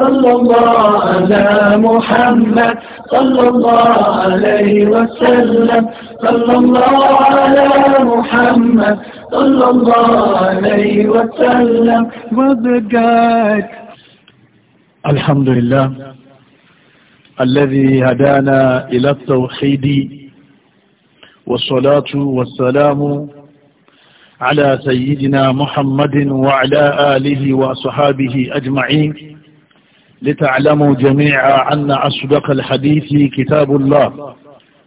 صلى الله على محمد صلى الله عليه وسلم صلى الله على محمد صلى الله عليه وسلم وبقاك الحمد لله الذي هدانا إلى التوحيد والصلاة والسلام على سيدنا محمد وعلى آله وصحابه أجمعين لتعلموا جميعا أن أصدق الحديث كتاب الله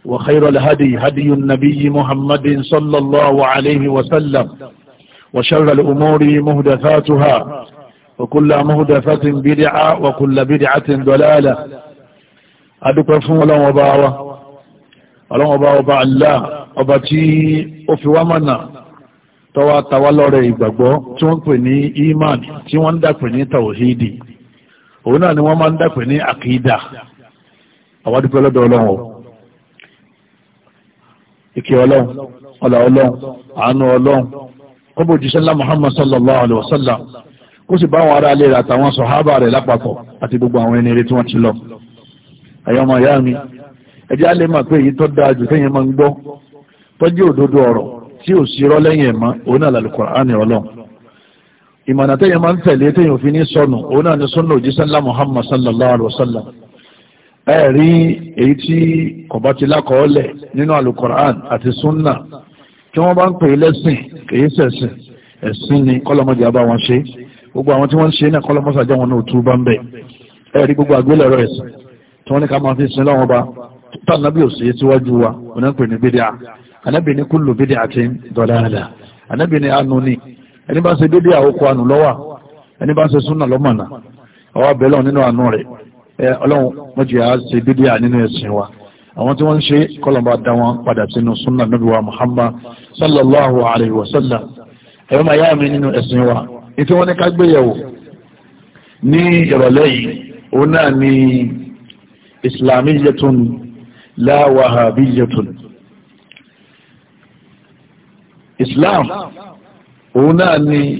وخير الهدي هدي النبي محمد صلى الله عليه وسلم وشر الأمور مهدفاتها، وكل مهدفة بدعة وكل بدعة ضلالة أدقفوا الله وباوة الله وباوة الله وبتي أفوامنا توا تولى ريبا tí wọ́n pè ní imani tí wọ́n dàpè ní tawhidi òun náà ni wọ́n máa ń dàpẹ́ ní àkìdá àwọn dúpẹ́ lọ́dọ̀ ọlọ́run o ìkẹ́ ọlọ́run ọlà ọlọ́run àánú ọlọ́run kọ́bọ̀ òjíṣẹ́ ńlá muhammad sallallahu alayhi wa sallam kó sì bá àwọn ará ilé rẹ àtàwọn sọ̀hábà gbogbo àwọn ẹni tí wọ́n ti lọ ẹ̀yọ́ ọmọ ìyá mi ẹjẹ́ á lè máa pé èyí tó jù máa ń gbọ́ tọ́jú òdodo ọ̀rọ̀ tí ò sí ìmọ̀nà tẹ́yìn máa ń tẹ̀lé tẹ́yìn òfin ní sọnù òun náà ni sunna òjísánlá muhammad sallallahu alaihi wasallam ẹ rí èyí tí kọ̀bá ti lákọọ́lẹ̀ nínú alukoran àti sunna tí wọ́n bá ń pè lẹ́sìn kìí sẹ̀sìn ẹ̀sìn ni kọ́lọ́mọdé àbá wọn ṣe gbogbo àwọn tí wọ́n ń ṣe náà kọ́lọ́mọsàjá wọn náà túbá ń bẹ̀ ẹ rí gbogbo àgbélẹ̀rọ ẹ̀sìn tí wọ́n ní ká máa fi sin lọ́wọ́ ba tànàbí òsì síwájú wa òun náà pè ní bídíà anábì ní kúlù bídíà ti ń dọ̀lá àdà anábì ní ànú ni ẹni bá ṣe dédé àwòkọ ànù lọ́wà ẹni bá ṣe súnà lọ́mọ̀nà ọwọ́ abẹ́lọ́ nínú àánú rẹ̀ ẹ ọlọ́run wọ́n jẹ́ à ṣe dédé à nínú ẹ̀sìn wa àwọn tí wọ́n ń ṣe kọlọ̀mbà dá wọn padà sínú súnà Nábì wa Muhammad sallallahu alayhi wa sallam ẹ̀rọ màá yá mi nínú ẹ̀sìn wa ètò wọn ní ká gbéyẹ̀wò ní ìrọ̀lẹ́ yìí òun náà ni islamiyatun la wahabiyatun islam. islam òun náà ni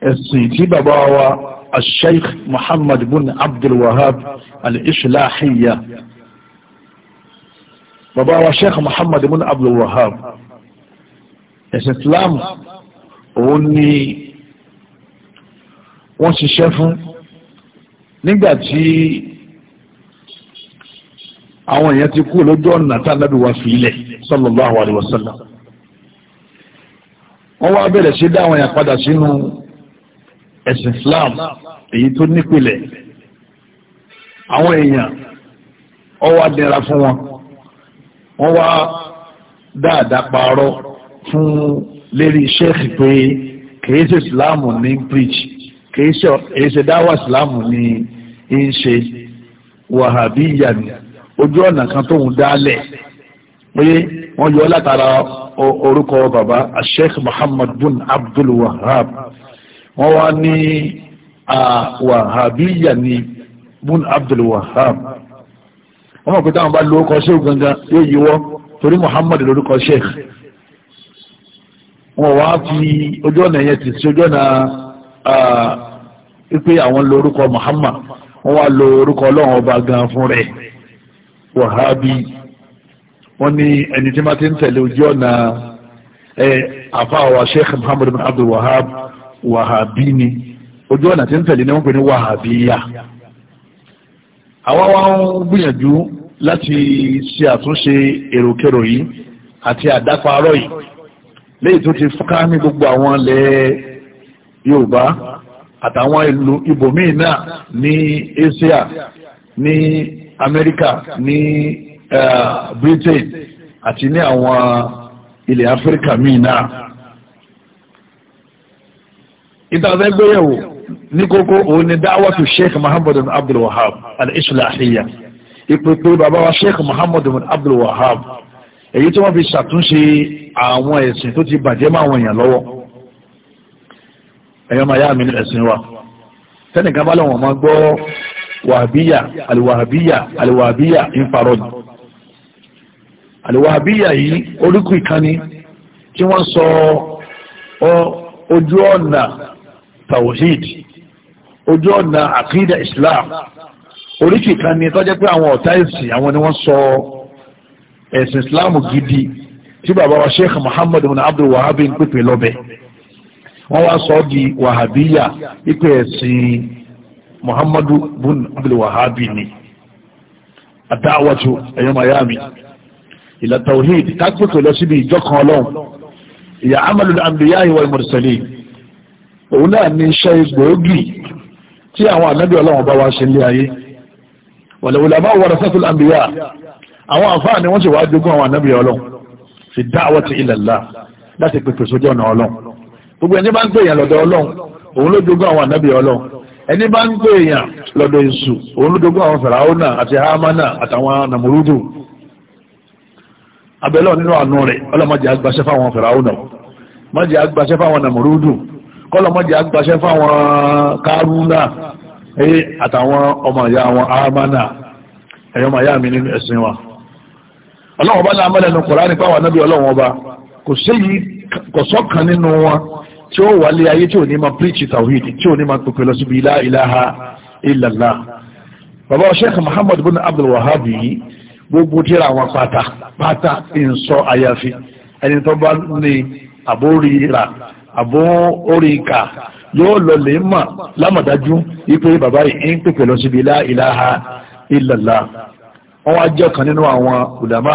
ẹ̀sìn tí bàbá wa asheikh muhammad bin abdulwahab al-islahiya bàbá wa sheikh muhammad bin abdulwahab ẹ̀sìn islam òun ni wọ́n ṣiṣẹ́ fún nígbàtí àwọn èèyàn ti kú lójú ọ̀nà tá a nábì wá fi ilẹ̀ sallallahu alayhi wa sallam wọ́n wá bẹ̀rẹ̀ sí dá àwọn èèyàn padà sínú ẹ̀sìn Islam èyí tó nípìlẹ̀ àwọn èèyàn ọ wá dẹra fún wọn wọ́n wá dáadáa parọ́ fún lérí sẹ́ẹ̀kì pé kìí ṣe Islam ní preach kìí ṣe dáwà Islam ní ń ṣe wàhábíyà ní ojú ọ̀nà kan tóun dálẹ̀ pé wọ́n yọ látara orúkọ bàbá sheikh muhammad bin abdul wahab wọ́n wá ní wàhábíyà ní bin abdul wahab wọ́n mọ̀ pé táwọn bá lo orúkọ sheikh gangan yóò yíwọ́ torí muhammad lórúkọ sheikh wọ́n wá fi ojú ọ̀nà yẹn ti sí ojú ọ̀nà pípé àwọn lo orúkọ muhammad wọ́n wá lo orúkọ ọlọ́run ọba gan fún rẹ̀ wàhábíyà wọ́n ní ẹni tí wọ́n ti ń tẹ̀lé ojú ọ̀nà àfáàwà sheikh muhammad bin abdul wahab wahabi ni ojú ọ̀nà tí ń tẹ̀lé ni wọ́n pè ní wahabiya àwa wa ń gbìyànjú láti ṣe àtúnṣe èròkèrò yìí àti àdáparọ́ yìí léyìí tó ti fúnká ní gbogbo àwọn ilẹ̀ yorùbá àtàwọn ìlú ibòmíì náà ní asia ní amẹ́ríkà ní Britain àti ní àwọn ilẹ̀ Áfíríkà míì náà ìtàfẹ́ gbéyàwó ní kókó òun ni dáwàtú Sheikh Muhammadu Abdul Wahab al-Islahiyya ìpèpè bàbá wa Sheikh Muhammadu Abdul Wahab èyí tí wọ́n fi ṣàtúnṣe àwọn ẹ̀sìn tó ti bàjẹ́ máa wọ̀nyà lọ́wọ́ ẹ̀yọ́ máa yá mi ní ẹ̀sìn wa tẹ́nìkan bá lọ́wọ́ máa gbọ́ wàhábíyà aliwàhábíyà aliwàhábíyà ń parọ́ ni àlùwàbíyà yìí oríkù ìkànnì tí wọ́n sọ ojú ọ̀nà tawhid ojú ọ̀nà àkídà islam tó jẹ́ pé àwọn islam gidi tí bàbá wa sheikh muhammadu bin abdul wahab ń pèpè lọ́bẹ̀ wọ́n wá sọ di wàhábíyà ipe ẹ̀sìn muhammadu bin abdul wahab ni àdáwàtú ẹ̀yọ́ miami. ìlà tawhid kápẹ́kọ̀ lọ síbi ìjọ kan ọlọ́run ìyá amalul anbiya wal mursalin òun náà ní iṣẹ́ gbòógì tí àwọn ànábì ọlọ́run bá wá ṣe lé ayé wal ulama warasatul anbiya àwọn àfáà ni wọ́n sì wá jogún àwọn ànábì ọlọ́run fi da'wati ila Allah láti pèpè sójú ọ̀nà ọlọ́run gbogbo ẹni bá ń gbèyàn lọ́dọ̀ ọlọ́run òun ló jogún àwọn ànábì ọlọ́run ẹni bá ń gbèyàn lọ́dọ̀ èṣù òun ló jogún àwọn fẹ̀ràhónà àti hámánà àtàwọn nàmúrúdù abẹ́lọ́ nínú àánú rẹ̀ ọlọ́mọdé agbaṣẹ́ fáwọn fìràúnà mọ́dé agbaṣẹ́ fáwọn nàmúrúdù kọ́lọ́mọdé agbaṣẹ́ fáwọn kárúnà àtàwọn ọmọ ìyá wọn amánà ẹ̀yọ́ ọmọ ìyá mi nínú ẹ̀sìn wa ọlọ́wọ́n bá náà mọ́lẹ̀nu kọ̀ránì pàwọn nábí ọlọ́wọ́n ọba kò séyí kọ̀sọ́kan nínú wọn tí ó wà lé ayé ní ma píríkì tàwíìdì tí ò gbogbo tíra wọn pátá pátá ìsọ àyàfi ẹni tó bá ní àbórira àbóríkà yóò lọ lè mà lámọ̀dájú wípé bàbá yìí ń pèpè lọ síbi la ilaha illallah wọ́n wá jẹ́ ọ̀kan nínú àwọn ulama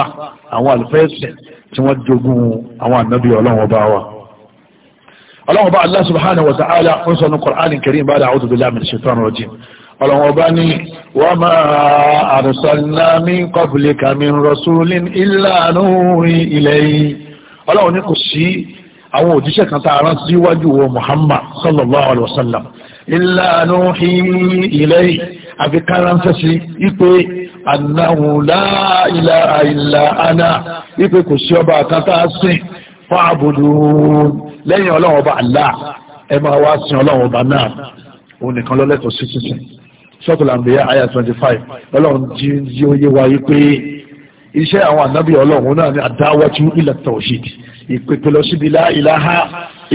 àwọn àlùfẹ́ẹ̀sìn tí wọ́n jogún àwọn ànábì ọlọ́run ọba wa ọlọ́run ọba Allah subhanahu wa ta'ala ń sọ ní Qur'an karim ba'da a'udhu billahi minash shaitanir rajim ọlọ́wọ́n bá ní wa ma arsalna min qablika min rasulin illa nuhi ilayhi ọlọ́wọ́n ní kò sí àwọn òjíṣẹ́ kan tá a rán síwájú wọ Muhammad sallallahu alaihi wasallam illa nuhi ilayhi àfi káránṣẹ́ sí ipe annahu la ilaha illa ana ipe kò sí ọba kan tá a sìn fáàbùdù lẹ́yìn ọlọ́wọ́n bá Allah ẹ máa wá sin ọlọ́wọ́n bá náà òun nìkan lọ́lẹ́tọ̀ọ́ sí sísìn sọ́kùlà àmbẹ̀yà àyà twenty five ọlọ́run jí jí ó yé wa yí pé iṣẹ́ àwọn ànábì ọlọ́run náà ni àdáwọ́tú ilẹ̀ tawhid ìpèpè lọ síbi la ilaha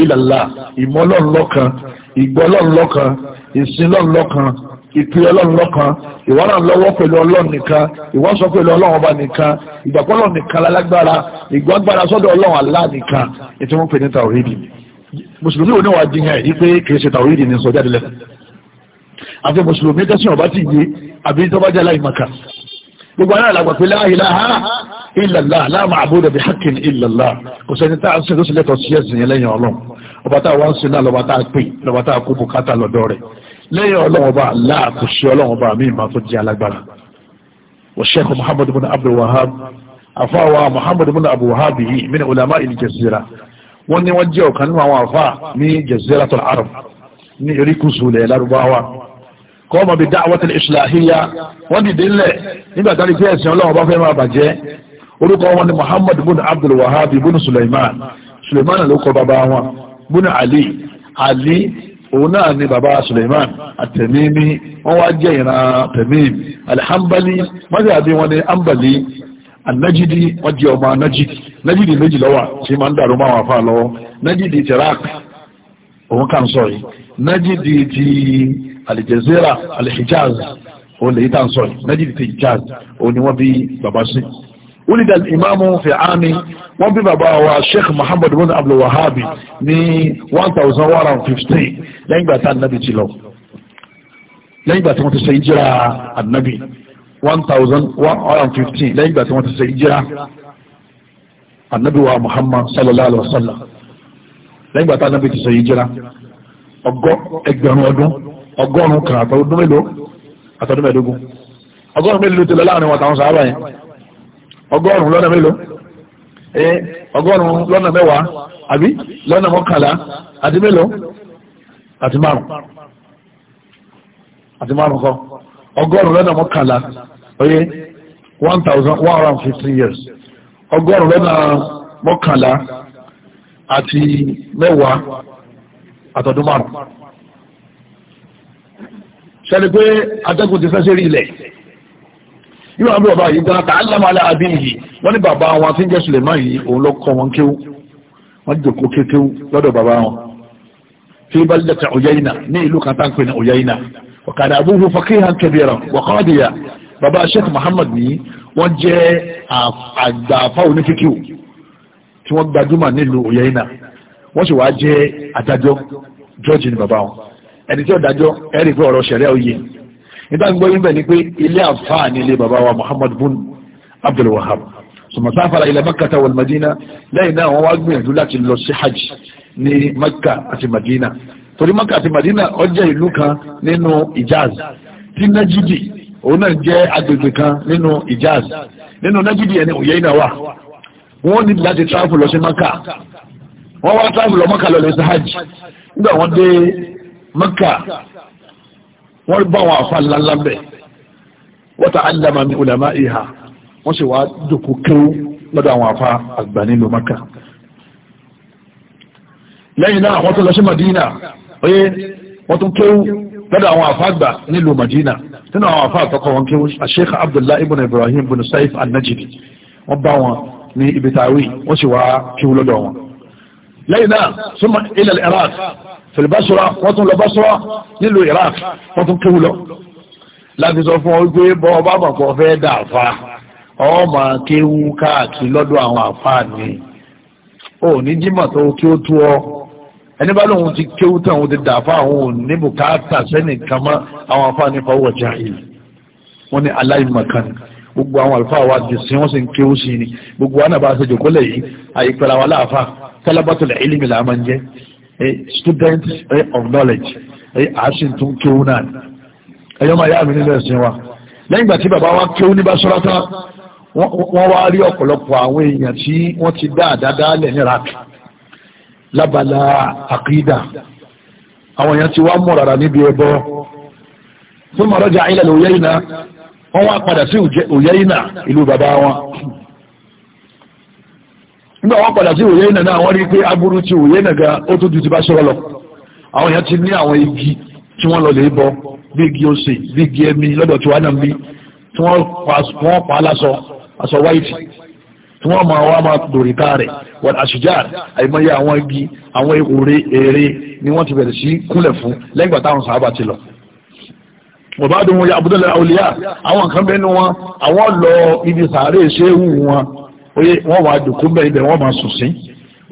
illallah ìmọ̀ ọlọ́run lọ́kan ìgbọ́ ọlọ́run lọ́kan ìsìn ọlọ́run lọ́kan ìpè ọlọ́run lọ́kan ìwọ́nà lọ́wọ́ pẹ̀lú ọlọ́run nìkan ìwọ́sọ pẹ̀lú ọlọ́run ọba nìkan ìgbàpọ́lọ̀ nìkan lálágbára ìgbàgbára sọ́dọ̀ ọlọ́run àlá nìkan ètò wọn pè mùsùlùmí ò ní wàá dín yẹn yí pé kì ṣe tawhid ní sọjá àti mùsùlùmí tẹ́sí ọ̀bá ti yé àbí tọ́bájá láìmọ̀ká gbogbo aláàlá gbà pé la ilaha illallah la ma'buda bi haqqin illallah kò sẹ́ni tá a ṣe tó sì lẹ́tọ̀ọ́ sí ẹ̀sìn yẹn lẹ́yìn ọlọ́run ọba tá a wá ń sin náà lọ́ba tá a pè lọ́ba tá a kó bùkátà lọ́dọ̀ rẹ̀ lẹ́yìn ọlọ́run ọba aláà kò sí ọlọ́run ọba mi máa tó jẹ́ alágbára wa sheikh muhammad bin abdul wahab afawa bin abdul wahab yìí min ulama il jazira wọ́n ní wọ́n jẹ́ ọ̀kan nínú àwọn afa ní jaziratul arab kọ́ọ̀mọ̀ bí dáwọ́tì ìṣìláhíyá wọ́n dìde ńlẹ̀ nígbà tá ní pé ẹ̀sìn ọlọ́run bá fẹ́ máa bàjẹ́ orúkọ wọn ni muhammad bin abdul wahab bin suleiman suleiman ló kọ bàbá wọn bin ali ali òun náà ni bàbá suleiman àtẹ̀mímí wọ́n wá jẹ́ ìran tẹ̀mím alhambali mọ́sàbí wọn ni ambali anajidi wọ́n jẹ́ ọmọ anajidi najidi méjì lọ́wọ́ tí máa ń dàrú máa wà fà lọ́wọ́ najidi tirak òun kà ń sọ yìí najidi ti aljazira alhijaz òun lèyí tá à ń sọ yìí najid ti hijaz òun ni wọ́n bí bàbá sí. wulida imaamu fi aami wọ́n bí bàbá wa sheikh muhammad bin abdul wahabi ní one thousand one hundred fifteen lẹ́yìn gbà tá ànábì ti lọ lẹ́yìn gbà tí wọ́n ti ṣe ìjìra ànábì one thousand one hundred fifteen lẹ́yìn gbà tí wọ́n ti ṣe ìjìra ànábì wa muhammad sallallahu alayhi wa sallam lẹ́yìn gbà tá ànábì ti ṣe ìjìra ọgọ́ ẹgbẹ̀rún ọdún ọgọ́rùn-ún kan àtọdún mélòó àtọdún mẹ́ẹ̀ẹ́dógún ọgọ́rùn-ún mélòó ti lọ láàrin wọn àtàwọn sàábà yẹn ọgọ́rùn-ún lọ́nà mélòó ee ọgọ́rùn-ún lọ́nà mẹ́wàá àbí lọ́nà mọ́kànlá àti mélòó àti márùn àti márùn kọ ọgọ́rùn-ún lọ́nà mọ́kànlá oyè one thousand one hundred and fifty years ọgọ́rùn-ún lọ́nà mọ́kànlá àti mẹ́wàá àtọdún márùn sẹ́ni pé atẹ́kùn ti fẹ́sẹ̀ rí ilẹ̀ yíò àwọn bàbá yìí gan ta alámàlà àbí yìí wọ́n ní bàbá wọn tí ń jẹ́ Suleiman yìí òun lọ kọ́ wọn kéwú wọ́n jòkó kéwú lọ́dọ̀ bàbá wọn fi balidata Uyayna ní ìlú kan tá ń pè ní Uyayna ọ̀kadà abúrú faqihan kabiran wa qadiya bàbá Sheikh Muhammad ni wọ́n jẹ́ àgbàfà onífíkíw tí wọ́n gbajúmọ̀ nílùú Uyayna wọ́n sì wá jẹ́ adájọ́ George ni bàbá wọn ẹni tí ó dájọ́ ẹ̀rí pé ọ̀rọ̀ ṣẹ̀rẹ́ òye nígbà gbọ́ yín bẹ̀ ni pé ilé àfáà ní ilé bàbá wa Muhammad bun Abdul Wahab sọmọsáfàrà ilẹ̀ Makkata wal Madina lẹ́yìn náà wọ́n wá gbìyànjú láti lọ sí hajj ní Makka àti Madina torí Makka àti Madina ó jẹ́ ìlú kan nínú Ijaz tí Najidi òun náà jẹ́ agbègbè kan nínú Ijaz nínú Najidi ẹni Uyayna wà wọ́n ní láti travel lọ sí Makka wọ́n wá travel lọ Makka lọ lọ sí hajj nígbà wọ́n dé mẹ́kà wọ́n rí bá àwọn àfa ńláńlá bẹ̀ wọ́n ta àdàmà mi ulama ìhà wọ́n sì wá dòkú kéwú lọ́dọ̀ àwọn àfa àgbà nílùú mẹ́kà lẹ́yìn náà wọ́n tún lọ sí madina oyé wọ́n tún kéwú lọ́dọ̀ àwọn àfa àgbà nílùú madina nínú àwọn àfa àtọ́kọ̀ wọn kéwú sheikh abdullahi ibn ibrahim ibn saif an-najdi bá wọn ní ibi tàwí wọ́n sì wá kéwú lọ́dọ̀ wọn lẹ́yìn náà súnmọ́ ilẹ̀ iraq fìlìbásọ́ra wọ́n tún lọ básọ́ra nílùú Iraq wọ́n tún kéwù lọ láti sọ fún ọ pé bọ́ ọba àpapọ̀ fẹ́ dà fa ọmọ kéwù káàkiri lọ́dọ̀ àwọn àfáàní ò ní jímọ̀ tó kí ó tú ọ ẹni bá lóun ti kéwù tán òun ti dà fa ò ní bùkátà sẹ́nìkan mọ́ àwọn àfáàní fọwọ́ jahil wọ́n ní aláìmọ̀kan gbogbo àwọn àlùfáà wa jù sí wọ́n sì ń kéwù sí ni gbogbo wa náà bá ṣe jòkó lẹ́yìn àyípẹ́ra wa láàfáà tálábàtò lẹ́yìn Eh, student eh, of knowledge àásì eh, tún kéwú náà ẹ̀yọ́ mi nílẹ̀ ẹ̀sìn wa lẹ́yìn tí bàbá wa ní tán wọ́n wá rí ọ̀pọ̀lọpọ̀ àwọn èèyàn tí wọ́n ti dá lẹ̀ ní lábala àkídà àwọn èèyàn mọ̀ rárá níbi ẹbọ nígbà wọ́n padà sí òye ìnà náà wọ́n rí pé agbúrú ti òye ìnà ga ó tó ju ti bá ṣọ́rọ̀ lọ àwọn èèyàn ti ní àwọn igi tí wọ́n lọ lè bọ bí igi ose bí igi ẹmi lọ́dọ̀ tí wọ́n náà bí tí wọ́n pa aláṣọ aṣọ wáìtì tí wọ́n máa wá máa dòríta rẹ̀ wọ́n àṣìjá àìmọye àwọn igi àwọn òre èrè ni wọ́n ti bẹ̀rẹ̀ sí kúnlẹ̀ fún lẹ́gbà táwọn sàábà ti lọ wọ́n bá dùn wọn ya abúdọ́lẹ̀ àwòlíyà àwọn kan bẹ́ẹ̀ ni wọn àwọn lọ ibi sàárè ṣéhù wọn oye wọ́n wàá dùkú bẹ́ẹ̀ ibẹ̀ wọ́n máa sùn sí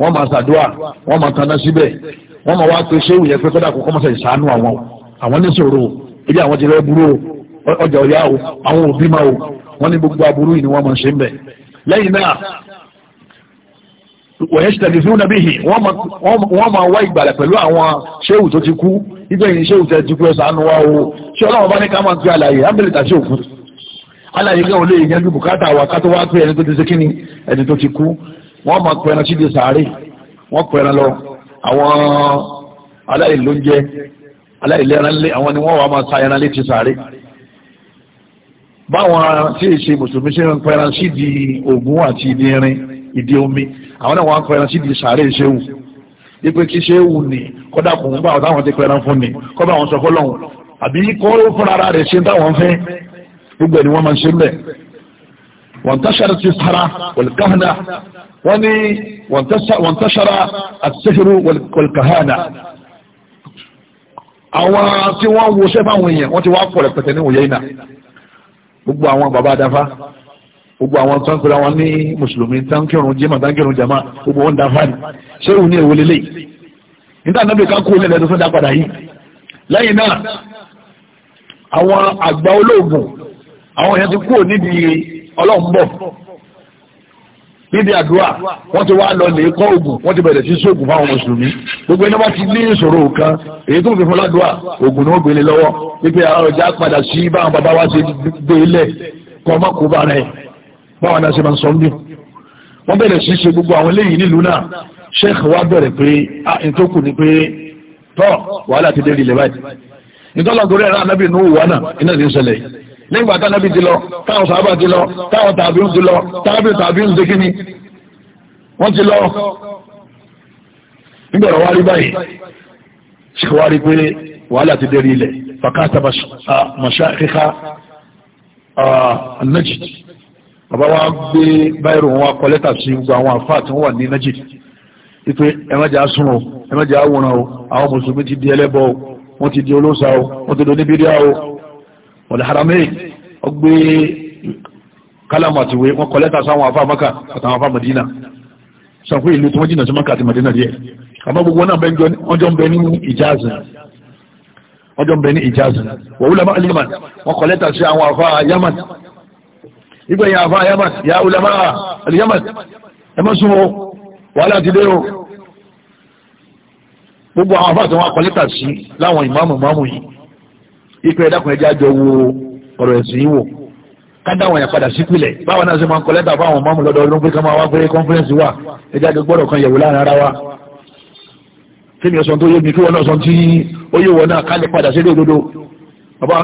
wọ́n máa ṣàdúrà wọ́n máa taná síbẹ̀ wọ́n máa wá pé ṣéwù yẹn pé kọ́dà kó kọ́mọ́sà ìṣàánú àwọn àwọn níṣòro ebi àwọn ti rẹ́ burú o ọjà ọ̀yá o àwọn òbí máa o wọ́n ní gbogbo aburú yìí ni wọ́n máa ṣe ń bẹ̀ lẹ́yìn náà wọ̀nyẹ́ ṣìtẹ̀lẹ̀ fún nàbí yìí wọ́n máa wá ìgbàlẹ̀ pẹ̀lú àwọn ṣéwù tó ti kú ibẹ̀ yìí ṣéwù tẹ̀ ti kú ẹ̀ ṣàánú wa o ṣé ọlọ́run bá ní ká máa ń àlàyé ábẹ́lẹ̀ tàṣé òkú aláyé kẹ́wọ́n lè yanjú bùkátà wa ká tó wá pé ẹni tó ti ṣe kíni ẹni tó ti kú wọ́n máa pẹran síbi sàárè wọ́n pẹran lọ àwọn aláìlóúnjẹ aláìlẹ́ranlé àwọn ni wọ́n wà máa sa ẹran létí sàárè báwọn tí ì ṣe mùsùlùmí ṣe ń pẹran síbi ògún àti ìdí irin ìdí omi àwọn náà wọ́n pẹran síbi sàárè ṣéwù ipe kí ṣéwù ni kọ́dà kùn bá àwọn táwọn ti pẹran fún ni kọ́ bá àwọn sọ fọ́lọ́hún àbí kọ́ fúnra rẹ̀ ṣe táwọn fẹ́ gbogbo ẹni wọ́n máa ń ṣe mbẹ̀ wọ́n tẹ́ṣẹ̀rẹ̀ ti sara wọ̀lùkáhánà wọ́n ní wọ́n tẹ́ṣẹ̀rẹ̀ àtẹ́ṣẹ̀rẹ̀ wọ̀lùkáhánà àwọn tí wọ́n wo ṣẹ́ fáwọn èèyàn wọ́n ti wá pọ̀ rẹpẹtẹ ní òye iná gbogbo àwọn bàbá adáfá gbogbo àwọn tó ń pèrè àwọn ní mùsùlùmí tánkìrún jimá tánkìrún jama gbogbo wọn dáfá ni ṣé ní èwo lélẹ̀ nígbà náà ká kú nílẹ̀ tó dá padà yìí lẹ́yìn náà àwọn àgbà olóògùn àwọn èèyàn ti kúrò níbi ọlọ́run bọ̀ níbi àdúrà wọ́n ti wá lọ lè kọ́ ògùn wọ́n ti bẹ̀rẹ̀ sí sóògùn fáwọn mùsùlùmí gbogbo ẹni wọ́n ti ní ìṣòro kan èyí tó ń fi fún ládùúà ògùn ni wọ́n gbélé lọ́wọ́ wípé àwọn ọjà padà sí báwọn bàbá wa ṣe gbé ilẹ̀ kọ́ ọmọ kó bá rẹ̀ báwọn náà ṣe máa sọ mí. wọ́n bẹ̀rẹ̀ sí ṣe gbogbo àwọn eléyìí nílùú náà sheikh wa bẹ̀rẹ̀ pé a ah, ètò kù ni pé tọ́ wàhálà ti dé ilẹ̀ báyìí nígbà tánábì ti lọ táwọn sàábà ti lọ táwọn tàbíùn ti lọ tábìlì tàbíùn ti kíni wọ́n ti lọ nígbà ọ̀rọ̀ wárí báyìí ṣe wárí pé wàhálà ti dérí ilẹ̀ fàkátà mọ̀ṣáríká Najd bàbá wa gbé báyìí wọn kọ lẹ́tà sí gbogbo àwọn àfáà tí wọ́n wà ní Najd wípé ẹmẹ́jà sún o ẹmẹ́jà àwòrán o àwọn mùsùlùmí ti di ẹlẹ́bọ o wọ́n ti di olóòṣà o wọ́n ti di oníbíríà o wọ̀lẹ̀ haramẹ́ ọgbẹ́ kalamatiwe, àtiwé wọn kọ lẹ́tà sáwọn afá maka àtàwọn afá madina sàkó ìlú tí wọ́n jìnà sí maka àti madina díẹ̀ àmọ́ gbogbo náà wọ́n jọ ń bẹ ní ìjáàzì wọ́n jọ ń bẹ ní ìjáàzì wọ̀wúlàmá aliman wọ́n kọ lẹ́tà sí àwọn afá yaman ìgbẹ́ yà afá yaman yà ulama aliyaman ẹ má súnmọ́ wàhálà ti dé o gbogbo àwọn afá àti wọn kọ sí láwọn ìmáàmù ìmáàmù yìí ipe ẹ̀dàkùn ẹja jọ wo ọ̀rọ̀ ẹ̀sìn yìí wò kádà wọn yẹn padà sípìlẹ̀ báwọn náà ṣe máa ń kọ lẹ́tà fáwọn mọ́mú lọ́dọọdún pé ká máa wá pé kọ́nfẹ́rẹ́nsì wà ẹja jọ gbọ́dọ̀ kan yẹ̀wò láàrin ara wa kémi ọ̀sán tó yé mi kí wọn náà sọ tí ó yé wọn náà kálẹ̀ padà sí ilé òdodo bàbá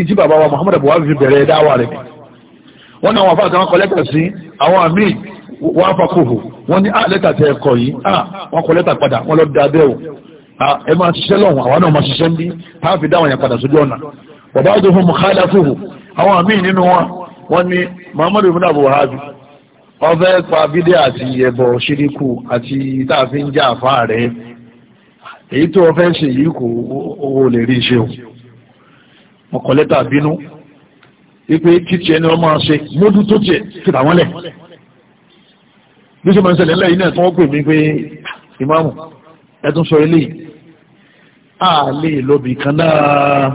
ìdí bàbá wa Muhammadu Buhari fi bẹ̀rẹ̀ dáwà rẹ̀ wọn náà wọn fàtàwọn kọ lẹ́tà sí àwọn àmì wọn afakòhò wọn ní ah, Ah, ẹ máa ṣiṣẹ́ lọ́hùn àwọn náà máa ṣiṣẹ́ ń bí káàfi dáwọn yẹn padà sójú ọ̀nà bàbá àjọ fún mukhalafuhu àwọn àmì nínú wọn wọn ni muhammadu ibn abu habi ọfẹ pa bídẹ àti ẹbọ ṣíríkù àti táàfin jà àfa rẹ èyí tó ọfẹ ṣe yìí kò owó lè rí iṣẹ́ o ọkọlẹ́tà bínú wípé títí ẹni wọn máa ṣe mójú tó tiẹ̀ kíta wọn lẹ̀ bí ṣe máa ń ṣẹlẹ̀ ńlẹ̀ yìí náà tí wọ́n pè mí pé ìmáàmù ẹ̀tún sọ ilé ààlè lóbi kan náà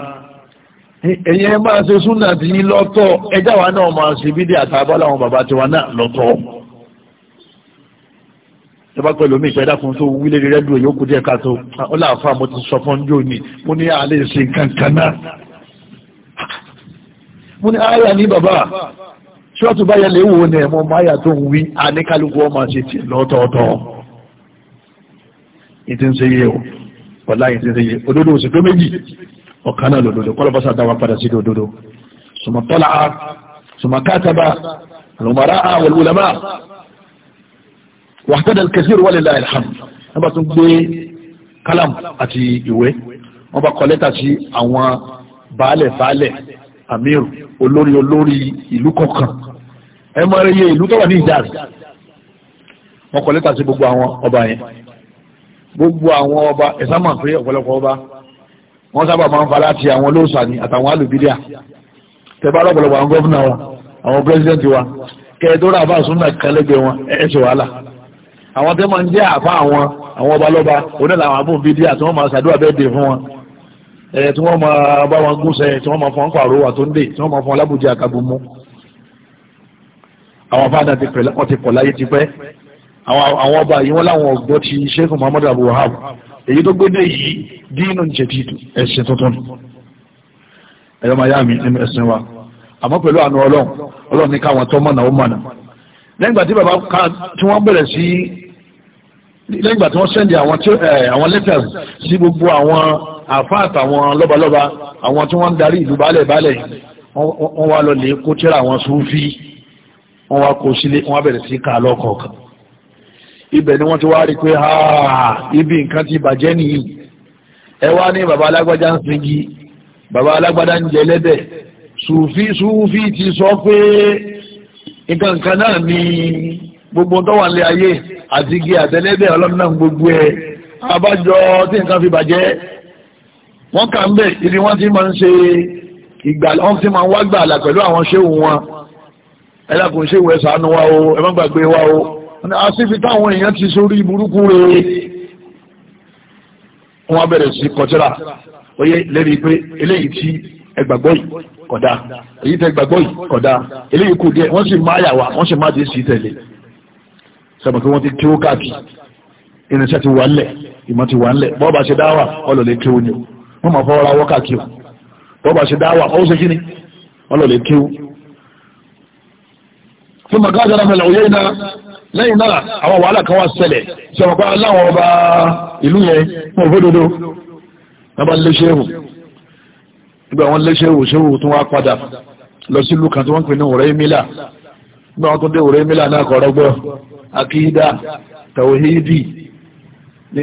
ẹ̀yẹ máa ṣe súnà tí yín lọ́tọ̀ ẹjá wa náà máa ṣe bídí àtàbọ́ láwọn bàbá tiwa náà lọ́tọ̀ ìjọba pẹ̀lú omi ìpẹ́dá fún tó wílé rẹ́dù èyí ó kú díẹ̀ káàtó ó láàfáà mo ti sọ fún jò ní mo ní ààlè ṣe kankan náà mo ní ààyà ní bàbá ṣọ́ọ̀tù báyẹ̀ lè wò ní ẹ̀mọ́ máyà tó ń wí àníkálukú ọmọ àti ìtì lọ́tọ̀ọ̀tọ̀ ìtí ń ṣe yé o ọ̀la ìtí ń ṣe yé òdodo òsì tó méjì ọ̀kan náà lòdodo kọ́lọ́bọ́sà dáwà padà sí òdodo sùmọ̀tọ́lá a sùmọ̀kátàbà àlùmọ̀rá a wọ̀lúwọ̀lẹ́mà wàhtẹ́dẹ̀ kẹsìrì wà lẹ́la ilham wọ́n bá tún gbé kálámù àti ìwé wọ́n bá kọ lẹ́tà sí àwọn baálẹ̀ baálẹ̀ amir olórí olórí ìlú kọ̀ọ̀kan ẹ máa rí ìlú tó ní ìjà wọ́n kọ sí gbogbo àwọn ọba yẹn gbogbo àwọn ọba ẹ̀sán máa ń pé ọ̀pọ̀lọpọ̀ ọba wọ́n sábà máa ń fa láti àwọn olóòṣà ni àtàwọn alùbídíà tẹ́bá lọ́pọ̀lọpọ̀ àwọn gọ́vùnà wa àwọn pírẹ́sidẹ́ntì wa kẹ́ẹ̀dọ́rà àbá súnmọ́ kẹlẹ́gbẹ̀ wọn ẹ̀ṣẹ̀ wàhálà àwọn tẹ́ máa ń jẹ́ àfa àwọn àwọn ọba lọ́ba onílà àwọn abúlé bídíà tí wọ́n máa ṣàdúrà bẹ́ẹ̀ dè fún wọn ẹ̀ tí wọ́n máa bá wọn gúnṣẹ́ àwọn ọba yìí wọ́n láwọn ọgbọ́ ti sheikh muhammad abu wahab èyí tó gbédé yìí dínú ń jẹ̀dí ẹ̀sìn tuntun ẹ̀yọ́ máa yá mi nínú ẹ̀sìn wa àmọ́ pẹ̀lú àánú ọlọ́run ọlọ́run ní káwọn tó mọ̀nà ó mọ̀nà lẹ́yìngbà tí bàbá ká tí wọ́n bẹ̀rẹ̀ sí lẹ́yìngbà tí wọ́n sẹ́ndì àwọn letters sí gbogbo àwọn àfáà àtàwọn lọ́balọ́ba àwọn tí wọ́n darí ìlú baálẹ̀ baálẹ̀ wọ́n wá lọ lè kó tíra àwọn súfì wọ́n wá kó sílé wọ́n bẹ̀rẹ̀ sí ká lọ́kọ̀ọ̀kan ibẹ̀ ni wọ́n ti wá rí pé ibi nǹkan ti bàjẹ́ nìyí ẹ wá ní bàbá alágbájá ń singi bàbá alágbádá ń jẹ lẹ́dẹ̀ sùfí sùfí ti sọ pé nǹkan nǹkan náà ni gbogbo tó wà nílé ayé àti igi àtẹlẹ́dẹ̀ ọlọ́run náà gbogbo ẹ̀ abájọ tí nǹkan fi bàjẹ́ wọ́n kà ń bẹ̀ ibi wọ́n ti máa ń ṣe ìgbà wọ́n ti máa ń wá gbàlà pẹ̀lú àwọn ṣéwù wọn ẹ ṣéwù ẹ ṣàánú wa o ẹ má gbàgbé wa o àṣífi táwọn èèyàn ti sórí burúkú rẹ̀ wọ́n bẹ̀rẹ̀ sí kọjọ́ra oyé lérí pé eléyìí tí ẹgbàgbọ́ yìí kódà èyí tẹ gbàgbọ́ yìí kódà eléyìí kù díẹ̀ wọ́n sì máa yà wá wọ́n sì máa dé sí tẹ̀lé sọ̀rọ̀ pé wọ́n ti kíó káàkiri irinṣẹ́ ti wà ńlẹ̀ ìmọ̀ ti wà ńlẹ̀ bọ́ọ̀bà ṣe dáwà ọlọ́lẹ̀ kíó ni wọ́n máa fọwọ́ra wọ́ káàkiri bọ́ọ̀bà ṣe dáwà ó ṣe kíni ọlọ́lẹ̀ kíó. fún màgáàjà náà lẹ́yìn náà àwọn wàhálà kan wá ṣẹlẹ̀ tí ọba aláwọ̀ ọba ìlú yẹn fún òfódodo nàbà ń lé ṣéhù nígbà wọn lé ṣéhù ṣéhù tó wá padà lọ sí ìlú kan tí wọ́n ń pè ní ọ̀rẹ́ mílà nígbà wọn tó dé ọ̀rẹ́ mílà náà kọ̀rọ̀gbọ́ akídà tàwíhídì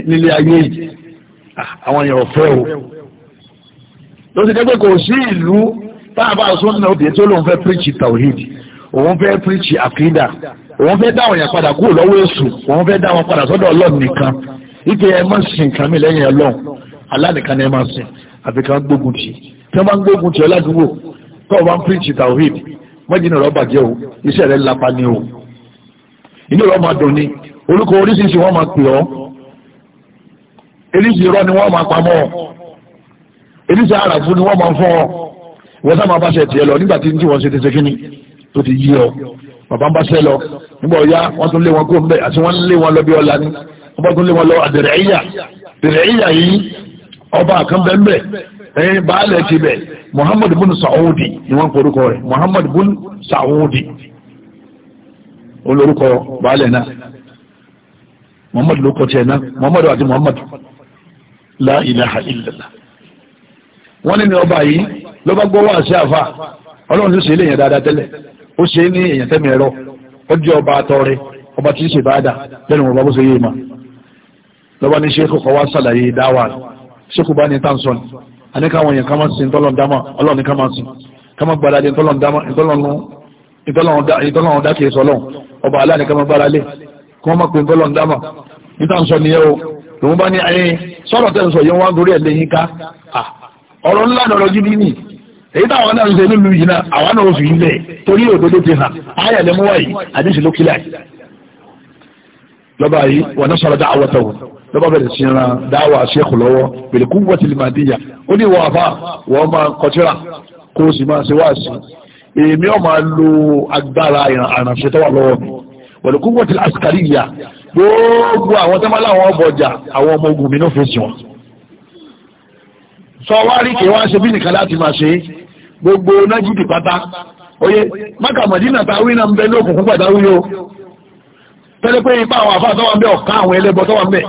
nílé ayé ah, àwọn èèyàn ọ̀fẹ́ o ló ti dẹ́gbẹ́ kò sí ìlú táàbà sọ́nà òbí tó lóun fẹ́ píríkì tàwíhídì òun fẹ́ píríkì akídà òun fẹ́ dá àwọn yẹn padà kúrò lọ́wọ́ èṣù òun fẹ́ dá wọn padà sọ́dọ̀ ọlọ́run nìkan ike ẹ má sin nǹkan mi lẹ́yìn ọlọ́run alánìkan ni ẹ má sin àfi kan gbógun tì tí wọ́n bá ń gbógun tì ọ tó o bá ń píríṣì tàwíìd mọ́jìnà rọ́bà jẹ́ o iṣẹ́ rẹ̀ lápá ni o inú rẹ̀ máa dùn ni orúkọ oríṣiríṣi wọ́n máa pè ọ́ eríṣi irọ́ ni wọ́n máa pamọ́ eríṣi àràfù ni wọ́n máa fọ́ ọ wọ́n sá máa bá ṣe tiẹ̀ lọ nígbà tí wọ́n ṣe ti ṣe tó ti yí ọ bàbá ń bá lo, lọ nígbà ọ̀yá wọ́n tún lé wọn kó mbẹ́ àti wọ́n lé wọn lọ bí ọ̀la ni wọ́n bá tún ọba kan ẹ̀yìn baálẹ̀ ti bẹ̀ Muhammad bun Saudi ni wọ́n porúkọ rẹ̀ Muhammad Saudi olórúkọ baálẹ̀ Muhammad ló kọ tiẹ̀ náà Muhammad àti Muhammad la ilaha illallah wọ́n ní ọba yìí ló bá gbọ́ wá sí ọlọ́run ló ó ṣe ní èèyàn tẹ́mi ẹ̀rọ ó jẹ́ ọba àtọrẹ ọba tí ń ṣe báadà lẹ́nu ọba bó ṣe yé ma lọ́ba ní ṣéèkù kọ́ wá ṣàlàyé dáwà ṣéèkù bá ní tàǹsọ̀nì àní káwọn èèyàn ká máa sin tọ́lọ́n dámà ọlọ́ọ̀ni ká máa sin ká máa gbára lé tọ́lọ́n dámà ìtọ́lọ́run dá kìí sọlọ́n ọba aláàní ká máa gbára lé kí máa pè tọ́lọ́n dámà ní tàǹsọ̀nì yẹn o lòun èyí táwọn náà ń ṣe nílùú yìí náà àwọn náà fi ilẹ̀ torí òdodo ti hàn ayà lè mú wáyé àdéṣe ló kílẹ̀ lọ́ba yìí wọn náà sọ̀rọ̀ dáwọ́ tẹ̀wọ̀ lọ́ba bẹ̀rẹ̀ sí ran dáwọ́ àṣẹ́kù lọ́wọ́ pẹ̀lú kú wọ́n ti lè máa díyà ó ní ìwọ àfa wọ́n máa kọtíra kó o sì máa ṣe wá sí èmi ọ̀ máa lo agbára àrànṣe tó lọ́wọ́ mi pẹ̀lú kú wọ́n ti àṣìkárí ìyà gbogbo àwọn tẹ́mọ́ gbogbo nájìdì pátá oyé maka madina ta wí náà ń bẹ ní òkùnkùn pàtà wí ipa àwọn àfáà tọ́wọ́ ń bẹ ọ̀ká àwọn ẹlẹ́bọ tọ́wọ́ ń bẹ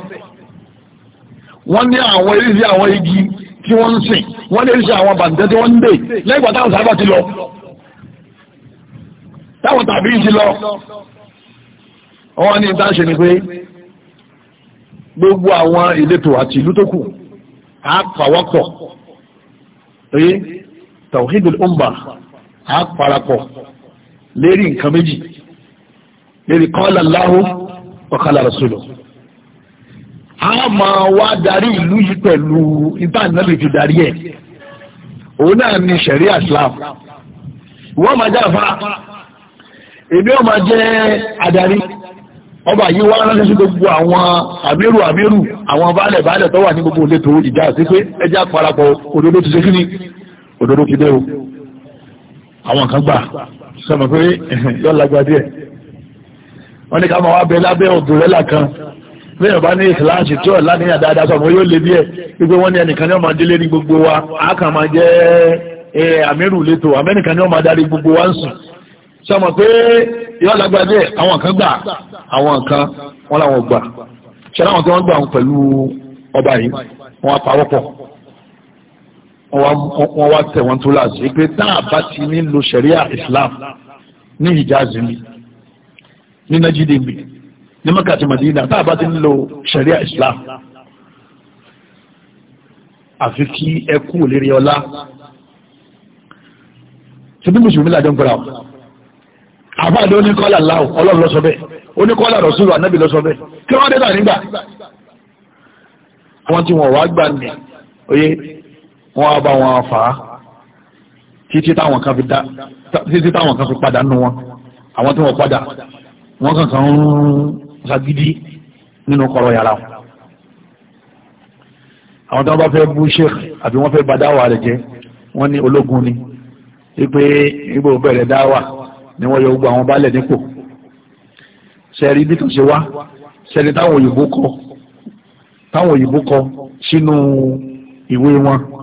wọ́n ní àwọn eréṣi àwọn igi tí wọ́n ń sìn wọ́n ní eréṣi àwọn bàǹtẹ́ tí wọ́n ń dè lẹ́gbàá táwọn sábà ti lọ táwọn tàbí ti lọ wọ́n ní ìdáṣe ni pé gbogbo àwọn ìletò àti ìlú tó kù á pàwọ́pọ̀ tawhidul umma a parapọ̀ lérí nǹkan méjì lérí qala Allahu wa qala rasuluhu a máa wá darí ìlú yìí pẹ̀lú ìbánáàbì ti darí ẹ̀ òun náà ni sharia islam wọ́n máa jẹ́ àfa èmi ọmọ jẹ́ adarí ọba yìí wá ránṣẹ́ sí gbogbo àwọn àmírù àmírù àwọn baálẹ̀ baálẹ̀ tó wà ní gbogbo ìletò ìjà sí pé ẹjẹ́ àparapọ̀ òdodo ti ṣe kí ni òdodo ti dé o àwọn kan gbà sọmọ pé yọ lágbá díẹ̀ wọ́n ní ká máa wá bẹ lábẹ́ òdòrẹ́là kan bẹ́ẹ̀ bá ní ìsìláàsì tí ọ̀la ní àdáadáa sọ̀rọ̀ yóò lé díẹ̀ wípé wọ́n ní ẹnìkan ní ọmọ délé ní gbogbo wa a kàn máa jẹ́ àmírù létò amẹ́nìkan ní ọmọ adarí gbogbo wa ń sùn sọmọ pé yọ lágbá díẹ̀ àwọn kan gbà àwọn kan wọ́n làwọn gbà ṣe láwọn tí wọ́n gbà wọn pẹ̀lú ọba yìí wọ́n apawọ́pọ̀ wọ́n wá tẹ̀ wọ́n tó láti wípé tá a bá ti nílò ṣẹ̀ríà Islam ní Hijazi mi ní Najidi mi ní Maka Madina tá a bá ti nílò ṣẹ̀ríà Islam àfi kí ẹ kú òlérí ọlá ṣe bí mùsùlùmí làjọ ń gbọ́ra ọ̀ àbáàdé oníkọ́lá láwọ̀ ọlọ́run ló sọ bẹ́ẹ̀ oníkọ́lá rọ̀sùlù ànábì ló bẹ́ẹ̀ kí wọ́n dé náà nígbà wọ́n ti wọ̀n wá gbà ní oyé wọ́n á bá wọn fà á títí táwọn kan fi dá títí táwọn kan fi padà nù wọn àwọn tí wọ́n padà wọ́n kàn kàn ń ṣagídí nínú kọ̀rọ̀ yàrá àwọn tí wọ́n bá fẹ́ bú sheikh àbí wọ́n fẹ́ ba dáwà rẹ̀ jẹ́ wọ́n ní ológun ni wípé ibo bẹ̀rẹ̀ dáwà ni wọ́n yọ gbogbo àwọn baálẹ̀ nípò sẹ́ẹ̀rí bí tó ṣe wá sẹ́ẹ̀rí táwọn òyìnbó kọ táwọn òyìnbó kọ sínú ìwé wọn.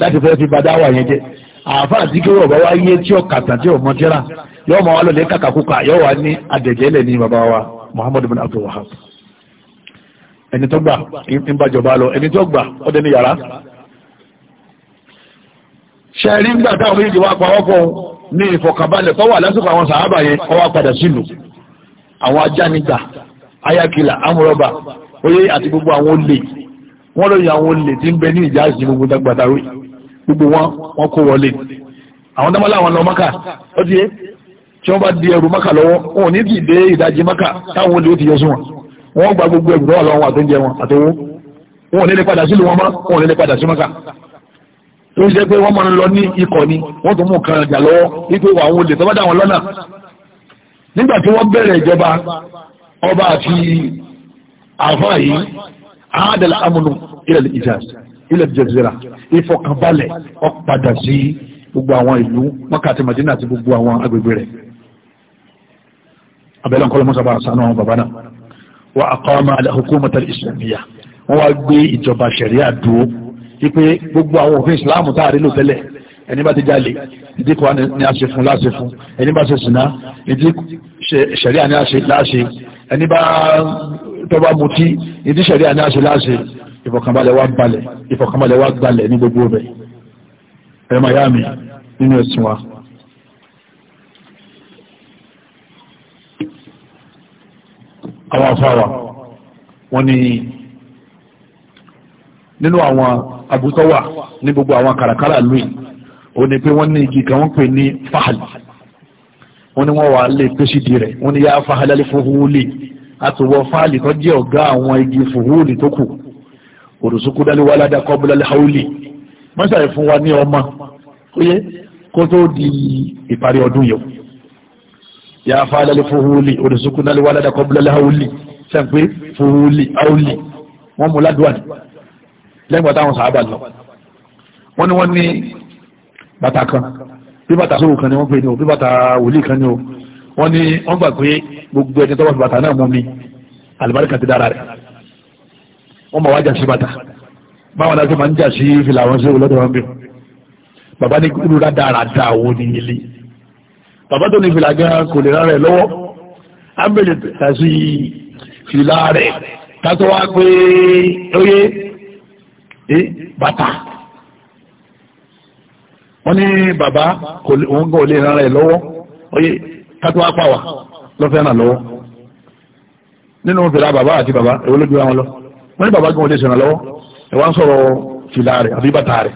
láti fẹ́ fi bàdá wà yẹn jẹ́ àáfàá tí kí wọ́n bá wá yé tí ó kàtà tí ó mọ jẹ́ra yóò máa wá lọ́lẹ́ yóò ní àdẹ̀jẹ́lẹ̀ ní bàbá wa Muhammadu bin Abdul Wahab ẹni tó gbà ń bàjọba lọ ẹni tó gbà ó dẹni yàrá táwọn méjì wá pa ọkọ̀ ní ìfọ̀kànbalẹ̀ wà lásìkò àwọn sàábà yẹn wá padà sílùú ayakila amúrọ̀bà oyè àti gbogbo àwọn olè gbogbo wọn wọn kó wọlé àwọn dámọ́lá àwọn lọ mọ́kà ó ti yé tí wọ́n bá di ẹrù mọ́kà lọ́wọ́ wọn ò ní ti dé ìdajì mọ́kà táwọn olè ó ti yọ sí wọn wọ́n gba gbogbo ẹrù lọ́wọ́ àwọn àtúnjẹ wọn àtọwọ́ wọn ò ní lè padà sílùú wọn mọ́ wọn ò ní lè padà sí mọ́kà tó ń ṣe pé wọ́n máa ń lọ ní ikọ̀ ni wọ́n tún mú nǹkan ọjà lọ́wọ́ wípé àwọn olè tó bá dá wọn lọ́nà nígbà tí wọ́n bẹ̀rẹ̀ ìjọba ọba àti àfáà yìí àádẹ́lá amúnú ilẹ̀ ìjáàsì ilẹ̀ jẹ̀zẹ̀rà ìfọkànbalẹ̀ ó padà sí gbogbo àwọn ìlú Mákà àti Mádínà àti gbogbo àwọn agbègbè rẹ̀ abẹ́lẹ̀ ńkọ́ lọ́mọ́sá bá sànú àwọn bàbá náà wọ́n aqama al-hukumata al-islamiyya wọ́n wá gbé ìjọba ṣẹ̀ríà dúró wípé gbogbo àwọn òfin ìsìláàmù tá a rí lò tẹ́lẹ̀ ẹni bá ti jalè ìdí ni a ṣe fún láṣe fún ẹni bá ṣe ṣìnà ìdí ṣẹ̀ríà ni a ṣe láṣe ẹni bá tọ́ba mutí ìdí ṣẹ̀ríà ni a ṣe láṣe ìfọ̀kànbalẹ̀ wá balẹ̀ ìfọ̀kànbalẹ̀ wá gbalẹ̀ ní gbogbo rẹ̀ ẹ̀rọ miami nínú ẹ̀sùn wa àwọn afáwà wọ́n ní nínú àwọn abútọ́wà ní gbogbo àwọn kàràkàrà lóyìn ó ní pé wọ́n ní igi kan wọ́n pè ní fahali wọ́n ní wọ́n wà lè pèsìdì rẹ̀ wọ́n ní yá fahali alẹ́ fòhúlì àtòwọ́ fahali tó jẹ́ ọ̀gá àwọn igi fòhúlì tó kù òrùsùkú dálé wà ládàá kọ́bùlá haúlì mọ́sàáyé fún wa ní ọmọ oyé kó tó di ìparí ọdún yìí yà á fa alálẹ́ fúhúlì òrùsùkú dálé wà ládàá kọ́bùlá haúlì sẹ́ǹpé fúhúlì haúlì wọ́n mú ládùá ni lẹ́gbàá táwọn sàábà lọ wọ́n ní wọ́n ní bàtà kan bí bàtà sówò kan ni wọ́n pè ní o bí bàtà wòlíì kan ni o wọ́n ní wọ́n gbà pé gbogbo ẹni tó fi bàtà náà mú mi àlùbáríkà ti dára rẹ̀ wọ́n máa wá jà sí bàtà báwọn aláṣẹ máa ń jà sí fìlà àwọn ṣéwò lọ́dọ̀ wọn bí bàbá ní kúrú dáadáa dáa wo ní ilé bàbá tó ní fìlà gan kò lè rárẹ̀ lọ́wọ́ ámbẹ̀lẹ̀ tàṣí fìlà rẹ̀ tàṣọ wá pé oyé bàtà wọ́n ní bàbá òun kò lè rárẹ̀ lọ́wọ́ oyé tàṣọ wá pàwà lọ́fẹ́ lọ́wọ́ nínú fìlà bàbá àti bàbá èwo ló ju wọ́n ní bàbá gan olè sẹ̀ràn lọ́wọ́ ẹ̀ wá ń sọ̀rọ̀ fìlà rẹ̀ àbí bàtà rẹ̀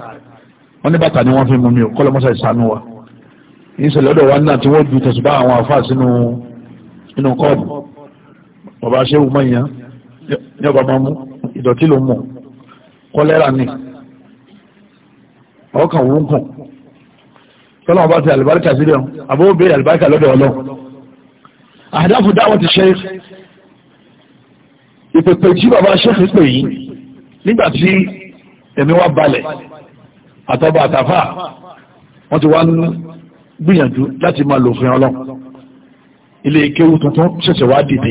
wọ́n ní bàtà ni wọ́n fi mú mi ò kọ́lọ́ mọ́sá ìsànú wa ìṣẹ̀lẹ̀ ọ̀dọ̀ wa náà tí wọ́n ju tẹ̀sùbá àwọn àfáà sínú inú kọ́ọ̀bù bàbá aṣẹ́wó mọ́yìn ní ọba máa mú ìdọ̀tí ló mọ̀ kọ́lẹ́rà ni ọkàn òun kàn tọ́lọ́wọ́ bá ti àlùbáríkà sílẹ̀ àbó bèèrè àlùbáríkà lọ́dọ̀ ọlọ́run àdáfù dáwọ́ ti ṣe ìpèpè tí bàbá sẹ́fì pè yí nígbà tí ẹ̀mí wa balẹ̀ àtọ́ba àtàfà wọ́n ti wá ń gbìyànjú láti máa lòfin ọlọ́run ilé kéwú tuntun ṣẹ̀ṣẹ̀ wá dìde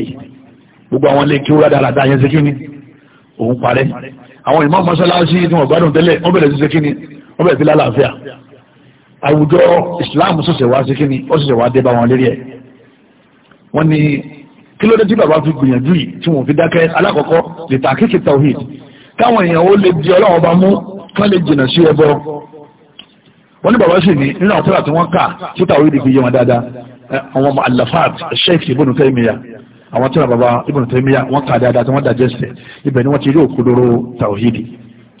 gbogbo àwọn ilé kéwú rádaràda yẹn ṣe kíni òun parẹ́ àwọn ìmọ̀ mọ́ṣáláṣí tí wọ́n gbádùn tẹ́lẹ̀ wọ́n bẹ̀rẹ̀ sí ṣe kíni wọ́n bẹ̀rẹ̀ sí lálàáfíà àwùjọ ìsìláàmù ṣẹ̀ṣẹ̀ wá ṣe kíni ó ṣẹ̀ṣẹ̀ wá dé bá wọn lérí ẹ̀ wọ́n ní kí ló dé tí bàbá fi gbìyànjú yìí tí wọ́n fi dákẹ́ alákọ̀ọ́kọ́ lè ta kíkì tawhid káwọn èèyàn ó lè di ọlọ́wọ́ bá mú kán lè jìnà sí ẹbọ wọ́n ní bàbá sì ní nínú àwọn tíra tí wọ́n kà tí tawhid fi yé wọn dáadáa àwọn ọmọ alafat sheikh ibn taymiya àwọn tíra bàbá ibn taymiya wọ́n kà dáadáa tí wọ́n dàjẹ́sẹ̀ ibẹ̀ ni wọ́n ti rí òkúdóró tawhid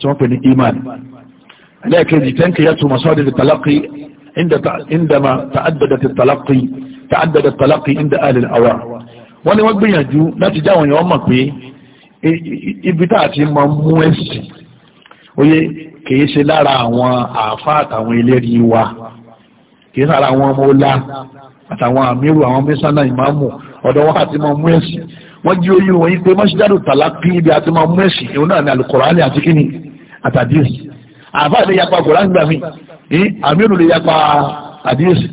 tí wọ́n pè ní iman ẹlẹ́ẹ̀kejì tankiyatu masadir talaqi عندما تعددت التلقي تعدد التلقي عند أهل الأواء wọ́n ní wọ́n gbìyànjú láti jáwọn èèyàn mọ̀ pé ibi tá a ti mọ mú ẹ̀sìn oyè kìí ṣe lára àwọn àáfàá àtàwọn ẹlẹ́rìí wa kìí sára àwọn ọmọ ọlá àtàwọn àmírù àwọn mẹ́sánà ìmáàmù ọ̀dọ̀ wọn àti mọ mú ẹ̀sìn wọ́n jí oyè wọ̀nyí pé mọ́ṣídàdù tàlá pín ibi àti mọ mú ẹ̀sìn ìhun náà ní alukọ̀ránì àti kíni àtàdíyèsí àáfàá lè yapa kọ̀ránì gbà mí àmírù lè yapa àdíyèsí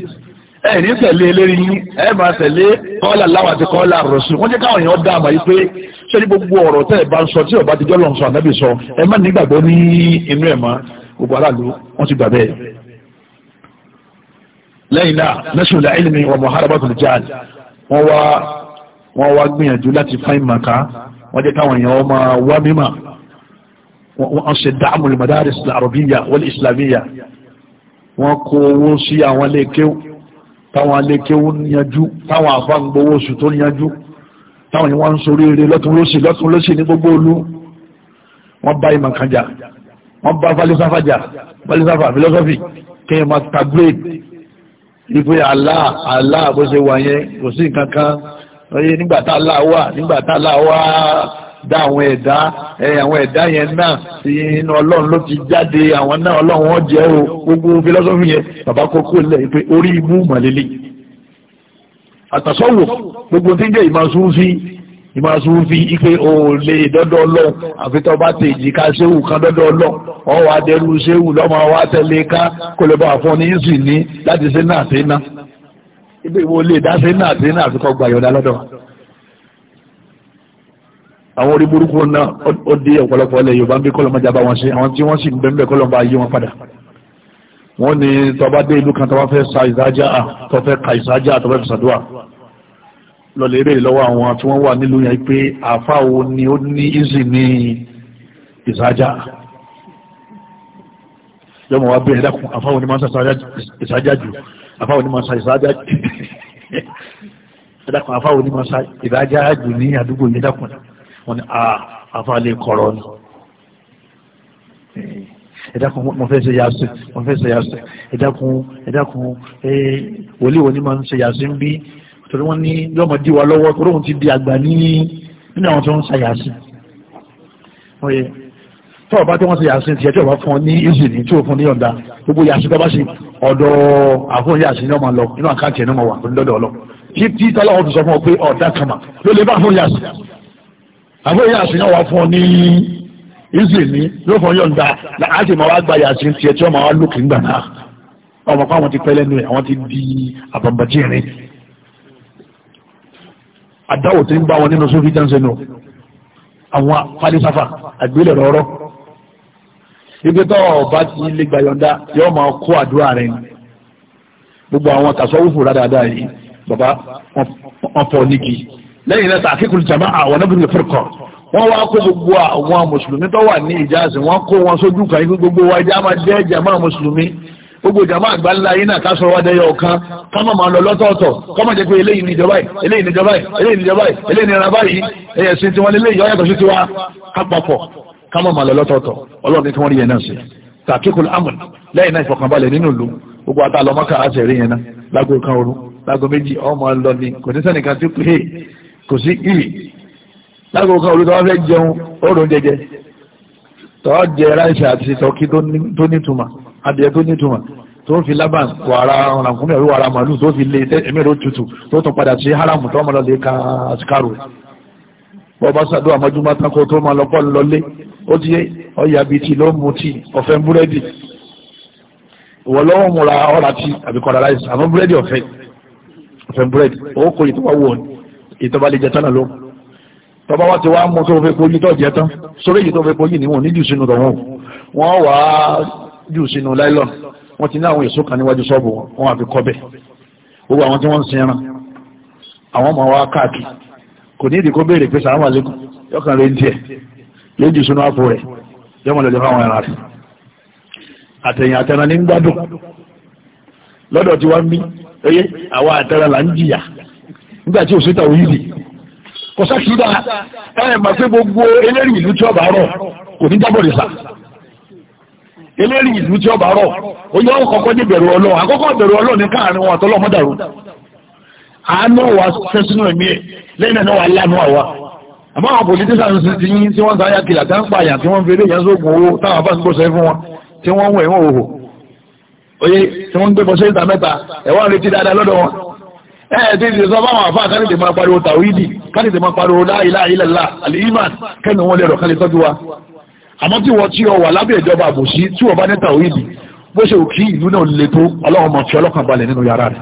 ẹ ní tẹ̀lé eléri yín ẹ máa tẹ̀lé kọ́là láwọn àti kọ́là rọ̀sùn wọ́n jẹ́ káwọn èèyàn dá àmà yìí pé ṣé ní gbogbo ọ̀rọ̀ tẹ́ ẹ bá ń sọ tí ọba àtijọ́ lọ́n sọ ànábì sọ ẹ má nígbàgbọ́ ní inú ẹ̀ mọ́ gbogbo aráàlú wọ́n ti gbà bẹ́ẹ̀. lẹ́yìn náà nẹ́sùn ilmi wa muharabatul jahl wọ́n wá wọ́n wá gbìyànjú láti fáìn màkà wọ́n jẹ́ káwọn èèyàn máa wá mímà wọ́n ṣe da'amul madaris al-arabiyya wal islamiyya wọ́n kó owó sí àwọn ilé kéwù táwọn alékéwú yanjú táwọn àfáǹgbowó oṣù tó yanjú táwọn yìí wọ́n ń sorí eré lọ́tún lọ́sì lọ́tún lọ́sì ní gbogbo olú wọ́n bá ìmọ̀ kan jà wọ́n bá falisafa jà falisafa philosophy kéèyàn máa tagbé ìpè Allah Allah bó ṣe wà yẹn kò sí nǹkan kan nígbà tá Allah wà nígbà tá Allah wà da àwọn ẹ̀dá àwọn ẹ̀dá yẹn náà sí inú ọlọ́run ló ti jáde àwọn náà ọlọ́run wọn jẹ́ o gbogbo philosophy yẹn bàbá kókó lẹ̀ pé orí ibú màlélẹ̀ àtàsọ́wò gbogbo tí ń jẹ́ ìmọ̀súnfí ìmọ̀súnfí ipe o lè dọ́dọ̀ ọlọ́run àfitọ́ bá ti ìjìká séwù kan dọ́dọ̀ ọlọ́run ọwọ́ adẹ́rù séwù lọ́mọ wa tẹ̀lé ká kó lè bá àfọ́n ní sì ní láti ṣe náà sí náà ibi ìwò dá sí náà sí náà àfikọ́ gbàyọ̀dá lọ́dọ̀ wa àwọn orí burúkú náà ó dé ọ̀pọ̀lọpọ̀ ilẹ̀ Yorùbá ń bí kọ́lọ́mọdé bá wọn ṣe àwọn tí wọ́n sì ń bẹ́ẹ̀ kọ́lọ́mọdé ayé wọn padà wọ́n ní tọba dé ìlú kan tọba fẹ́ sa ìsájá tọfẹ́ ka ìsájá tọfẹ́ fi sàdúrà lọ́lẹ̀ eré lọ́wọ́ àwọn tí wọ́n wà nílùú yẹn pé àfa wo ni ó ní ìsìn ní ìsájá yọmọ wa bẹ̀rẹ̀ dákun àfa wo ni máa ń sa ìsájá jù àfa wo ni máa ń sa ìsájá jù ẹ̀dákun àfa wo ni máa ń sa ìsájá jù ní àdúgbò yẹn dákun dákun wọ́n ní ah, àfàlẹ́ kọ̀rọ̀ ni eh, ẹ̀dákun mo fẹ́ ṣe yasí mo fẹ́ ṣe yasí ẹ̀dákun ẹ̀dákun wòlíì wòlíì máa ń ṣe yasí ń bí torí wọ́n ní lọ́mọ dí wa lọ́wọ́ torí òun ti di àgbà ní nínú àwọn tó ń ṣe yasí tó ọba tí wọ́n ṣe yasí tiẹ̀ tí ọba fún ọ ní ìsì ní tí o fún ní ọ̀dà gbogbo yasí tó bá ṣe ọ̀dọ̀ àfún yasí ní ọmọ lọ inú àkáǹtì ẹ̀ ní ọmọ wà lọ́dọ̀ ọlọ kí tí tọ́lá wọn àbúrò yàtí náà wà fún ọ ní ìzì ní yóò fún yọ̀ǹda láti máa wá gba yàtí ti ẹ̀ tí wọ́n máa wá lókè ńgbà náà ọmọ pa àwọn ti pẹ́ lẹ́nu ẹ̀ àwọn ti di àbàmbàjẹ́rin àdáwò tí ń bá wọn nínú sófì jáǹsẹ̀ nù àwọn falisafa àgbélẹ̀ rọ̀rọ̀ ibi tó ọba ti lè gba yọ̀ǹda yóò máa kó àdúrà rẹ̀ gbogbo àwọn tàṣọ́wùfù rádáadáa yìí bàbá wọn pọ̀ nígi lẹ́yìn náà tàkíkùn jama àwọn ẹ̀bùn ìfẹ́kọ̀ wọ́n wá kó gbogbo àwọn mùsùlùmí tó wà ní ìjáàsì wọ́n kó wọn sójú kan ikú gbogbo wa ìjà máa jẹ́ jama mùsùlùmí gbogbo jama àgbáńlá yìí náà ká sọ̀rọ̀ wá dẹyọ ọ̀kan ká má máa lọ lọ́tọ̀ọ̀tọ̀ ká má jẹ́ pé eléyìí ní ìjọba eléyìí ní ìjọba eléyìí ní ìjọba eléyìí ní ìrànbá yìí ẹ̀yẹ̀ sí tiwọn lélẹ́ ìyọ́ yàtọ̀ sí tiwa lọ lọ́tọ̀ọ̀tọ̀ ọlọ́run yẹn náà sí kan òru lágbo méjì ọmọ lọ ni kò ní sẹ́nìkan tí pé kò sí ì lágbo kan olùtọ́ wọn fẹ́ jẹun oòrùn jẹjẹ tọ́ jẹ ráìsì àti tọ́kí tó nítumọ̀ adìẹ tó nítumọ̀ tó ń fi laban wàrà ọ̀nàkúnmí ọ̀rí wàrà màlúù tó fi lé e ẹ̀mí ró tutù tó tún padà sí haramu tó máa lọ lè ka àsìkárò bọ́ọ̀bá sàdúrà mọ́júmọ́ tán kó tó máa lọ́pọ̀ lọlé ó ti ọ̀yà bíi ti ló ń mu tí ọ̀fẹ́ búrẹ́dì ìwọ̀ lọ́wọ́ múra ọ̀rà tí àbíkọ̀rà láìsí àmọ́ búrẹ́dì ọ̀fẹ́ ọ̀fẹ́ búrẹ́dì ó kò yìí tó wá wọ̀ ni ìtọ́ba lè jẹ tán náà ló tọba wá ti wá mú tó fẹ́ poyí tọ́ jẹ tán sórí èyí tó fẹ́ poyí ni wọn ní jù sínú tọ̀wọ́n wọ́n wà á jù sínú láìlọ́n wọ́n ti ní àwọn èso kan níwájú ṣọ́ọ̀bù wọn àfi kọ́bẹ̀ gbogbo àwọn tí wọ́n ń sin ẹran àwọn ọmọ wa káàkiri kò ní ìdí kó béèrè pé sàrámà lẹ́kùn yọkàn rẹ̀ ń tiẹ̀ lójú sínú àpò rẹ̀ yọmọ lọ́jọ́ fáwọn ẹran rẹ̀ àtẹ̀yìn àtẹ̀ràn ní gbádùn lọ́dọ̀ tí wọ́n mí ẹyẹ àwọn àtẹ̀ràn là ń jìyà nígbà tí òṣèta òyìnbí kò sákìdá ẹ mà pé gbogbo eléri ìlú tí ọba rọ kò ní jábọ̀ rẹ̀ sà eléri ìlú tí ọba rọ ó yọ ọkọ̀ọ̀kọ́ ní bẹ̀rù ọlọ́ àkọ́kọ́ bẹ̀rù ọlọ́ ní káàrin wọn àtọ́lọ́ mọ́dàrú àánú wa sẹ́sínú ẹ̀mí ẹ̀ lẹ́yìn náà wà lánú àwa àmọ́ àwọn politicians ti yín tí wọ́n sáyà kìlà tá ń pa àyà tí wọ́n fi eré yẹn sóògùn owó táwọn afá ń gbọ́sẹ̀ fún wọn tí wọ́n ń wẹ̀ wọ́n òhò oye tí wọ́n ń gbé bọ́sẹ̀ ìta mẹ́ta ẹ̀wọ́n retí dáadáa lọ́dọ̀ wọn ẹ̀ẹ́dẹ́ eh, ìdí sọ báwọn àfáà ká nìdè máa pariwo tàwídì ká nìdè máa pariwo la ilaha illallah al-iman kẹ́nu wọn lẹ́rọ kálẹ̀ tọ́jú wa àmọ́ tí wọ́n tí ọ wà lábẹ́ ìjọba àbòsí tí wọ́n bá ní tàwídì bó ṣe òkí ìlú náà le tó ọlọ́run máa fi ọlọ́kàn balẹ̀ nínú yàrá rẹ̀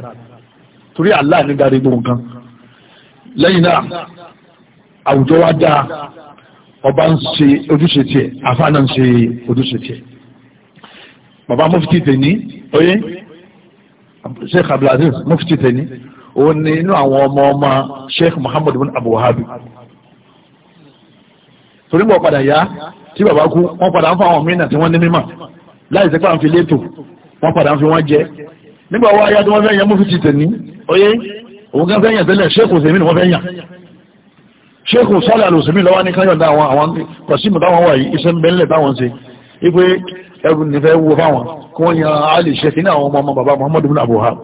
torí Allah ní darí gbogbo nǹkan lẹ́yìn náà àwùjọ wa dáa ọba ń ṣe ojúṣe tiẹ̀ àfáà náà ń ṣe ojúṣe tiẹ̀ bàbá mufti tẹ̀ oyé sheikh abdulaziz mufti tẹ̀ òun ni inú àwọn ọmọ ọmọ sheikh muhammad bin abu wahabi torí bọ̀ padà yá tí bàbá kú wọ́n padà ń fún àwọn mìíràn tí wọ́n ní mímọ̀ láì sẹ́pà ń fi létò wọ́n padà ń fi wọ́n jẹ nígbà wọ́n ayá tí wọ́n fẹ́ yẹn mú fi ti tẹ̀ní oyé òun kan fẹ́ yẹn tẹ́lẹ̀ sheikh òsèmí ni wọ́n fẹ́ yàn sheikh sọ́lẹ̀ alòsèmí lọ́wọ́ ní káyọ̀dá àwọn àwọn kọ̀símù táwọn wà yìí iṣẹ́ ń bẹ́ńlẹ̀ táwọn ṣe ipe ẹrù nífẹ́ wo fáwọn kí wọ́n yan alì sheikh ní àwọn ọmọ ọmọ bàbá muhammadu bin abu wahab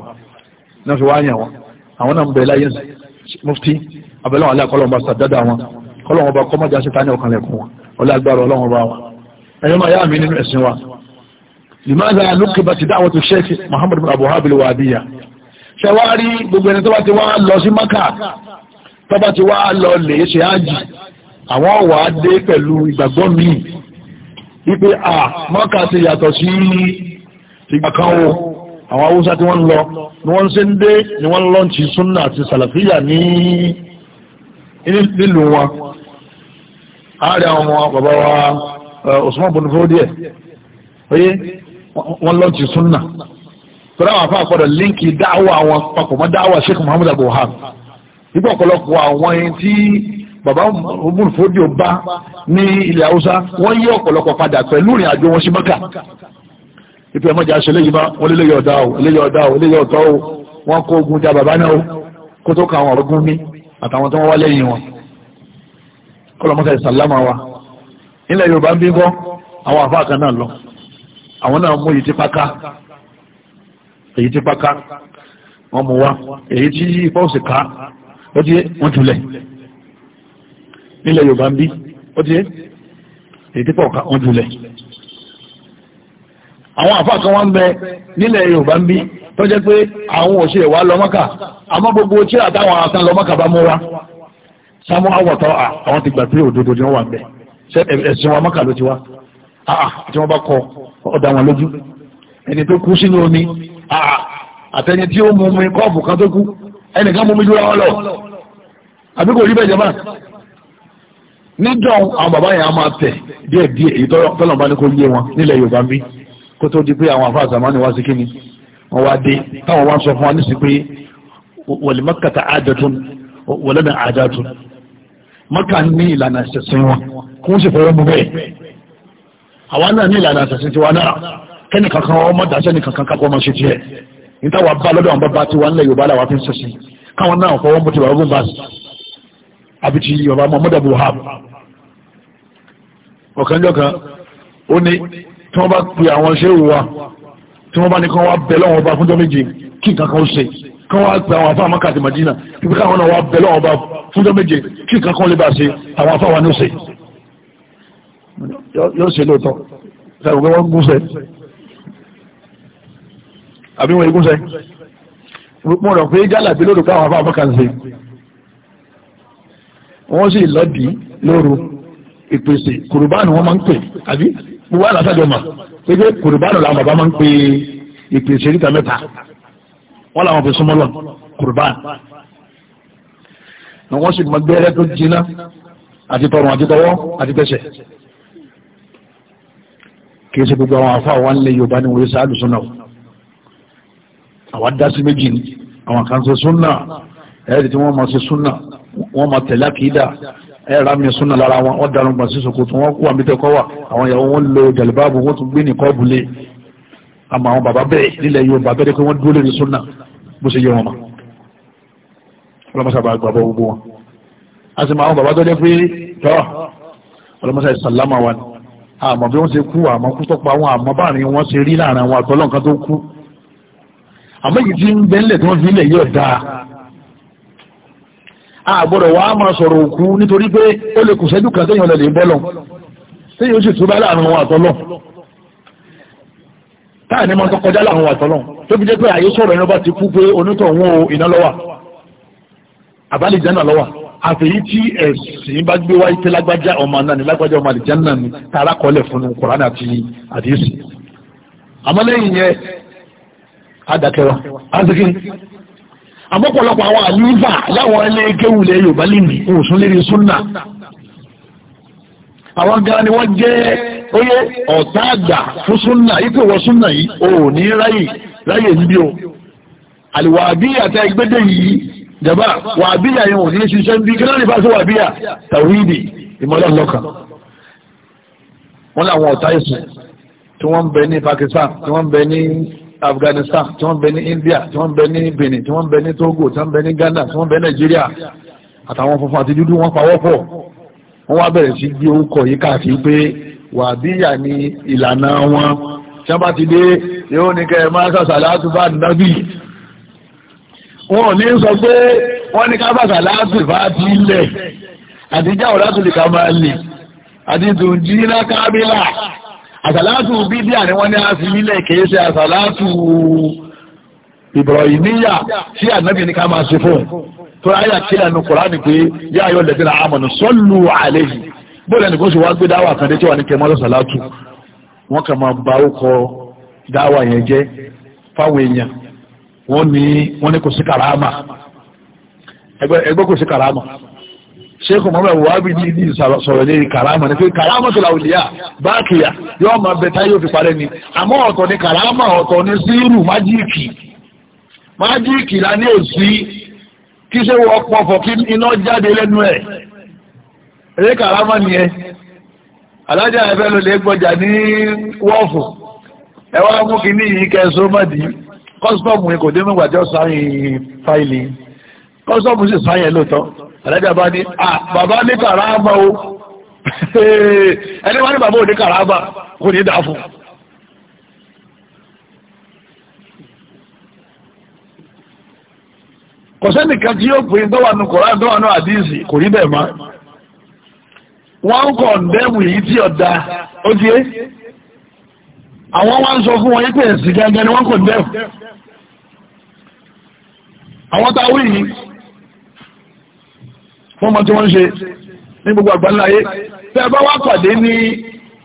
náà fi wá wọn àwọn náà ń bẹ̀rẹ̀ láyé mufti abẹ́lẹ́ àwọn aláàkọ́lọ́ ọba sàdádà wọn kọ́lọ́ ọba kọ́mọ́jà sí tání ọkàn lẹ́kùn wọn ọlágbára ọlọ́run ọba wọn ẹ̀yọ́ máa yá mi nínú ẹ̀sìn wa limaza lókè bá ti dáwọ́ tó sheikh muhammad abu habil wadiya ṣe wá rí gbogbo ẹni tó bá ti wá lọ sí maka tó bá ti wá lọ lè ṣe ájì àwọn wà á dé pẹ̀lú ìgbàgbọ́ míì wípé à maka ti yàtọ̀ sí ìgbà kan o àwọn haúsá tí wọ́n ń lọ ni wọ́n ń ṣe ń dé ni wọ́n ń lọ́ǹtì súnà àti sàlàfíà ní nílùú wọn ààrẹ àwọn bàbá wa eh, Usman bonu fúdíẹ̀ oyé wọ́n lọ́ǹtì súnà tọ́lá àwọn afá àpọ̀dọ̀ líǹkì dáwà àwọn papọ̀ mọ́ dáwà Sheikh Muhammad abuham nígbà ọ̀pọ̀lọpọ̀ àwọn ẹni tí bàbá bonu fúdíẹ̀ bá ní ilẹ̀ haúsá wọ́n yí ọ̀pọ̀lọpọ̀ padà pẹ̀lú ìrìn àjò wọn sí Mẹ́kà ìpè ẹmọ́jà aṣọ eléyìí bá wọ́n lé léyọ̀ ọ̀dá o léyọ̀ ọ̀dá o léyọ̀ ọ̀tọ́ o wọ́n kó ogun ja bàbá náà o kó tó ka àwọn ọ̀rọ̀gún mi àtàwọn tó wọ́n wá lẹ́yìn wọn wa nílẹ̀ Yorùbá ń bí bọ́ àwọn àfáà kan náà lọ àwọn náà mú èyí tí páká wọ́n mú ti wọ́n jùlẹ̀ nílẹ̀ Yorùbá ń ti èyí ká wọ́n àwọn àfáà kan wọ́n ń bẹ nílẹ̀ yorùbá ń bí tó jẹ́ pé àwọn òṣè wà lọ́mọ́kà àmọ́ gbogbo tí àtàwọn àtàn lọ́mọ́kà bá mú wa sámú àwọ̀tọ́ àwọn ti gbà pé òdodo ni wọ́n wà ń bẹ ẹ̀sìn wọn mọ́kà ló ti wá tí wọ́n bá kọ ọ̀dà wọn lójú ẹni tó kú sínú omi àtẹni tí ó mú mi kọ́ọ̀bù kan tó kú ẹnìkan mú mi jùlọ wọn lọ àbí kò rí bẹ́ẹ̀ jẹ́ bá níjọ́ àwọn bàbá yẹn á máa tẹ̀ díẹ̀díẹ̀ èyí tọ́lọ̀ kó tó di pé àwọn àfáà zamani wá sí kíni wọ́n wá dé táwọn wá sọ fún wa ní sí pé wọ̀lì mọ́kàtà àjọtún wọ̀lẹ́nà àjọtún mọ́kà ní ìlànà ìṣẹ̀sìn wọn kí wọ́n sì fọwọ́ mú bẹ́ẹ̀ àwa náà ní ìlànà ìṣẹ̀sìn tiwa náà kẹ́nì kankan ọmọ dàṣẹ́ ní kankan kápọ̀ ọmọ ṣe tiẹ̀ nítawà bá lọ́dọ̀ àwọn bàbá tiwa ńlẹ̀ Yorùbá làwà fi ń ṣẹ̀sìn káwọn náà fọwọ́ mú tiwa ogun bá sí àbìtì Yorùbá Muhammadu Buhari ọ̀kanjọ́ kan ó ní tí wọ́n bá pe àwọn ṣéwù wa tí wọ́n bá ní kán wá bẹ̀ lọ́wọ́ ọba fúnjọ́ méje kí nǹkan kan ṣe kán wá pe àwọn afáàmọ́ kàti Madina ibi káwọn náà wá bẹ̀ lọ́wọ́ ọba fúnjọ́ méje kí nǹkan kan lè bá ṣe àwọn afáwọn ní ṣe yóò ṣe lóòótọ́ sẹ́wọ̀n pé wọ́n gúnṣẹ́ àbí wọ́n igúnṣẹ́ mo rọ̀ pé jálàbí lóru káwọn afáàmọ́ kàn ṣe wọ́n sì lọ́dìí lóru ìpèsè kùrùbáàni wọ́n máa ń pè àbí gbogbo àlàsájọ mà pé kùrùbánù làwọn bàbá máa ń pe ìpè ìṣèríta mẹ́ta wọ́n làwọn fi súnmọ́ lọ kùrùbánù wọ́n sì mọ gbẹ́rẹ́ tó jiná àti tọrùn àti tọwọ́ àti tẹsẹ̀ kì í ṣe gbogbo àwọn àfa wa ń lè yorùbá ni wòye sáà lùsùn náà àwọn adásí méjì ni àwọn kan ṣe súnà ẹ̀ẹ́dì tí wọ́n máa ṣe súnà wọ́n máa tẹ̀lé àkìdá ẹ̀rá mi súnà lára wọn wọ́n darun gbọ̀n sí ṣòkòtò wọn kú àmìtẹ́kọ́ wà àwọn ìyàwó wọn lo jàlùbáàbù wọn tún gbé ní kọ́ọ̀bùlé àmọ́ àwọn bàbá bẹ́ẹ̀ nílẹ̀ Yorùbá bẹ́ẹ̀ pé wọ́n dúró lórí súnà bó ṣe yẹ wọn mọ́ ọlọ́mọṣà bá gbàgbọ́ gbogbo wọn a sì máa àwọn bàbá tó jẹ́ pé tọ́ ọlọ́mọṣà ìsàlámà wa ni àmọ́ bí wọ́n ṣe kú àmọ́ kú tọ́pa wọn àmọ́ báàrin wọn ṣe rí láàrin àwọn àtọ́lọ́ a wàá máa sọ̀rọ̀ òkú nítorí pé ó lè kù sẹ́jú kan téèyàn lè lè bọ́ lọ téèyàn sì túbá láàrin wọn àtọ́lọ́ táà ní máa tọ́ kọjá láàrin wọn àtọ́lọ́ tó fi jẹ́ pé àyè sọ̀rọ̀ ẹni bá ti kú pé onítọ̀ wọn ò iná lọ́wà àbálìjánà lọ́wà àfẹ̀yí tí ẹ̀sìn bá gbé wáyé pé lágbájá ọmọ náà lágbájá ọmọ àlìjánà tààrà kọlẹ̀ fún un àmọ́pọ̀lọpọ̀ àwọn àlífà láwọn ilé kéwùlẹ̀ yorùbá lèmi òsùn lérí súnà àwọn gan ni wọ́n jẹ́ oyé ọ̀tá àgbà fún súnà ipò wọ súnà yìí o ò ní ráyè ráyè níbi o àlùwàbíyà tẹ gbédè yìí jàmbá wàbíyà yìí ò ní ṣiṣẹ́ bí kí lónìí bá sí wàbíyà tàwídì ìmọ̀lẹ́ lọ́kàn wọ́n láwọn ọ̀tá ẹ̀sùn tí wọ́n ń bẹ ní Pakistan tí wọ́n ń bẹ ní Afghanistan tí wọ́n bẹ ní India tí wọ́n bẹ ní Benin tí wọ́n bẹ ní Togo tí wọ́n bẹ ní Ghana tí wọ́n bẹ Nàìjíríà àtàwọn funfun àti dúdú wọ́n pawọ́ pọ̀ wọ́n wá bẹ̀rẹ̀ sí gbé orúkọ yìí káàkiri pé wàbíyà ni ìlànà wọn tí wọ́n bá ti dé yóò ní kẹ́ ẹ máa ṣàṣà láti bá nàbì wọn ò ní sọ pé wọ́n ní ká bàtà láti bá ti lẹ̀ àtijọ́ ọ̀rá tó ká máa lè àti tòun Asalatu bídíà ni wọ́n ní a fi nílẹ̀ kìí ṣe àsàlátù ìbọ̀rọ̀ìníyà tí ànábì ní ká máa ṣe fún tó ráyà kí lẹ́nu kùránì pé yá ayọ́ lẹ́dínà àmọ̀nù sọ́lù àlẹ́yìn bóòlẹ̀ nìkan ṣe wá gbé dáwà kan dé tí wọ́n ní kẹ́ mọ́lọ́ sàlátù wọ́n kà máa ba ókọ dáwà yẹn jẹ́ fáwọn èèyàn wọ́n ní wọ́n ní kò sí kàráàmà ẹgbẹ́ kò sí kàráàmà sheikh muhammed wahabi ni ní sọ̀rọ̀ lérí karama ní pé karama tó làwùlíyà báàkìyà yóò máa bẹ̀tá yóò fi parẹ́ ni àmọ́ ọ̀tọ̀ ni karama ọ̀tọ̀ ni síìrù májíìkì májíìkì la ní òsì kí ṣe wọ́n pọ̀fọ̀ kí iná jáde lẹ́nu ẹ̀ eré karama ni ẹ alájà ẹ̀fẹ́ ló lè gbọ́jà ní wọ́ọ̀fù ẹ wá mú kí ní yìí kẹsàn-án mọ́dì kọ́sítọ́ọ̀mù kò dé mẹ́gbàjọ́ sáyìn fáìlì kọ́sítọ́ọ̀mù sì sáyìn lóòótọ́ alájà bá ní bàbá ní kàràbà o ẹni wá ní bàbá ò ní kàràbà kò ní dáa fún kọ̀sẹ́nìkan tí yóò pè dọ́wànú kọ̀rá dọ́wànú àdíìsì kò rí bẹ́ẹ̀ máa wọ́n ń kọ̀ ǹdẹ́mù èyí tí ọ̀dá ó ti àwọn wá sọ fún wọn yí ẹ̀sì gẹ́gẹ́ ni wọ́n kọ̀ ǹdẹ́mù àwọn táwí yìí wọ́n mọ̀ tí wọ́n ń ṣe ní gbogbo àgbáńláyé tẹ́ bá wá pàdé ní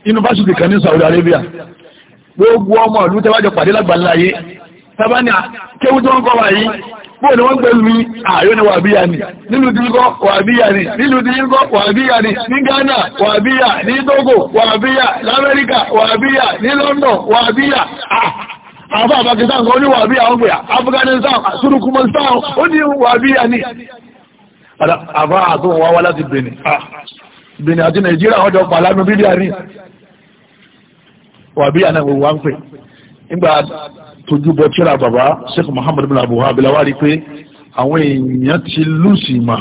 yunifásitì kan ní Saudi Arabia gbogbo ọmọ ìlú tẹ́ wájọ pàdé lágbàńláyé tàbá ní kéwú tí wọ́n kọ́ wà yìí bóò ni wọ́n gbé lu ààrẹ ni wàbíyà ni nílùú tí kọ́ wàbíyà ni nílùú tí kọ́ wàbíyà ni ní Ghana wàbíyà ní Togo wàbíyà l'Amẹ́ríkà wàbíyà ní London wàbíyà àfà Pakistan kan ó ní wàbíyà ó gbé Afghanistan Surukumastan ó ní wàbíyà ni àbá àtúnwò wá wá láti Benin Benin àti Nàìjíríà wọ́n jọ pàlánù bídíà ní wàbí àná ìwò wá ń pè nígbà tójú bọ tíra bàbá Sheikh Muhammadu bin Abu Habila wá rí pé àwọn èèyàn ti lùsì mà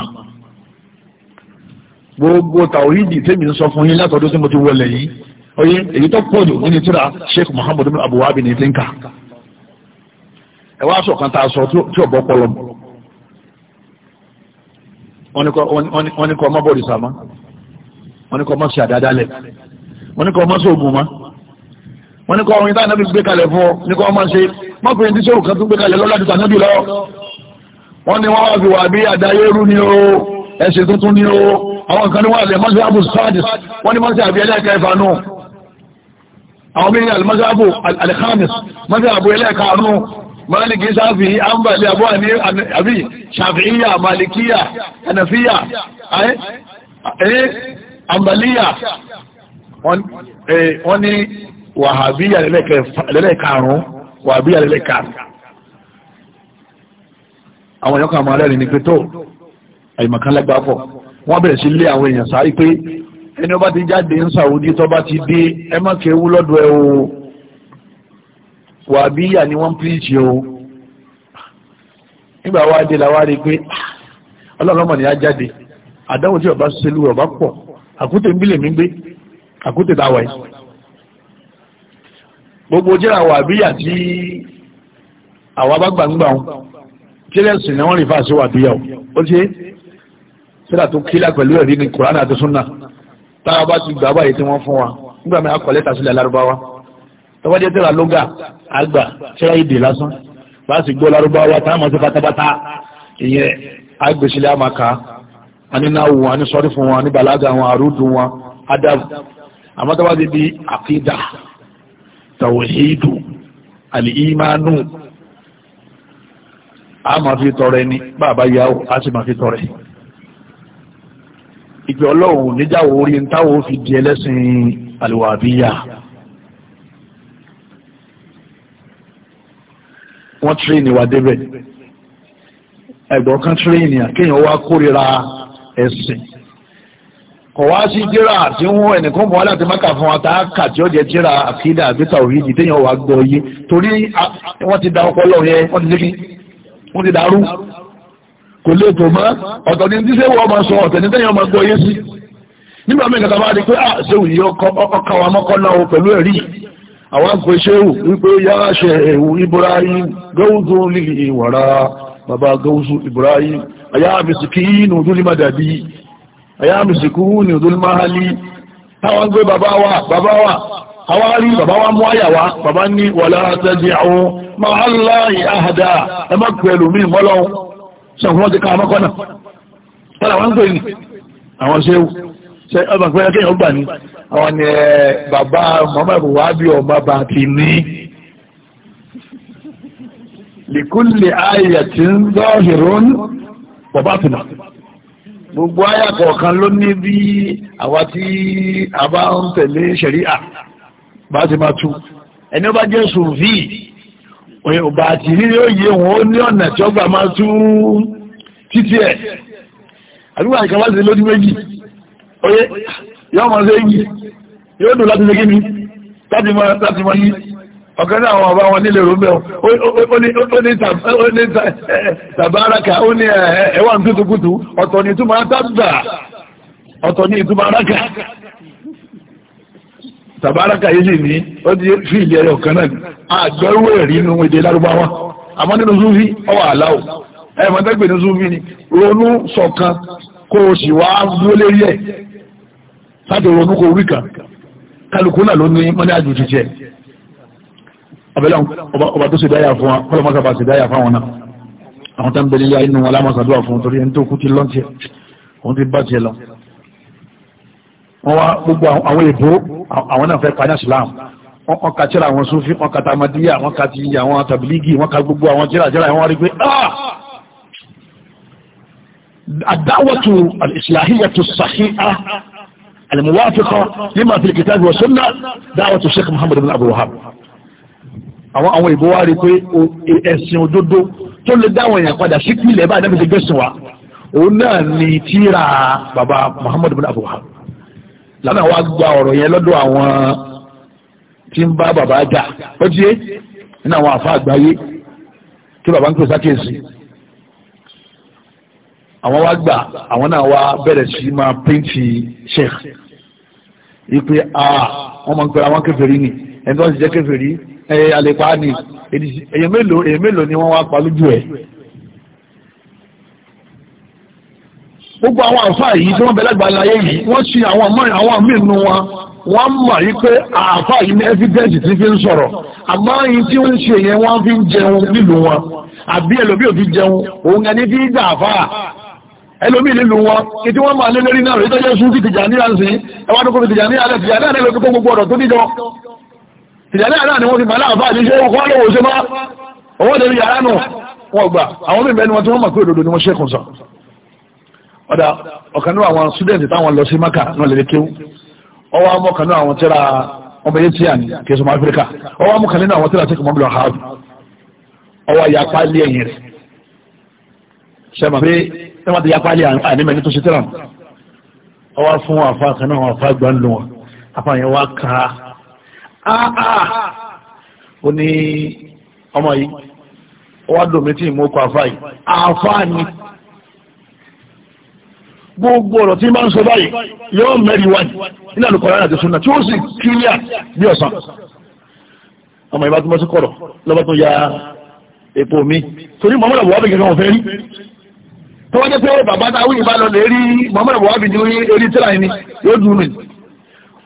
gbogbo tàwíìdì tèmi ń sọ fún yín látọ̀dún tí mo ti wọlé yìí oye èyí tó pọ̀ jù nínú tíra bin Abu ní ẹ wá sọ̀kan tá a sọ tí ò bọ́ pọlọ mọ́ wọ́n ní kọ́ ọmọ bọ̀dì sàmá wọ́n ní kọ́ ọmọ sí àdádálẹ̀ wọ́n ní kọ́ ọmọ sí ògùn má wọ́n ní kọ́ ọmọ ìta náà gbé kalẹ̀ fún ọ ní kọ́ ọmọ ṣe mọ́kùnrin tí sóòkàn tó gbé kalẹ̀ lọ́lá ti tànábì lọ wọ́n ní wọ́n wá fi wà bí àdáyé rú ni o ẹ̀sìn tuntun ni o àwọn nǹkan ní wọ́n àlẹ́ mọ́sáàbù sáàdì wọ́n ní mọ́sáàbù ẹlẹ́ẹ̀kẹ́ ìfanú àwọn mí Málìkì Ṣáfì Ámbàlì Abu Àbí Ṣàfìíyà Màlìkíyà Ànàfíyà Àmbàlíyà wọ́n ní Wàhábíyà lẹ́lẹ́kàrún Wàhábíyà lẹ́lẹ́kàrún. Àwọn èèyàn kan máa rẹ́rìn ní pé tó àìmọ̀kan lẹ́gbàá pọ̀. Wọ́n bẹ̀rẹ̀ sí lé àwọn èèyàn sáré pé ẹni ọba ti jáde ń Sàúdí tó bá ti dé ẹ má kéwú lọ́dọ̀ ẹ o wàbíyà ni wọ́n píríṣì o nígbà wá dé làwá rí pé ọlọ́run ọmọ nìyá jáde àdánwò tí ọba ṣẹlú ọba pọ̀ àkútè ń bílẹ̀ mi gbé àkútè tá a wà yìí gbogbo jẹ́ àwọn àbíyà tí àwọn abágbàǹgbà wọn jẹ́lẹ̀sì ni wọ́n rí fáṣí wà bíyà ó ṣe sílà tó kílà pẹ̀lú ẹ̀rí ní kòránà àti súnà táwọn bá ti gbà báyìí tí wọ́n fún wa nígbà mẹ́ta kọ̀ lẹ́tà sílẹ̀ lárúbáwá tọ́wọ́dé tẹ́ra lóga àgbà tẹ́ra ìdè lásán bá sì gbọ́ lárúbáwá tá a mọ̀ sí pátápátá ìyẹn agbèsílẹ̀ àmàkà anínáwó wọn anísọ́rí fún wọn aníbàlágà wọn àrùdù wọn adab àmọ́tọ́wọ́dé bí àkídà tàwọ̀hídù àlìímánù a máa fi tọrẹ ni a sì máa fi tọrẹ ìpè ọlọ́run níjàwó orí ń fi di ẹlẹ́sìn àlùwàbíyà. wọ́n tírínì wà débẹ̀ ẹ̀gbọ́n kan tírínì àkéèyàn wá kórìíra ẹ̀sìn kọ̀ wá sí jíra tí wọ́n ẹnìkan bọ̀ láti máka fún wa tá a kà tí ó jẹ́ jíra àkídà àbíta òyìnbí téèyàn wà gbọ́ yé torí wọ́n ti da ọpọlọ yẹn wọ́n ti lé wọ́n ti dàrú kò lè tó mọ́ ọ̀tọ̀ ní tí sẹ́wọ́ ọmọ sọ ọ̀tọ̀ ní téèyàn máa gbọ́ yé sí nígbà mí a bá rí pé à ah, sẹ́wù yìí ọkọ̀ àwọn àgbẹ̀ ṣéhù wípé yá ṣe ẹ̀wù Ibrahim gọ́ọ̀dù ní ìwàrá bàbá gọ́ọ̀sù Ibrahim ayáàmìsìkí ní òdúlé mádàbí ayáàmìsìkú ní òdúlé máhálí táwọn gbé bàbá wa bàbá wa àwọn rí bàbá wa mú àyà wa bàbá ní wàlá tẹ́jì àwọn máa ṣe ọba pé ẹkẹ́ yẹn ó gbà ní àwọn ni bàbá Muhammadu Buhari ọba bá ti ní lìkúlì ayé tí ń zọ́ọ̀hìrún bàbá tìmà gbogbo ayé kọ̀ọ̀kan ló ní bí àwa tí a bá ń tẹ̀lé ṣẹ̀ríà bá ti máa tú ẹni ó bá jẹ́ sùnfì ọba àti rírí òye wọn ó ní ọ̀nà tí ọgbà máa tú títí ẹ̀ àdúgbò àìkàwá sí lójú méjì oye ya mọ̀ sí yóò dùn láti ṣegí mi láti àwọn ọba wọn nílé rò mẹ́ọ̀ ní tàbáraka ó ní ọ̀tọ̀ ní ìtumọ̀ ọ̀tọ̀ ní araka tàbáraka yìí ní ó ti fi ilẹ̀ rẹ̀ náà ẹ̀rí inú èdè lárúbáwá àmọ́ nínú ọwọ́ ní o sì wá gbólé rí káàdì ronú kò rí kan kálukú náà ló ní mọ́ní àjò jíjẹ abẹ́lẹ́ ọba tó ṣe dáyà fún wa kọ́lọ́ mọ́sá bá ṣe dáyà fún àwọn náà àwọn tó ń bẹ̀rẹ̀ yá inú wọn lámàṣàdúrà fún torí ẹni tó kú ti lọ́ntì òun ti bá tiẹ̀ lọ wọ́n wá gbogbo àwọn èbó àwọn náà fẹ́ paná islam wọ́n ka tíra àwọn sufi wọ́n ka tamadiya wọ́n ka ti àwọn tabiligi wọ́n ka gbogbo àwọn tíra tíra wọ́n rí pé àdáwọ̀tù ah! al-islahiyatu sahiha الموافقة لما في الكتاب والسنة دعوة الشيخ محمد بن عبد الوهاب àwọn àwọn ìbò كوي rí pé ẹ̀sìn òdodo tó lè dáwọn èèyàn padà sí pìlẹ̀ bá àdámi ti gbẹ̀sìn wa òun náà ni tíra bàbá Muhammad bin Abu Wahab lánàá wá gba ọ̀rọ̀ yẹn lọ́dọ̀ àwọn tí ń bá bàbá jà ó ti yé nínú àwọn àfa àgbáyé tí bàbá ń pè sákèsì àwọn wá gbà àwọn náà wá bẹ̀rẹ̀ sí máa sheikh ìpè àà wọ́n máa ń pẹ̀lú àwọn kèfèrí ni ẹni tó ń ṣiṣẹ́ kèfèrí ẹ̀yẹ àlèpá ni èyàn mélòó èyàn mélòó ni wọ́n wá pa lójú ẹ̀ gbogbo àwọn àfáà yìí tí wọ́n bẹ̀rẹ̀ gbà láyé yìí wọ́n ṣe àwọn mọ́rin àwọn mìínú wọn wọ́n mọ̀ yí pé àfáà yìí ní ẹ́fídẹ́ǹsì tí fi ń sọ̀rọ̀ àmọ́ yìí tí wọ́n ṣe yẹn wọ́n fi ń jẹun nílùú wọn àbí ẹlòmíì ò fi jẹun òun ẹni fi ń gbà àfáà ẹlòmí nílù wọn kí tí wọ́n máa lé lórí náà rí tọ́jọ́ sún sí tìjà ní àǹsí ẹwà tó kó fi tìjà ní alẹ́ tìjà náà lẹ́lọ́kí gbogbo ọ̀rọ̀ tó díjọ tìjà náà ni wọ́n fi màlá àbá àti iṣẹ́ wọn lọ́wọ́ ṣe má owó lórí yàrá nù wọn gbà àwọn mímẹ́ ni wọ́n tí wọ́n mọ̀ pé òdodo ni wọ́n ṣẹ́kùn sọ ọ̀dà ọ̀kan nínú àwọn student táwọn lọ sí maka náà lè kéwú ọwọ́ amọ́kan nínú àwọn tẹ́ra ọmọ yẹn tí ẹ má ti yapa lé ànímẹ́ni tó ṣe tẹ́lá ọ wá fún àfa kan náà àwọn àfa gbà ń lò wọn àfa yẹn wá kàn á ó ní ọmọ yìí ó wá dòmí tí ìmú kọ àfa yìí àfa ni gbogbo ọ̀rọ̀ tí máa ń sọ báyìí yóò mẹ́rin wá ní ilé àlùkọ̀ọ́rọ̀ àti sunna tí ó sì kílíà bí ọ̀sán ọmọ ìbá sí kọ̀rọ̀ lọ́bọ̀ ya epo mi torí mọ́mọ́lá wọ́n bẹ̀rẹ̀ kan fẹ́ rí tó wọ́n jẹ́ pé bàbá tá wíyìn bá lọ lè rí Muhammad Buhari ní orí tíra ẹni yóò dùn mí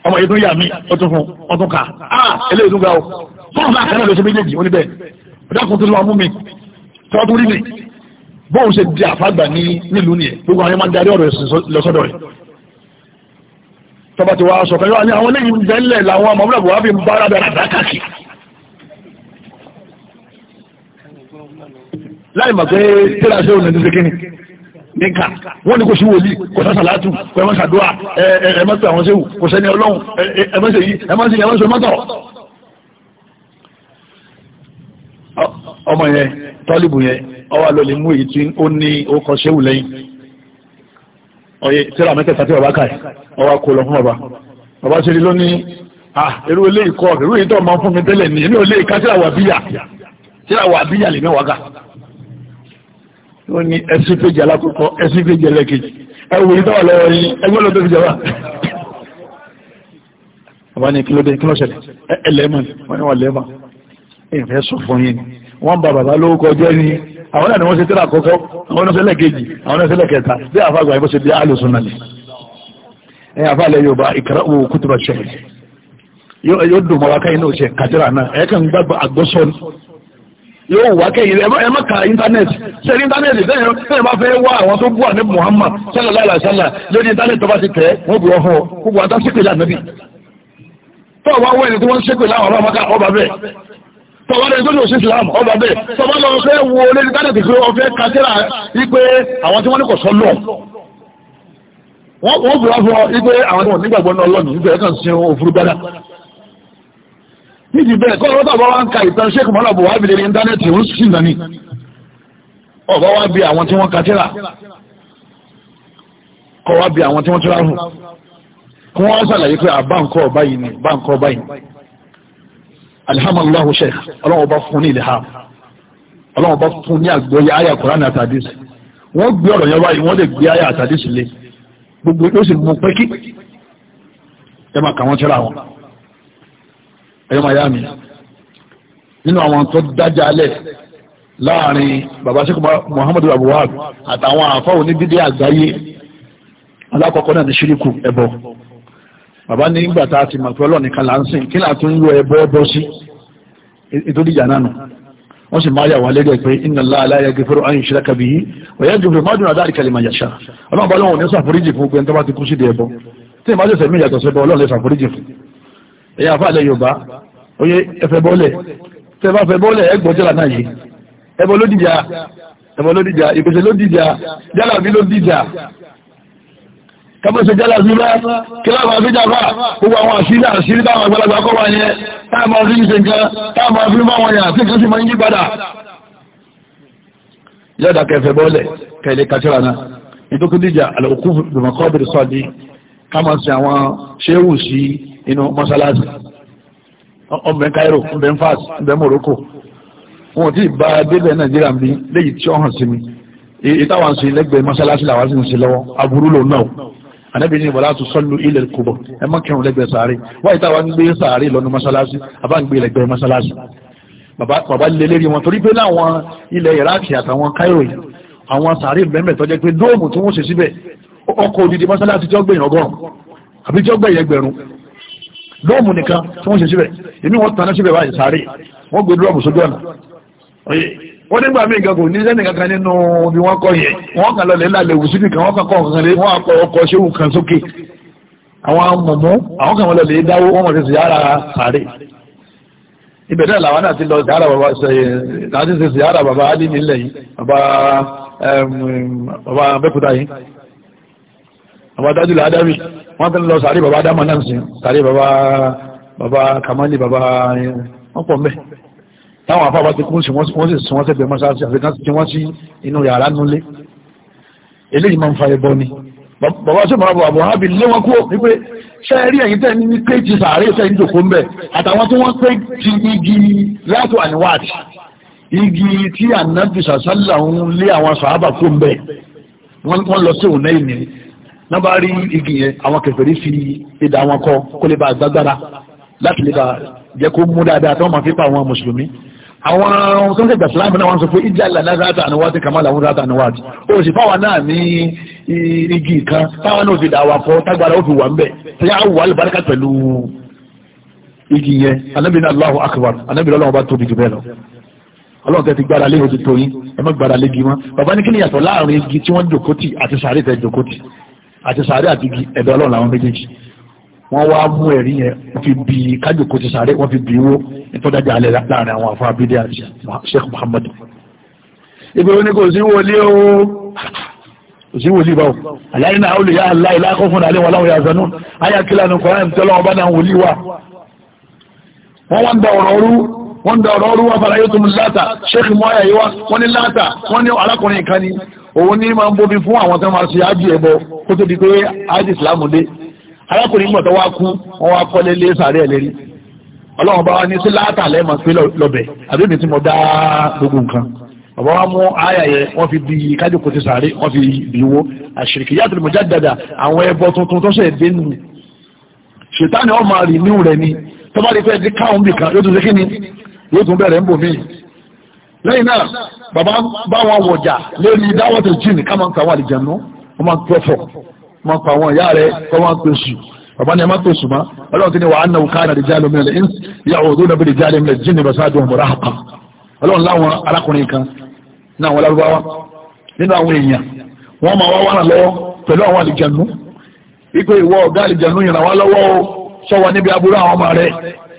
ọmọ yìí tó yà mí ọtún fún ọtún ká ah eléyìí tó ga o fún ọ̀nà àkàrà lọ́sẹ̀ méjèèjì oníbẹ̀ ọ̀dàkùn tó lọ mú mi tọ́tún rí mi bóun ṣe di àfàgbà ní nílùú nìyẹn gbogbo àwọn ọmọ darí ọ̀rọ̀ ẹ̀sìn lọ́sọ́dọ̀ rẹ̀ tọba ti wá sọ̀kan yóò ní àwọn eléyìí ń bẹ́lẹ̀ làwọn ọmọ Muhammad Buhari ń bára bẹ̀rẹ̀ àdákàkì láì mọ̀ pé tíra ṣe òun ní nìkan wọ́n ní kò sí wòlíì kò sá sàlátù kò ẹmọ́ sàdúà ẹmọ́sẹ̀ àwọn séwù kò sẹ́ni ọlọ́run ẹmọ́sẹ̀ yìí ẹmọ́sẹ̀ yìí ẹmọ́sẹ̀ mọ́tọ̀ ọmọ yẹn tọ́lìbù yẹn ọwà lọ lè mú èyí tí ó ní ọkọ séwù lẹ́yìn ọyẹ tíra mẹ́tẹ̀ẹ̀ta tí bàbá kà ọwà kò lọ fún bàbá bàbá ṣe rí lónìí ah irú ilé ìkọ irú ìtọ́ máa fún mi tẹ́lẹ̀ ní ilé ìka tíra wà bíyà tíra wà bíyà lè mẹ́wàá ó ní ẹ̀sìn péjì alákọ̀ọ́kọ́ ẹ̀sìn péjì ẹlẹ́kejì ẹwù ìtawà lọ́wọ́ yìí ẹgbẹ́ lọ́dọ̀ fi jẹba bàbá ní kílódé kílọ́ṣẹ̀lẹ̀ ẹlẹ́mọ̀ wọ́n ní wà lẹ́mà ìfẹ́ sọ fún yìí wọ́n bá bàbá lórúkọ jẹ́ ní àwọn náà ni wọ́n ṣe tẹ́lẹ̀ àkọ́kọ́ àwọn náà ṣẹlẹ̀ kejì àwọn náà ṣẹlẹ̀ kẹta bí àfa àgbà ìbọ̀ṣe bí alùsùn náà ni ẹ àfa àlẹ́ Yorùbá ìkàrà owó kútùbà ṣẹlẹ̀ yóò ẹ̀ yóò wá kẹ́yìn ẹ má ka íńtánẹ́ẹ̀tì ṣe ní íńtánẹ́ẹ̀tì sẹ́yìn sẹ́yìn bá fẹ́ wá àwọn tó ní Muhammad sallallahu alaihi wasallam lórí íńtánẹ́ẹ̀tì tó bá ti tẹ̀ wọ́n bu tí wọ́n ọba ọba bẹ́ẹ̀ ọba bẹ́ẹ̀ lọ fẹ́ wo lórí íńtánẹ́ẹ̀tì pé ọ fẹ́ àwọn tí wọ́n ní kò sọ lọ wọ́n àwọn nídìí bẹ́ẹ̀ kọ́ ọ̀rọ̀ tàbá wá ń ka ìtàn ṣéèkù mọ́lá bò wá bìlẹ̀ ní íńtánẹ́ẹ̀tì ó sì nà ní ọ̀bá wá bí àwọn tí wọ́n ka tíra kọ́ wá bí àwọn tí wọ́n tíra hù kí wọ́n sàlàyé pé àbáǹkọ́ ọba yìí ni báǹkọ́ ọba yìí alhamdulilah sheikh ọlọ́wọ́ bá fún ní ilham ọlọ́wọ́ bá fún ní àgbọ́yé àyà kùránì àtàdís wọ́n gbé ọ̀rọ̀ yẹn wáyé wọ́n lè gbé àyà àtàdís lé gbogbo ó sì mú pẹ́kí ẹ máa kà wọ́n tíra wọn ẹ̀yọ́ miami nínú àwọn tó dájà alẹ̀ láàrin baba sheikh muhammadu abuwab àtàwọn àfáwọn onídídé àgbáyé alákọ̀ọ́kọ́ náà ti ṣíríkù ẹbọ bàbá ní ìgbà tá a ti mọ̀ pé ọlọ́ọ̀ni kan là ń sìn kí láti ń yọ ẹbọ ẹbọ sí ìtòdí ìjà náà nù wọ́n sì máa yà wà lẹ́gbẹ̀ẹ́ pé inna Allaha la yaghfiru an yushraka bihi wa yaghfiru ma duna dhalika liman yasha ọlọ́run bá lọ́wọ́ ní sàforíjì fún gbẹ́ntọ́ bá ti kú sí ìdí ẹbọ tí ìmájọ́sẹ̀ mi yàtọ̀ sẹ́bọ̀ ọlọ́run lè fún ẹ̀yà àfáàlẹ̀ yorùbá oye ẹfẹ́ bọ́ọ̀lẹ̀ tẹ́ bá fẹ́ bọ́ọ̀lẹ̀ ẹgbọ́jọ́là náà yìí ẹbọ ló dìjà ẹbọ ló dìjà ìpèsè ló dìjà jálàbí ló dìjà kábọ̀sẹ̀ jálàbí bá kíláàbà àfíjàfà gbogbo àwọn àṣírí àṣírí táwọn àgbàlagbà kọ́ wà yẹn táàmà fi ń ṣe nǹkan táàmà fi ń bá wọn yàn tí kan sì máa ń yí padà yọ́dà kẹfẹ́ bọ́ọ̀lẹ̀ kẹlẹ̀ kàtírà náà ìtókù dìjà àlòkù bìmọ̀kọ́ bìrì sọ́ọ̀dí ká máa àwọn ṣéwù sí inú mọ́sálásí ọbẹ̀ Cairo ọbẹ̀ Fas ọbẹ̀ Morocco wọn ti bá débẹ̀ Nàìjíríà bí léyìí tí ó hàn sí mi ìtawà ń ṣe lẹ́gbẹ̀ẹ́ mọ́sálásí làwọn sì ń ṣe lọ́wọ́ aburú lòun náà anabi ni wàlá tó sọlù ilẹ̀ kúbọ̀ ẹ má kírun lẹ́gbẹ̀ẹ́ sàárè wọ́n ìtawà ń gbé sàárè lọ́nu mọ́sálásí àbá ń gbé lẹ́gbẹ̀ẹ́ mọ́sálásí bàbá lè lérí wọn torí pé láwọn ilẹ̀ Iraq àtàwọn Cairo yìí àwọn sàárè mẹ́mẹ́ tó jẹ́ pé dóòmù tí wọ́n ṣe síbẹ̀ ọkọ̀ òdìdí mọ́sálásí tí ó gbẹ̀yìn ọgọ́rùn-ún àbí tí ó gbẹ̀yìn ẹgbẹ̀rún lóòmù nìkan tí wọ́n ṣe síbẹ̀ èmi wọ́n tanná síbẹ̀ báyìí sáré wọ́n gbé dúrọ́ọ̀mù sójú ọ̀nà wọ́n nígbà míì gan kò ní sẹ́ni kankan nínú bí wọ́n kọ́ yẹn wọ́n kàn lọ lẹ́la lẹ́wù síbi kan wọ́n kàn kọ́ kankan lé wọ́n akọ ọkọ̀ ṣéwù kan sókè àwọn mọ̀mọ́ àwọn kàn wọ́n lọ lè dáwó wọ́n mọ̀ sí sìyára sáré ibẹ̀ náà làwọn náà ti lọ sìyára bàbá láti ṣe sìyára bàbá alí nílẹ̀ yìí bàbá bẹ́kúta yìí bàbá dájú làádámì wọ́n tẹ́lẹ̀ lọ sàárè bàbá dámà náà sí sàárè bàbá bàbá kamali bàbá wọ́n pọ̀ mẹ́ táwọn afábá ti kún sí wọ́n sì sún wọ́n sẹ́gbẹ̀ẹ́ mọ́sáàsì àfikán sí wọ́n sí inú yàrá núlé eléyìí máa ń fa ẹbọ ni bàbá sí mọ́ra bàbá wọn bí lé wọn kú wípé ṣe rí ẹ̀yìn tẹ́ ní pé ti sàárè tẹ́ ní jòkó ń bẹ̀ àtàwọn tí wọ́n pé ti igi látò àníwáàtì igi tí ànábì sàṣálà ń lé àwọn sàábà kú ń bẹ̀ wọ́n lọ sí òun náà náà bá rí igi yẹn àwọn kèfèrí fi ìdá wọn kọ kó lè bá agbágbára láti lè bá jẹ́ kó mú dáadáa tó wọ́n máa fi pa àwọn mùsùlùmí àwọn sọ́nsẹ̀ gbàsílámù náà wọ́n sọ pé ìjà ìlànà ráta àníwájú kàmáàlà wọn ráta àníwájú ó sì fáwọn náà ní igi kan táwọn náà fi dà wà kọ tágbára ó fi wà ń bẹ̀ tí a wà lùbáríkà pẹ̀lú igi yẹn anábìrin Allahu akbar anábìrin ọlọ́run bá tóbi jù bẹ́ẹ̀ lọ ọlọ́run tẹ́ ti gbára lé ojú tó yín ẹ má gbára lé igi wọn bàbá ní kí ni yàtọ̀ láàrin igi tí wọ́n dòkótì àti sàárè tẹ́ dòkótì àti sàárẹ̀ àti ẹ̀dọ̀ ọlọ́run làwọn méjèèjì wọ́n wá mú ẹ̀rí yẹn fi bí kájòkó ti sàárẹ̀ wọ́n fi bí wó ìtọ́jájà alẹ́ láàrin àwọn àfáà bídẹ́ àti Sheikh Muhammad ibi ó ní kò sí wòlé o kò sí wòlé báwo aláyé náà olè yá aláì lákọ́ fún àlẹ́ wọn láwọn yà zanú ayé akílà ní kọ́rẹ́ tí ọlọ́wọ́ bá náà wòlé wa wọ́n wá ń da ọ̀rọ̀ ọrú wọ́n ń da ọ̀rọ̀ ọrú wa fara yóò tó mú láta Sheikh mọ́ òun ní máa ń bóbi fún àwọn tó máa ṣe ájì ẹbọ kó tó di pé ájì ìsìlámù dé arákùnrin mọ̀ tó wá kú wọn wá kọ́lé lé sàárẹ̀ ẹlẹ́rí ọlọ́run bá wá ní sí látà lẹ́mọ̀ pé lọ́bẹ̀ àbí mi tí mo dá gbogbo nǹkan bàbá wa mú àyà yẹ wọ́n fi bí kájòkó ti sàárẹ̀ wọ́n fi bìwó àṣìríkíyàtul mujaddada àwọn ẹbọ tuntun tó ṣẹ̀ dé nù ṣètánì ọmọ rì ní ni tó bá rí fẹ́ẹ́ di káwọn bìkan yóò ni yóò tún lẹ́yìn náà bàbá bá wọn wọ̀jà lórí dáwọ́tò jíìnì ká máa ń pa àwọn àlìjànú wọ́n máa ń pẹ́fọ̀ máa ń pa àwọn ìyá rẹ̀ kọ́ máa ń pèsè bàbá ni a máa pèsè mọ́ ọlọ́run ti ní wàá náwó káàdà ìjà lómi rẹ̀ ń yà ọ̀dọ́ nàbí ìjà lómi rẹ̀ jíìnì bàṣáàdù ọmọdé àpá ọlọ́run láwọn arákùnrin kan náà wọ́n máa wa níbi àwọn ọmọ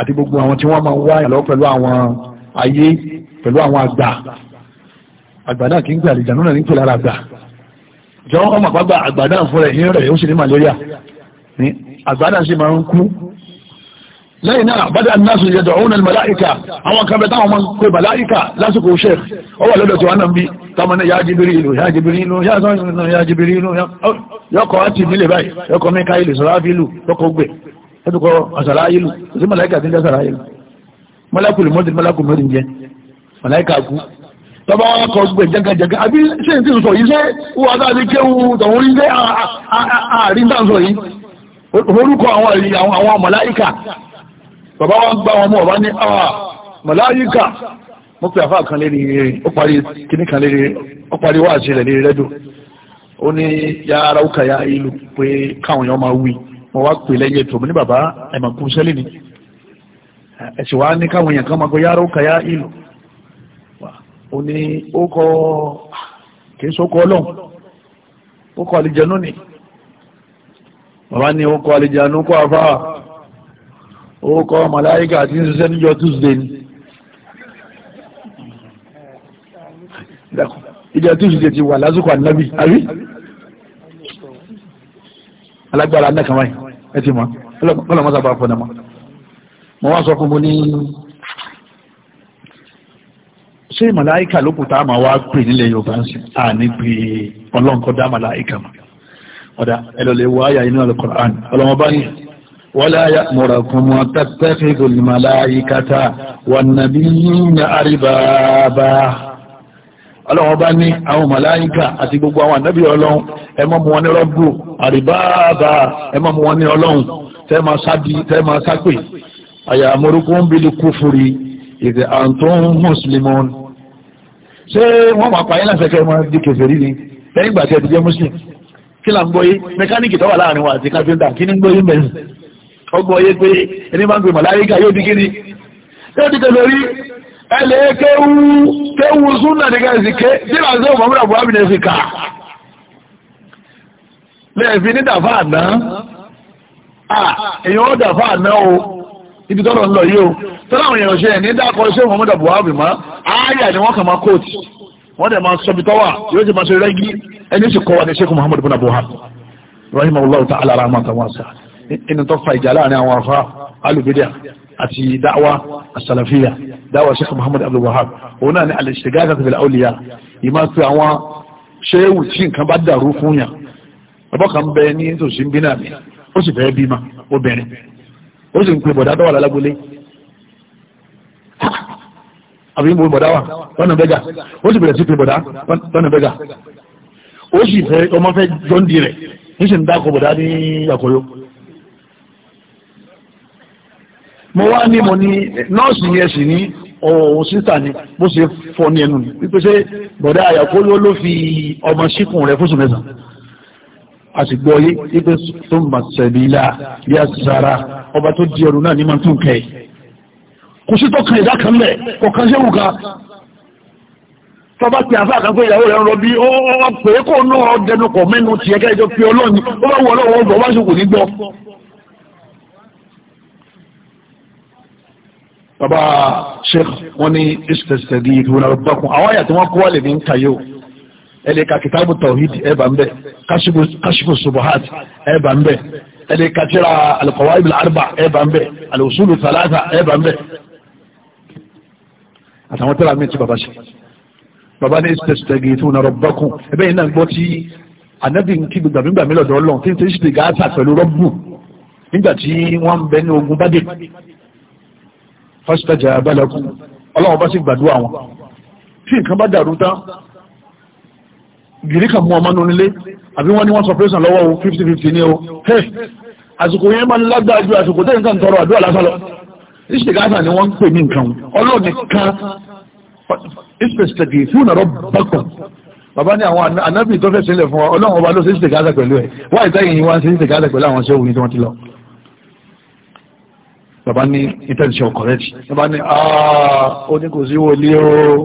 àti gbogbo àwọn tí wọ́n máa wá ìyàlọ́ pẹ̀lú àwọn ayé pẹ̀lú àwọn àgbà àgbà náà kì í gbé àlejò náà ní pẹ̀lú ara àgbà jọ ọmọ àgbà àgbà náà fúnra ẹ̀yìn rẹ̀ ó sì ní malaria ní àgbà náà sì máa ń kú lẹ́yìn náà bá dáa náà sọ náà màláìka àwọn kan bẹ táwọn máa ń pè màláìka lásìkò sheikh ó wà lọ́dọ̀ tí wọ́n náà ń bí táwọn náà yá jibiri ìlú yá jibiri ìlú yá sọ́yìn náà yá jibiri ìlú yọkọ̀ á ti mílẹ̀ báyìí yọkọ̀ mẹ́ka ilẹ̀ sọ́ráfílù yọkọ̀ gbẹ̀ ẹ̀dùkọ́ ọ̀sàráyìlú kò sí mọ̀láìkà tí ń jẹ́ ọ̀sàráyìlú mọ́láìkù lè mọ́tì mọ́láìkù mọ́tì jẹ́ mọ̀láìkà kú tọ́ba wọn kọ gbẹ̀ jẹ́gàjẹ́gà àbí ṣé n tí ń sọ yìí ṣé wọ́n adá ti kéwu tọ̀hún rí ṣé àárín tá ń sọ yìí orúkọ àwọn àwọn mọ̀láìkà bàbá wọn gbá wọn mú ọ̀bá ní ah, mọ̀láìkà mo pe àfa kan lérí ó parí kíní kan lérí ó parí wáàsí rẹ̀ lérí rẹ́dù ó ní yàrá ó kà yá ìlú pé káwọn èèyàn máa mo wá pè lẹ́yìn ètò mo ní bàbá ẹ̀mọ̀ kú sẹ́lẹ̀ ni ẹ̀sìn wa ní káwọn èèyàn kan máa gbé yàrá ó kàyà ìlú ó ní ó kọ kì í sókọ ọlọ́run ó kọ àlìjẹnú ni bàbá ní ó kọ àlìjẹnú kọ afá ó kọ màláìkà àti ṣiṣẹ́ níjọ́ tuesday ni ìjọ tuesday ti wà lásìkò ànábì àbí alágbára anákàmáyì ẹ ti mọ̀ ọlọ́mọ sábà fọ́nà mọ́ mo wá sọ fún mo ní ṣé màláìkà ló kù tá a máa wá pè nílẹ̀ yorùbá sí a ní pé ọlọ́nkọ́ dá màláìkà mọ̀ ọ̀dà ẹlọ́lẹ̀ wọ àyà inú al-Qur'an ọlọ́mọ bá ní wala ya'murakum an tattakhidhu al-malaikata wan-nabiyina arbaba ọlọ́wọ́n bá ní àwọn màláyíkà àti gbogbo àwọn ànábì ọlọ́run ẹ má mú wọn ní rọ́gbò àríbáàbà ẹ má mú wọn ní ọlọ́run tẹ́ máa sádi tẹ́ máa sápè àyà àmọ́rúkú ń bí kúfúri ìdè àǹtún mùsùlùmọ́n ṣé wọ́n máa pààyàn láti ẹ̀kẹ́ máa di kèfèrí ni lẹ́yìn ìgbà tí ẹ ti jẹ́ muslim kí là ń gbọ́ yé mẹkáníìkì tó wà láàrin wa àti káfíńtà kí ní gbọ́ yé mẹ́rin ọgbọ́ yé pé ẹni máa ń gbé màláyíkà yóò di kí ni yóò di kèfèrí ẹlẹ́ kéwú kéwú súnà ní kẹsì ké tí wà sí ọmọ múra buhari nẹ́sì ká lẹ́ẹ̀fi ní dàfà àná à èyàn ó dàfà àná o ibi tọ́lọ̀ ń lọ yìí o tọ́lọ̀ àwọn èèyàn ṣe ẹ̀ ní dákọ̀ ṣé ọmọ múra buhari mọ́ ááyà ni wọ́n kàn máa kóòtù wọ́n dẹ̀ máa sọbi tọ́wà yóò ti máa ṣe rẹ́gí ẹni sì kọ́ wa ní sẹ́kù muhammadu bin buhari rahimahullahu ta'ala rahmatan wasi'a inú tó fa ìjà láàrin àwọn afa alùbídíà àti dáwà àsàlàfíà dáwà sheikh muhammad abdul wahab òun náà ni al-istighatha bil awliya ìmá sí àwọn ṣéwù tí nǹkan bá dàrú fún yàn ọbọ̀ kan bẹ ní tòṣì ń bí náà mi ó sì fẹ́ bímọ obìnrin ó sì ń pe bọ̀dá dọ́wà lálágbólé àbí ń bo bọ̀dá wà lọ́nà bẹ́gà ó sì bẹ̀rẹ̀ sí pe bọ̀dá lọ́nà bẹ́gà ó sì fẹ́ ọmọ fẹ́ jọ́ndì rẹ̀ ní sì ń dákọ̀ bọ̀dá ní àkọ́yọ́ mo wá ní mo ní nọ́ọ̀sì yẹn sì ní ọ̀hún sísà ni bó ṣe fọ ní ẹnu wípé ṣé bọ̀dá àyàkó ló ló fi ọmọ síkùn rẹ̀ fóṣù mẹ́sàn a sì gbọ́ yé wípé tó mà sẹ̀bílà bí a sì sára ọba tó di ẹrù náà ní máa tún kẹ́ kò sí tọkàn ìdá kan lẹ̀ kọ̀kan ṣéwù kan tọba ti àfa àkànfẹ́ ìyàwó rẹ̀ ń rọ bí ó pè é kó náà dẹnu kọ̀ mẹ́nu tiẹ̀ kẹ́ ẹjọ́ pé ọlọ́ọ̀ni ó bá wọ bàbá sheikh wọ́n ní ìṣẹ̀ṣẹ̀dì ìgbìmọ̀ ọ̀dọ́kùn àwọn àyà tí wọ́n kó wà lè ní ń kàyé o ẹlẹ́ka kìtàbù tawhid ẹ̀bà ń bẹ̀ kashifu subuhat ẹ̀bà ń bẹ̀ ẹlẹ́ka tíra al-qawaid al-arba ẹ̀bà ń bẹ̀ al-usulu thalatha ẹ̀bà ń bẹ̀ àtàwọn tíra mi ti bàbá ṣe bàbá ní istastaghithuna rabbakum ẹ̀bẹ́ yìí náà gbọ́ tí anabi nkí gbàmígbàmí lọ́dọ̀ fásitàjà abẹ́lẹ́kù ọlọ́wọ́ bá sì gbàdúrà wọn tí nǹkan bá dàrú tán gìrí kan mú ọmọ nù nílé àbí wọ́n ní wọ́n sọpẹ́sàn lọ́wọ́ o 50-50 ní o hey àsìkò yẹn máa ń lágbára ju àsìkò tẹ́ nǹkan tọrọ àdúrà lásán lọ ni wọ́n ń pè ní nǹkan ọlọ́ọ̀ni kan ìṣèṣègì fún ọ̀rọ̀ bákan bàbá ní àwọn anábì tó fẹ́ sílẹ̀ fún ọ ọlọ́run ọba ló ṣe ìṣègáta pẹ̀lú ẹ̀ wáyé táyìn wá ń ṣe ìṣègáta pẹ̀lú àwọn ṣẹ́wù ní tí wọ́n ti lọ bàbá ní intention correct bàbá ní ah, ó ní kò sí wòlíì o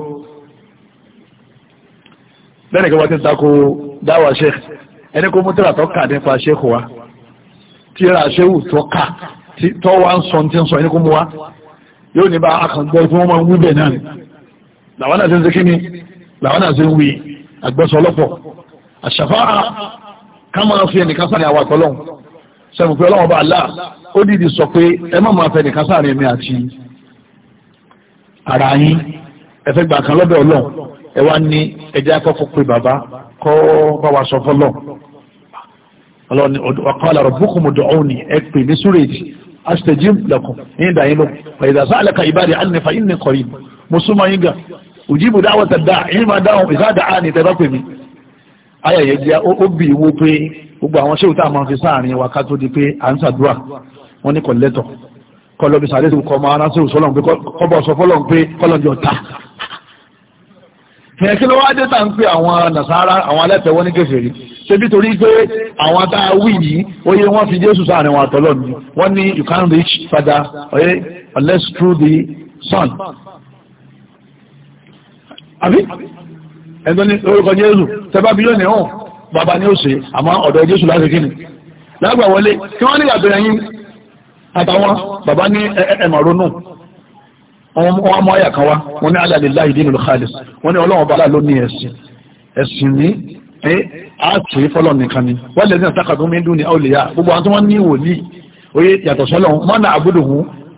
lẹ́nìí kan wá ti ń takò dáwà sheikh ẹni kó mú tíra tó kà nípa sheikh wa tíra shehu tó kà tó wá ń sọ tí ń sọ ẹni kó mú wa yóò ní bá akàngbọ́ fún wọn wí bẹ̀ náà làwọn náà ti ń ṣe kí ni làwọn náà ti ń wí àgbẹ̀sọ̀ ọlọ́pọ̀ àṣàfáà ká máa fi ẹnìkan sáré àwọn àtọ́lọ́hún sẹ́wọ̀n pé ọlọ́wọ́ bá Allah ó dìdì sọ pé ẹ má máa fẹ́ nìkan sáàrin mi àti ara yín ẹ fẹ́ gbà kan lọ́dọ̀ ọlọ́run ẹ wá ní ẹjẹ́ akọ́kọ́ pé bàbá kọ́ bá wa sọ fọ́lọ́ ọlọ́ni ọ̀kọ́lá rabbukum ud'uni ẹ pè ní súrèjì astajib lakum ní ìdáyín lọ fàyídà sa'alaka ibadi anni fa inni yín gà ujibu ayẹyẹ jẹ́ ó bì í wo pé gbogbo àwọn ṣéwù tá a máa fi sáàrin wa ká tó di pé à ń ṣàdúrà wọn ní kọ̀lẹ́tọ̀ kọlọ́bí sàdé kọ́ ọmọ aránsẹ́ òṣọ́lọ́n pé kọ́bọ̀ sọ fọ́lọ́n pé kọ́lọ́njọ ta ìyẹn kí ló wá dé tá ń pè àwọn nàṣàrà àwọn alẹ́tẹ̀wọ́ ní kèfèrí ṣebí torí pé àwọn tá a wí yìí oyè wọ́n fi Jésù sáàrin wọn àtọ́lọ́ ni wọ́n ní you can't reach father oyè eh, unless through the son àbí ẹgbẹ́ ní orúkọ jésù tẹbá bí yóò ní ọ̀hún bàbá ní òṣè àmọ́ ọ̀dọ̀ jésù láti kí ni lágbà wọlé kí wọ́n nígbà bẹ̀rẹ̀ yín àtàwọn bàbá ní ẹ̀mọ̀rónù wọ́n mọ́ àyà kan wá wọ́n ní alàlélá ìdínul khalis wọ́n ní ọlọ́run bàbá ló ní ẹ̀sìn ẹ̀sìn ní ẹ́ àtúrí fọ́lọ̀ nìkan ni wọ́n lè ní àtàkàtún mi dùn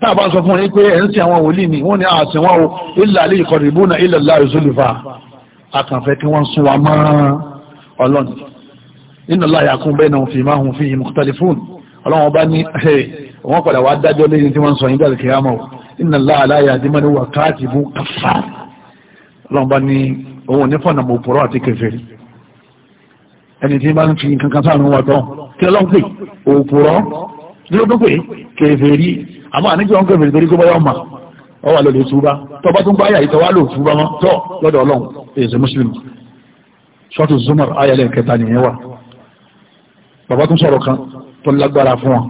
sọ fún wọn pé ẹ̀ ń sin àwọn wòlíì ni wọ́n ní àsìn wọn o ilà alẹ́ ìkọ̀rìbùnà ilẹ̀ láàrín zulùfà akànfẹ́ kí wọ́n sún wa mọ́ ọlọ́run nínú láyà kún bẹ́ẹ̀ náà fi máa hùn fi mukhtalifun ọlọ́run ọba ní wọ́n padà wá dájọ́ lẹ́yìn tí wọ́n sọ yín dàbí kìyàmọ́ nínú láàláyà dìmọ́ni wà káàtì bú kàfà ọlọ́run bá ní òun ní fọ́nà mọ̀ òpùrọ̀ àti kẹfẹ́ ẹni tí bá ń fi kankan sáà ń wà tán kí ọlọ́run pè òpùrọ̀ ní ó tó kẹfẹ́ rí àmọ́ àníjọ́ ń kẹfẹ́ torí kó wọ́n wà lọ́lẹ̀ túbá tọba tó ń bá ayà ìtọ́wà lò túbá mọ́ tọ́ lọ́dọ̀ ọlọ́run èzè muslim ṣọ́tù zumar ayẹlẹ̀ kẹta nìyẹn wà bàbá tó sọ̀rọ̀ kan tó lágbára fún wọn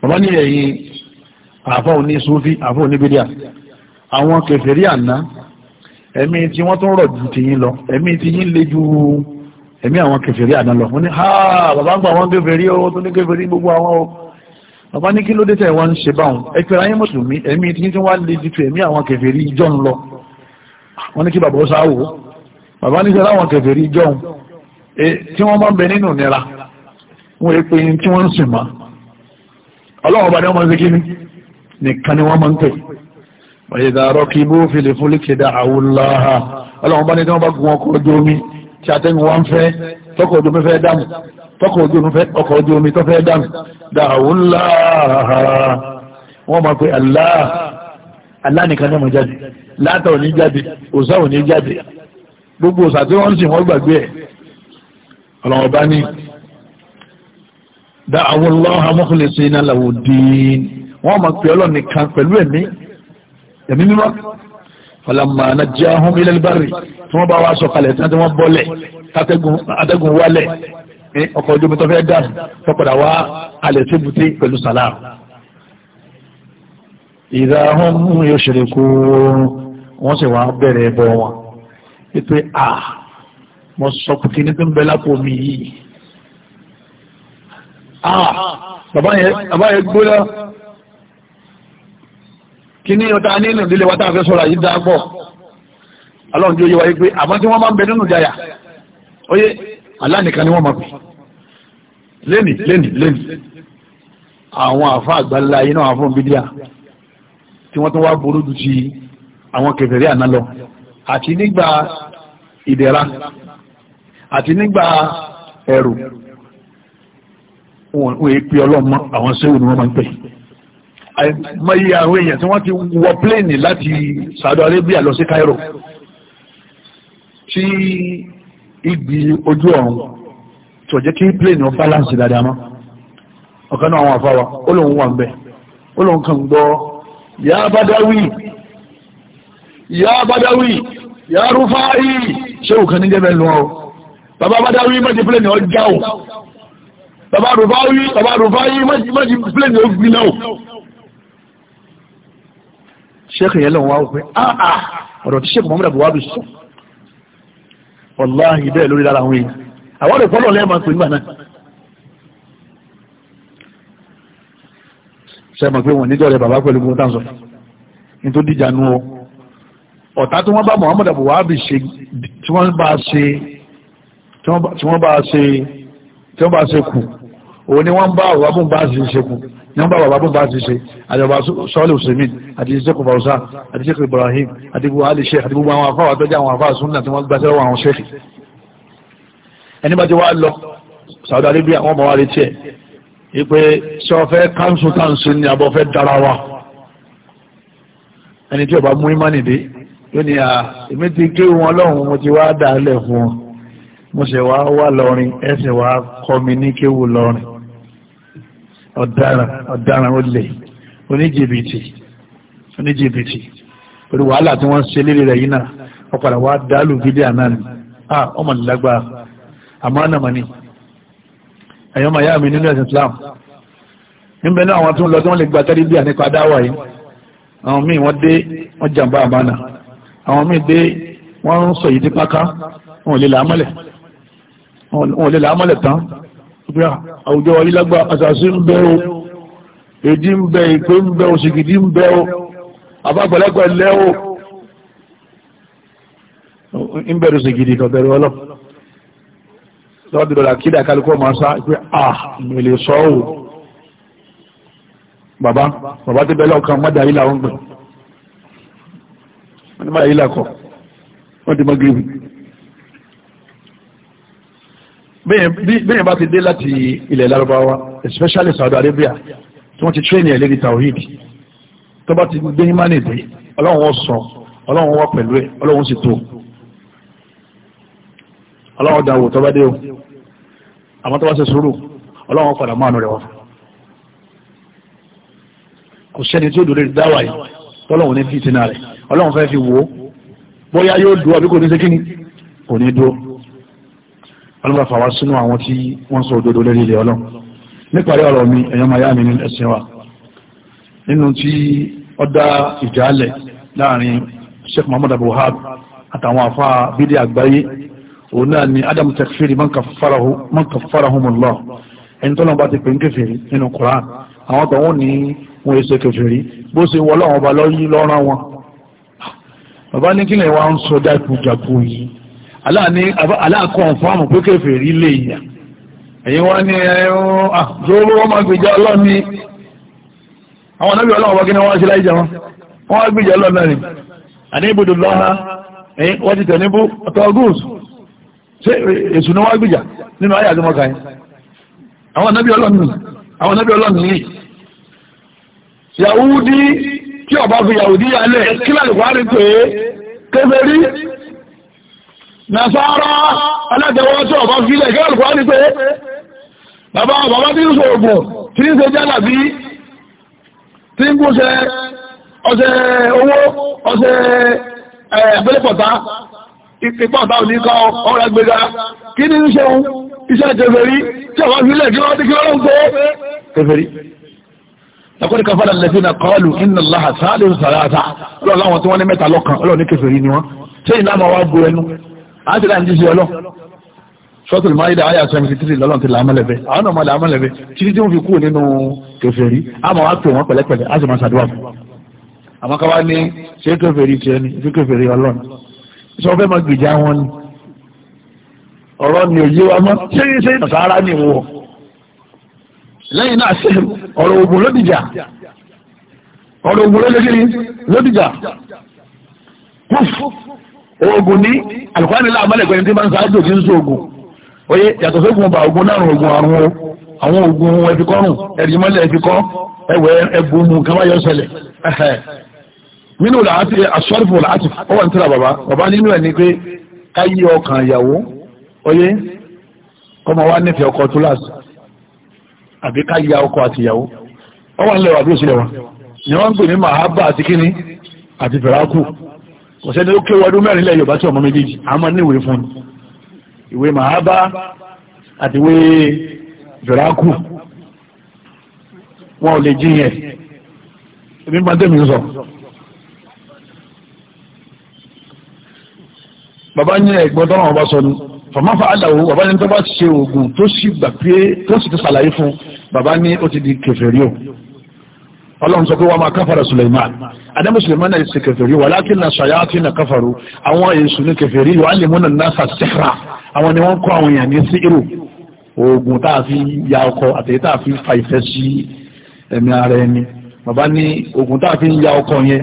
bàbá ní ẹ̀yìn àfọ́ òní sufi àfọ́ òní bídíà àwọn kèfèrí àná ẹ̀mí tí wọ́n tó rọ̀ ju tiyín lọ ẹ̀mí tiyín le ju ẹ̀mí àwọn kèfèrí àná lọ wọ́n ní ha bàbá ń gbà wọ́n kèfèrí o tó ní kèfèrí gbogbo àwọn o bàbá ní kí ló dé tẹ̀ wọ́n ń ṣe báwọn ẹgbẹ́ ayé mùsùlùmí ẹ̀mí tí tí wọ́n lè di tu ẹ̀mí àwọn kèfèrí ìjọ ń lọ wọ́n ní kí bàbá ó sáwò bàbá ní sẹ́lá àwọn kèfèrí ìjọ ń e, tí wọ́n máa ń bẹ nínú nira wọ́n è pé tí wọ́n ń sìn mọ́ ọlọ́wọ́ bá ní wọ́n ṣe kíní nìkan ni wọ́n máa ń tẹ̀ ìdá rọ́kì bó fìlè fún líkèdà àwòláha ọlọ́wọ́ bá ní tí wọ́n bá tọkọ̀ ojú omi tó fẹ́ dámì dáhùnlá wọ́n máa pe Allah Allah nìkan náà mọ̀ jáde látà ò ní jáde òsà ò ní jáde gbogbo òsà tí wọ́n sì wọ́n gbàgbé ẹ̀ ọ̀làwọ̀ bá ní dáhùnlá amúkùnlé sí iná làwò dín wọ́n máa pe Ọlọ́run nìkan pẹ̀lú ẹ̀mí ẹ̀mí mímọ́ ọ̀làmà anájá ahọ́n ilẹ̀ bárì tí wọ́n bá wá sọ̀kalẹ̀ tí wọ́n bọ́lẹ̀ atẹ́gùn wálẹ̀ ọkọ̀ ojú omi tó fẹ́ dà tó padà wá alẹ̀ tí bùtí pẹ̀lú sàlám. ìdá ọ̀hún yóò ṣe lè kó wọ́n sì wá bẹ̀rẹ̀ ẹbọ wọn pípé à mo sọ kùkì ní tó ń bẹ lápò mi yìí. à bàbá yẹn gbóná kí ọ̀tá nínú ìdílé wa tá a fẹ́ sọ̀rọ̀ yìí dá pọ̀ ọlọ́run tí ó yé wa yìí pé àmọ́ tí wọ́n bá ń bẹ nínú ìjayà ó yé Allah nìkan ni wọ́n máa pè lẹ́nì lẹ́nì lẹ́nì àwọn àfa àgbàlá iná àwọn fún bídíà tí wọ́n tún wá burú ju ti àwọn kèfèrí àná lọ àti nígbà ìdẹ̀ra àti nígbà ẹ̀rù wọn èpè ọlọ́mọ àwọn sẹ́wọ̀n ni wọ́n máa ń pè mọ̀yí àwọn èèyàn tí wọ́n ti wọ pléènì láti Saudi Arabia lọ sí Cairo tí igi ojú ọ̀run tí ò jẹ́ kí plane wọn balance dáadáa mọ́ ọ̀kan náà àwọn àfáwà ó lóun wà ń bẹ̀ ó lóun kàn gbọ́ ya badawi ya badawi ya rufai ṣéwù kan ní jẹ́bẹ̀ lọ́wọ́ bàbá badawi mọ́jì plane wọn já o bàbá rufai bàbá rufai mọ́jì plane wọn gbiná o ṣéèkì yẹn lọ́wọ́ wá wọ́pẹ́ ah ah ọ̀rọ̀ tí ṣéèkì Muhammad Buhari sọ wàláhì bẹ́ẹ̀ lórí lára àwọn èèyàn àwọn ọ̀rẹ́ fọ́lọ̀ lẹ́ẹ̀mà pè nígbà náà sẹ́mọ̀ pé wọ́n níjọ́ rẹ̀ bàbá pẹ̀lú gbogbo tánzọ̀ ní tó dìjà nú ọ ọ̀tá tí wọ́n bá Muhammadu Buhari ṣe tí wọ́n bá ṣe tí wọ́n bá ṣe kù òun ni wọ́n bá àwọn abúmbá ṣe ṣe kù nígbà bàbá bó bá ti ṣe àjọba sọ́ọ̀lẹ̀ òṣèmín àti ìṣẹ́kù bàúsá àti ìṣẹ́kù Ibrahim àti gbogbo alì ṣe àti gbogbo àwọn afáwà tó jẹ́ àwọn afáwà súnnà tí wọ́n gbá sẹ́wọ́ àwọn ṣẹ́kì ẹni bá ti wá lọ Saudi Arabia wọ́n mọ̀ wá retí ẹ̀ ipe sọ́fẹ́ council tansi ni à èmi ti ké wọn lọ́hùn mo ti wá dà fún wọn mo sì wá wà lọrin ẹsẹ̀ wá kọ́ mi ní kéwù lọrin ọ̀daràn ọ̀daràn olè oníjìbìtì oníjìbìtì pẹ̀lú wàhálà tí wọ́n ṣe lérí rẹ̀ yìí náà ọ̀padà wá dálù bídíà náà ni a ọmọ nílágbára àmọ́ ànàmọ́ ni ẹ̀yọ́ màá yá mi nínú ẹ̀sìn Islam níbẹ̀ náà àwọn tó ń lọ tí wọ́n lè gba tẹ́lẹ̀ bíà nípa dáwà yìí àwọn míì wọ́n dé wọ́n jàǹbá àmàna àwọn míì dé wọ́n ń sọ yìí dípáká wọn ò ò lè làámọ́lẹ̀ tán pé àwùjọ wa yílágbá àṣàṣì ń bẹ o èdí ń bẹ ìpé ń bẹ o ṣìgìdì ń bẹ o àbágbàlagbà lẹ́ o ń bẹ̀rù ṣìgìdì kan bẹ̀rù ọlọ́ lọ́dún lọ́la kídà kálukọ́ máa sá pé à ìmìlè sọ o bàbá bàbá tí bẹ́lẹ̀ ọkàn mọ́dà ilà ń gbẹ̀ wọ́n ti mọ́dà ilà kọ̀ wọ́n bẹ́ẹ̀ bá ti dé láti ilẹ̀ Lárúbáwá especially Saudi Arabia tí wọ́n ti train ẹ̀ lérí tawhid tó bá ti gbé himani dé ọlọ́run wọ́n sọ ọlọ́run wọ́n pẹ̀lú ẹ̀ ọlọ́run sì tó ọlọ́run dàwò tó bá dé o àmọ́ tó bá ṣe sùúrù ọlọ́run padà máa nù rẹ̀ wá kò sẹ́ni tí ó dòdò dáwà yìí tọ́lọ́run ní fìtínà rẹ̀ ọlọ́run fẹ́ fi wò ó bóyá yóò dúró àbí kò ní ṣe kíni kò ní dúró ọlọ́mọ fàwa sínú àwọn tí wọ́n sọ òdodo lórí ilẹ̀ ọlọ́ níparí ọ̀rọ̀ mi ẹ̀yọ́ máa yá mi ní ẹ̀sìn wa nínú tí ó dá ìjálẹ̀ láàrin Sheikh Muhammad Abdul àtàwọn afá bídí àgbáyé òun náà ni adam takfiri man kaffarahumullah ẹni tó lọ́nà bá ti pè ń kèfèrí nínú Qur'an àwọn tó wọ́n ní wọ́n èso kèfèrí bó ṣe wọ́ lọ́wọ́ ọba lọ́rán aláàní aláàkọ́ fáàmù pé kèfèrí lè yà èyí wá ní ẹ̀rùn àzóró wọ́n gbèjà ọlọ́run ní àwọn anábì ọlọ́run wọ́n kí ni wọ́n ṣe láìjà wọn wọ́n wá gbèjà ọlọ́run náà ni àní ibùdó lọ́ha ẹ̀yìn wọ́n ti tẹ̀ níbú ọ̀tọ̀ gúúsù ṣé èṣù ni wọ́n gbèjà nínú ayé àti mọ́ka yẹn àwọn anábì ọlọ́run àwọn anábì ọlọ́run ní yahudi tí ọba fi yahudi yálẹ̀ Nasara, alátẹwọ́ tí ọba fílẹ̀ kí ọlùkọ́ ní pé bàbá bàbá tí ń sọ ògùn tí ń ṣe jálà bí tí ń kú ṣe ọṣẹ owó ọṣẹ àbẹ́lẹ́pọ̀ta ipa ọ̀tá òní kọ́ ọ̀rẹ́ gbéga kí ní ń ṣeun iṣẹ́ tẹfẹ̀rí tí ọba fílẹ̀ kí ọdí kí ọlọ́run pé tẹfẹ̀rí lakọ́ni kafara inna Allaha sáà lè sàrà àtà ọlọ́run àwọn tí wọ́n ní mẹ́ta lọ́kàn ọlọ́run ní kẹfẹ̀rí ni wọ́n ṣé ìlànà wa bu ẹnu àti láti jíṣẹ́ ọlọ́ sọ́tò lè máa yídà àyà seventy three lọ́lọ́n ti làámọ́lẹ́bẹ́ àwọn náà máa làámọ́lẹ́bẹ́ títí tí wọ́n fi kúrò nínú kèfèrí àmọ́ wá pè wọ́n pẹ̀lẹ́pẹ̀lẹ́ á sì máa ṣàdúrà fún àmọ́ ká wá ní ṣé kèfèrí tiẹ̀ ni ṣé kèfèrí ọlọ́run sọ fẹ́ máa gbèjà wọn ni ọ̀rọ̀ ni òye wa mọ́ ṣé ṣé nàṣàrà ni wọ̀ lẹ́yìn náà ṣe ọ̀rọ̀ ògùn lódìjà ọ̀rọ̀ ògùn lódìjà oògùn ní àlùkòrán ilé àmàlẹ̀ ndị tí máa ń sáájú òjì oye yàtọ̀ ọba ogun náà ogun àrùn o àwọn oògùn ẹ̀fikọ́rùn ẹ̀rìmọ́lẹ̀ ẹ̀fikọ́ ẹ̀wẹ̀ nínú bàbá bàbá nínú ẹ̀ ni pé ọkàn oye kọ́mọ wa àbí àti ìyàwó nílẹ̀ wà bí ni wọ́n ń pè ní àti kíní kò sẹ́ni ó kéwọ́ ọdún mẹ́rin lẹ́yìn tí ọmọ méjèèjì a máa níwèé fún ìwé mahaba àti ìwé veraku wọn ò lè jíyẹn ebi máa tẹ̀mí sọ. bàbá ní ẹ̀gbọ́n tọ́nà ọba sọ ni fàmáfà àdàwò bàbá ní tó bá ṣe oògùn tó sì gbà pé tó sì ti ṣàlàyé fún bàbá ní ó ti di kèfèrí o ọlọ́run sọ pé wọ́n máa káfàrà suleiman adamu suleiman náà ṣe kẹfẹ̀rí wà lákín na ṣayáàtì na káfàrú àwọn èṣù ní kẹfẹ̀rí yóò alìmúnà náà sàṣẹ́ra àwọn ni wọ́n kọ́ àwọn èèyàn ní sí irú oògùn tá a fi ya ọkọ àtẹ̀yẹ tá a fi fa ìfẹ́ sí ẹ̀mí ara ẹni bàbá ní oògùn tá a fi ya ọkọ yẹn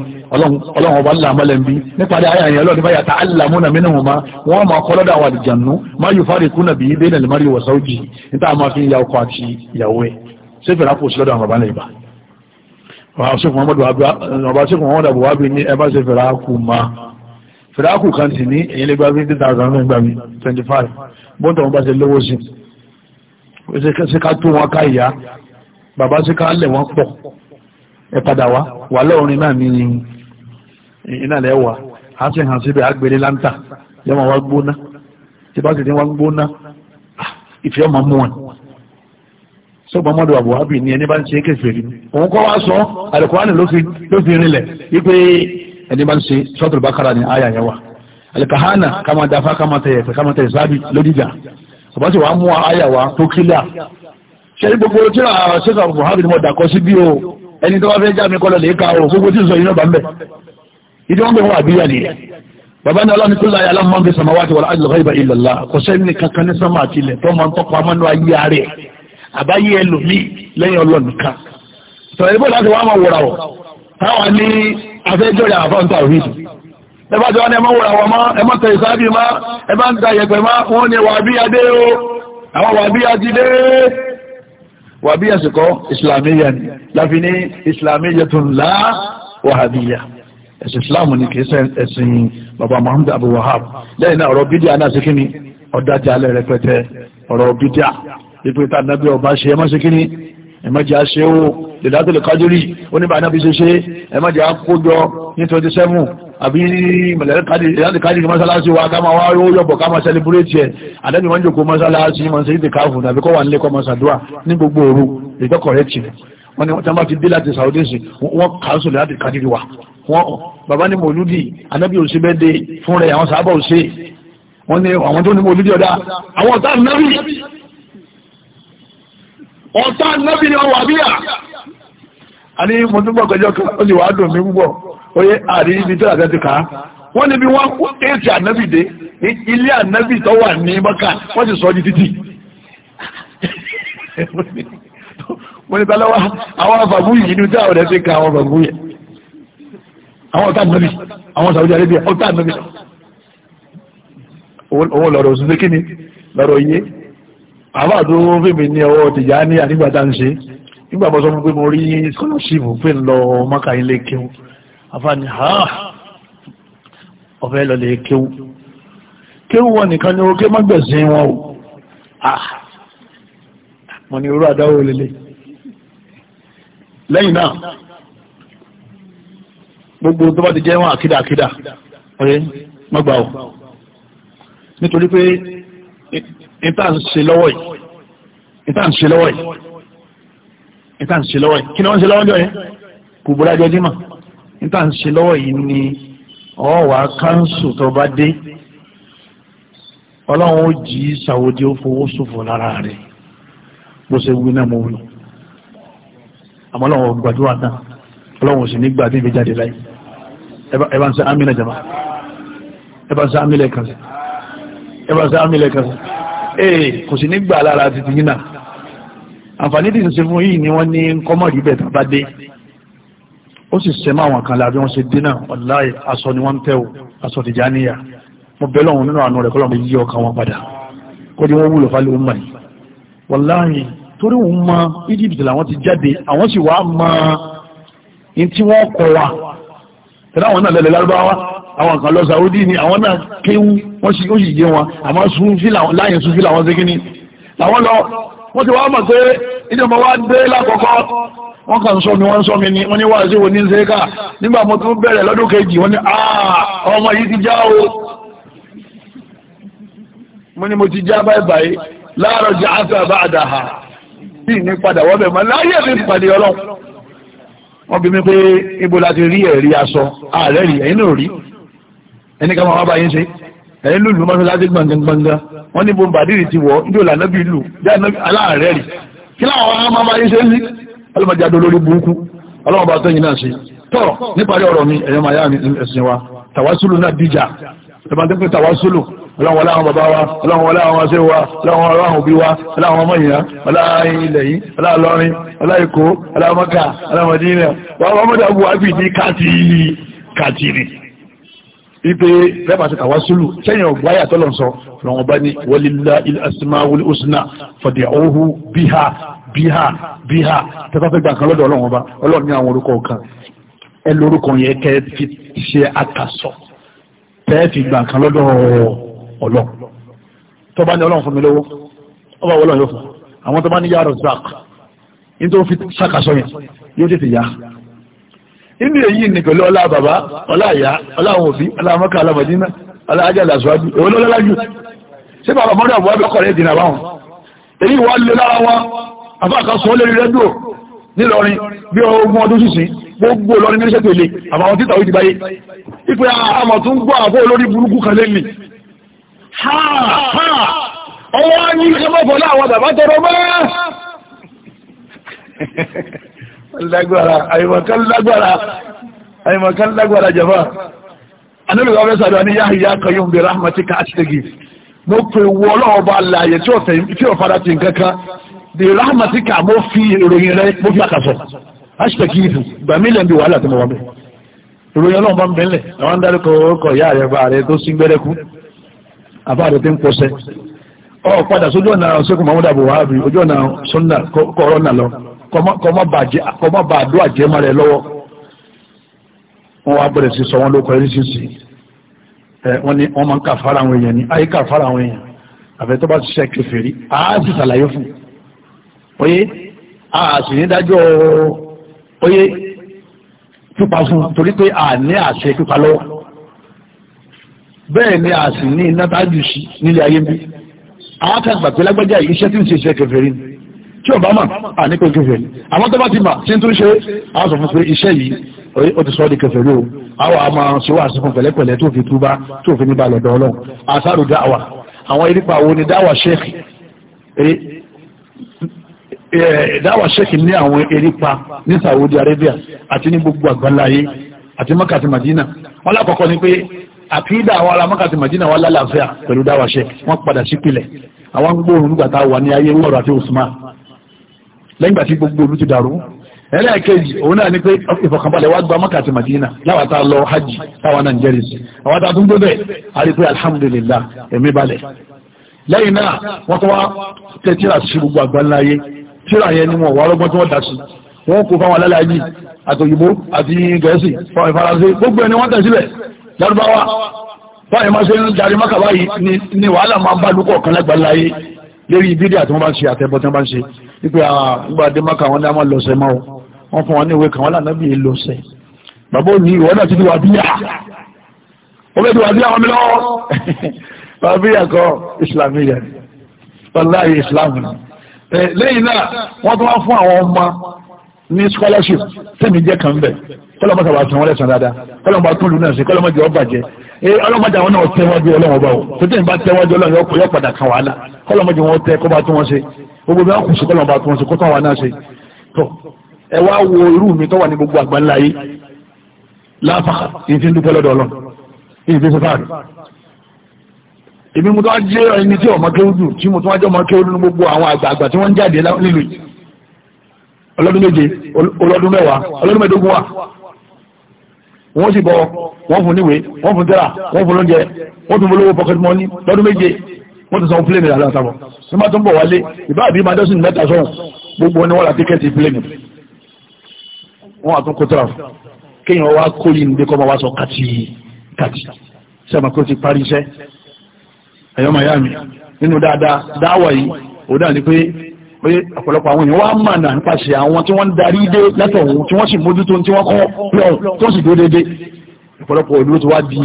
ọlọ́run ọba ńlá àmọ́lẹ̀ ń bí nípàdé ayé ọlọ́run báyà tá àlàmúnà mínú ma wọ́n máa kọ́ lọ́dọ̀ àwọn àdìjànú má yóò fárí kúnà bíi bẹ́ẹ̀ nàlẹ́ mari wọ̀sáwùjì níta máa fi ya ọkọ àti ìyàwó ẹ̀ ṣé fèrè àpò sí lọ́dọ̀ àwọn bàbá náà ibà ọba sẹ́kùn mọ́mọ́dà bùwá bí ní ẹbá ṣe fẹ̀ráàkù ma fẹ̀ráàkù kan sì ní èyí lè gba 50,000 gbàmí 25 bọ́ntọ̀ wọn bá ṣe lówó sí ṣe ká tó wọn ká ìyá bàbá ṣe ká lẹ̀ wọ́n pọ̀ ẹ padà wá wà lọ́rin náà ní iná lẹ́wà á sì hàn síbẹ̀ àgbèrè láńtà yọmọ wa gbóná tí bá sì ti wọn gbóná ah, ìfẹ́ ọmọ mú wọn ṣé muhammadu abuhabi ni ẹni bá ń ṣe kèfèrí òun kọ́ wá sọ alukurani ló fi rinlẹ̀ wípé ẹni bá ń ṣe sọ́tò bákàrà ni àyà yẹn wà alikahana kama dafa kama tẹ̀yẹ̀ fẹ́ kama tẹ̀yẹ̀ sábì lódìjà ọba sì wàá mú àyà wa tó kílíà ṣe ní gbogbo tí a ṣe kà buhari ni mo dàkọ sí bí o ẹni tó bá fẹ́ já mi kọ́ lọ lè ka o gbogbo tí n sọ yìí náà bá ń bàbá ní ọlọ́ni tó láyé aláwọ̀ ń fi sàmáwá ti wà láàrín lọ́gbà ìbà ìlàlá kò sẹ́ni kankan ní sánmà àti ilẹ̀ tó máa ń tọ́pọ̀ amánú ayé rẹ̀ àbáyé ẹlòmíì lẹ́yìn ọlọ́run kan sọ̀rọ̀ ibò láti wá máa wòrà wọ̀ táwọn ní afẹ́jọ́ rẹ̀ àfọ́n tó àwíjù ẹbá jọ ní ẹmọ́ wòrà wọ̀ mọ́ ẹmọ́ tẹ̀ ìsáàbì má ẹbá ń ta ìyẹ̀pẹ̀ má wọ́n ní wàbíyá dé o àwọn wàbíyá ti dé wàbíyá sì kọ́ ìsìlámíyà ni láfi ní ìsìlámíyà tó ńlá wàhábíyà ẹ̀sìn Muhammad Abu Wahab lẹ́yìn náà ọ̀rọ̀ bídíà náà sí kí ni ọ̀dájà alẹ́ rẹpẹtẹ ọ̀rọ̀ bídíà ìpè tá nàbí ọba ṣe ẹ má ṣe kíní ẹ má jẹ́ àṣẹ o lèdátòlè kájúrì oníbà nàbí ṣe ṣe ẹ má jẹ́ àkójọ ní twenty seven àbí lèdátòlè kájúrì mọ́sálásí wa ká máa wá yọ̀bọ̀ ká máa sẹlẹ̀búrẹ́tì ẹ̀ àdẹ́bí wọn jòkó mọ́sálásí mọ̀ sí ìdíkàfù nàbí kọ́ wà nílé kọ́ mọ́sàdúrà ní gbogbo òru ìdọ́kọ̀rẹ́ tì wọ́n ni wọ́n tán bá ti dé láti Saudi sí wọ́n kàásù láti kàdìrí wa wọ́n bàbá ní mòlúdì anábì ò sí bẹ́ẹ̀dẹ̀ fún rẹ̀ àwọn sàábà ò wọ́n ni àwọn tó ní mòlúdì ọ̀dá àwọn ọ̀tá nábì ọ̀tá nẹ́bí ni ọwà bíyà a ní mo túnbọ̀ kọjọ́ kan ó lè wà dùn mí púpọ̀ oyé àrí ibi tó àtẹ́ ti kàá wọ́n níbi wọ́n kó èsì ànẹ́bì dé ilé tó wà ní mọ́kà wọ́n sọ títì mo ní tálọ́wọ́ àwọn afàbú yìí ní tí àwọn ẹ̀sìn ka àwọn afàbú yẹ àwọn ọ̀tá àwọn ọ̀tá àbá tó fèmí ní ọwọ́ tìjà ní àdígbàtà ń ṣe nígbà bọ́ sọ fún pé mo rí scholarship pé ń lọ mọ́ka ilé kéwú àfààní ha ọ̀fẹ́ lọ lè kéwú kéwú wọn nìkan ni ó ké mọ́gbẹ̀sìn wọn o ah ní irú àdáwò lélẹ̀ lẹ́yìn náà gbogbo tó bá ti jẹ́ wọn àkídàkídà ọ̀yẹ́ mọ́gbà o nítorí pé ìta ń ṣe lọ́wọ́ yìí ìta ń ṣe lọ́wọ́ yìí ìta ń ṣe lọ́wọ́ yìí kí ni wọ́n ṣe lọ́wọ́ jọ yẹn kò bọ́lá jọ dímọ̀ ìta ń ṣe lọ́wọ́ yìí ni ọ̀wà kánṣu tó bá dé ọlọ́run ó jí sàwọ́dí ó fowó ṣòfò lára rẹ̀ bó ṣe wí náà mo wí àmọ́ ọlọ́run gbàdúrà náà ọlọ́run sì ní gbàdúrà ìgbé jáde láyé ẹ bá ń sẹ́ àmì lẹ́jọba ẹ bá ń sẹ́ àmì lẹ́kànsẹ́ ẹ bá ń sẹ́ àmì lẹ́kànsẹ́ ee eh, kò sí nígbà lára títí yínà àǹfààní tí ìsinsin fún yìí ni wọ́n ní kọ́mọ̀ rí bẹ̀ tàbá dé ó sì sẹ́mọ àwọn kan lábẹ́ wọn ṣe dínà ọ̀láì aṣọ ni wọ́n tẹ́ o aṣọ tìjà níyà mo bẹ́ lọ́wọ́n nínú àánú rẹ̀ kọ́ lọ́mọ yí ọkàn wọn padà kó ní wọ́n wúlò fálẹ̀ òun mọ̀ yìí wọ́láì torí òun mọ wa àwọn kan lọ Saudi ni àwọn náà kéwú wọ́n sì ó sì yé wọn àmọ́ sunfi láyé sunfi làwọn ṣe kíní làwọn lọ wọ́n ti wá mọ̀ pé ilé ọmọ wa dé lákọ̀ọ́kọ́ wọ́n kàn sọ mi wọ́n sọ mi ni wọ́n ní wá sí wo ní ṣe ká nígbà mo tún bẹ̀rẹ̀ lọ́dún kejì wọ́n ní ọmọ yìí ti já o mo ní mo ti já báyìí báyìí láàárọ̀ jẹ́ àṣà bá àdáhà sí ní padà wọ́n bẹ̀ mọ́ láyé mi pàdé ọlọ́run wọ́n bí mi pé ibo la ti rí ẹ̀rí aṣọ ààrẹ rí ẹ̀yin náà rí ẹni ká máa wá báyìí ṣe ẹ̀yìn lùlù mọ́sálásí gbọ̀ngàngbọ̀ngàn wọ́n ní bombadiri ti wọ̀ ní òlà nábì lù aláàrẹ̀ rí kí láwọn ọmọ máa báyìí ṣe ń rí ọlọ́mọdé adó lórí burúkú ọlọ́mọ bá tọ́yìn náà ṣe tọ́ níparí ọ̀rọ̀ mi ẹ̀yọ́ máa yá mi ẹ̀sìn wa tàwásùlù náà dìjà ẹ̀bá pé tàwásùlù ọlọ́run wọlé àwọn bàbá wa ọlọ́run wọlé àwọn aṣẹ́ wa ọlọ́run wọlé àwọn òbí wa ọlọ́run ọmọ ìyá ọlọ́run ilẹ̀ yìí ọlọ́run lọ́rin ọlọ́run èkó ọlọ́run mọ́kà ọlọ́run mọ́dínlẹ̀ wọ́n mọ́dà bu àbìdí káàtì kàtìrì ipe bẹ́ẹ̀ma ti tàwa sulu sẹ́yìn ọ̀gbá yàtọ̀ lọ sọ lọ́wọ́n bá ní wọlílá asmaul husna fad'uhu bíhà bíhà bíhà tẹ́fà fẹ́ gbà kan lọ́dọ̀ ọlọ́wọ́n bá ọlọ́run ní àwọn orúkọ kan ẹ lórúkọ yẹn kẹ́ fi ṣe àkàsọ tẹ́ gbà kan lọ́dọ̀ ọlọ́run tọ́ba ní ọlọ́run fún mi lọ́wọ́ ọba wọlọ́run yóò fún àwọn tọ́ba ní ya Razzaq nítorí fi ṣàkàsọ yẹn yóò tètè yá inú èyí ni pẹ̀lú ọlá bàbá ọlá ìyá ọlá àwọn òbí ọlá mọ́kà alámọ̀dínà ọlá ajáda bàbá mọ́dà bọ́ ẹgbẹ́ kọ̀rẹ́ báwọn èyí wà lè lára wọn afáàkà sọ lórí nílọrin bí ogún ọdún sísìn gbogbo lọrin ní iṣẹ́ tó le àbáwọn títà ó bàbá tọrọ mọ́ lágbára àìmọ̀kan lágbára àìmọ̀kan lágbára jàmá anábìwá fẹ́ sàdọ̀ ní yáhìyá kọyún bí rahmatika àtìtẹ́gì mo pè wọ ọlọ́ọ̀bá láàyè tí ò fara ti nkankan bí rahmatika mo fi ìròyìn rẹ mo fi àkàsọ̀ àtìtẹ́gì ìfù gbàmílẹ̀ ń bí wàhálà tó mọ̀ wọ́n bẹ́ẹ̀ ìròyìn ọlọ́run bá ń bẹ̀lẹ̀ àwọn dárúkọ orúkọ ìyá rẹ̀ bá rẹ̀ tó sí gbẹ́rẹ́kú àbá rẹ̀ tí ń pọ̀ṣẹ́ ọ padà sójú ọ̀nà ṣẹ́kùn mahmud abu wahabi ojú ọ̀nà sunna kọ́rọ́nà lọ kọ́mọ́ bá àdó àjẹmọ́ rẹ lọ́wọ́ wọ́n wá bẹ̀rẹ̀ sí sọ wọn lóko ẹni sísì wọ́n ní wọ́n máa ń kà fara àwọn èèyàn ní ayé kà fara àwọn èèyàn àfẹ́ tó bá ti ṣe kèfèrí a sì ṣàlàyé fún oyé àá sì ní dájọ́ oyé pípa fún torí pé àá ní àṣẹ pípa lọ́wọ́ bẹ́ẹ̀ ni a sì ní iná tájú sí nílé ayé bí àwọn akẹ́gbà pé lágbájá iṣẹ́ tí ń ṣe iṣẹ́ kèfèrí ni tí ọba mà á ní pé kẹfẹ́ àwọn tó bá ti mà tí ń tún ṣe àwọn sọ fún pé iṣẹ́ yìí ó ti sọ ọ́ di kẹfẹ́ rí o àwọn a máa ṣe wá sífún pẹ̀lẹ́pẹ̀lẹ́ tó fi túbá tó fi ní balẹ̀ dọ́ọ̀lọ́ àṣàrò dáwà àwọn irípa wo ni dáwà ṣẹ́ẹ̀kì dáwà ṣẹ́ẹ̀kì ní àwọn irípa ní Saudi Arabia àti ní gbogbo àgbáláyé àti Mọ́kà àti Madina wọ́n lákọ̀ọ́kọ́ ni pé àkídà àwọn ará Mọ́kà àti Madina wà lálàáfíà pẹ̀lú dáwà ṣẹ́ẹ̀kì wọ́n padà sípìlẹ̀ àwọn gbóòrùn nígbà tá ní ayé wọ́rọ̀ àti Usman lẹ́yìn gbà tí gbogbo olú ti dàrú ẹlẹ́ẹ̀kejì òun náà ni pé ìfọ̀kànbalẹ̀ wá gba mọ́kà àti madina láwa tá a lọ hajj táwa náà ń tún gbébẹ̀ a rí alhamdulillah ẹ̀mí balẹ̀ lẹ́yìn náà wọ́n tó wá tẹ tíra sí gbogbo àgbáńláyé tíra yẹn ni wọ́n wá rọ́gbọ́n tí wọ́n dá sí wọ́n kó fáwọn alálàájì àtòyìnbó àti gẹ̀ẹ́sì fáwọn ìfaransé gbogbo ni wàhálà máa bá lúkọ̀ kan lágbàláyé lérí bídíà tí wọ́n bá wípé àgbà ah, àdèmọ́kà wọn ní a máa lọ́sẹ̀ mọ́ wọn fún wọn ní ìwé kan wọn lànà bí i lọ́sẹ̀ bàbá ò ní ìwọ náà ti di wà bíyà ó bẹ́ẹ̀ di wà bíyà wọn mi lọ́wọ́ wà bíyà kọ islamiyà wàláyé islam ni lẹ́yìn náà wọ́n tún wá fún àwọn ọmọ ní scholarship tẹ́mi jẹ́ kan bẹ̀ kọ́lọ́mọ́ sábà tún wọ́n lẹ́sàn dáadáa kọ́lọ́mọ́ tún lù náà sí kọ́lọ́mọ́ jẹ́ ọba jẹ́ ọlọ́mọ́ jà wọn náà tẹ́wájú ọlọ́wọ́ bá wọn tó tẹ́yìn bá tẹ́wájú ọlọ́wọ́ yọ padà kan wàhálà kọ́lọ́mọ́ jẹ́ wọn tẹ́ kó bá tún wọn ṣe gbogbo bẹ́ẹ̀ kù sí kọ́lọ̀ bá tún sí kọ́tọ̀ wà náà ṣe tọ́ ẹ wá wo irú mi tọ́wà ní gbogbo àgbà ńlá yìí láfàá ní ti ń dúpẹ́ lọ́dọ̀ ọlọ́ ní ìfẹ́ sọ́fàárì èmi mo tó wá jẹ́ ẹni tí ọmọ kéwú dù tí mo tó wá jẹ́ ọmọ kéwú ní gbogbo àwọn àgbààgbà tí wọ́n ń jáde nílùú ọlọ́dún méje ọlọ́dún mẹ́wàá ọlọ́dún mẹ́ẹ̀ẹ́dógún wà wọ́n sì bọ̀ wọ́n fún níwèé wọ́n fún tẹ́ra wọ́n fún lóúnjẹ wọ́n fún lówó pocket money lọ́dún méje wọ́n ti sanwó pléènì àlọ́ àtàwọn ní máa tó ń bọ̀ wálé ìbá àbí máa dọ́sìn mẹ́ta sọ̀rọ̀ gbogbo wọn ni wọ́n ra tíkẹ́ẹ̀tì pléènì wọ́n àtún kó tẹ̀ra kéèyàn wá kó yìí níbi kọ́ wá sọ kàtì kàtì sí àmà kó ti parí iṣẹ́ ẹ̀yọ́ miami nínú dáadáa dáwà yìí ó dà ní pé pé ọ̀pọ̀lọpọ̀ àwọn èèyàn wá mà náà nípasẹ̀ àwọn tí wọ́n ń darí dé látọ̀hún tí wọ́n sì mójútó tí wọ́n kọ́ pẹ́ọ̀n tó sì dó ọ̀pọ̀lọpọ̀ òdúró ti wá di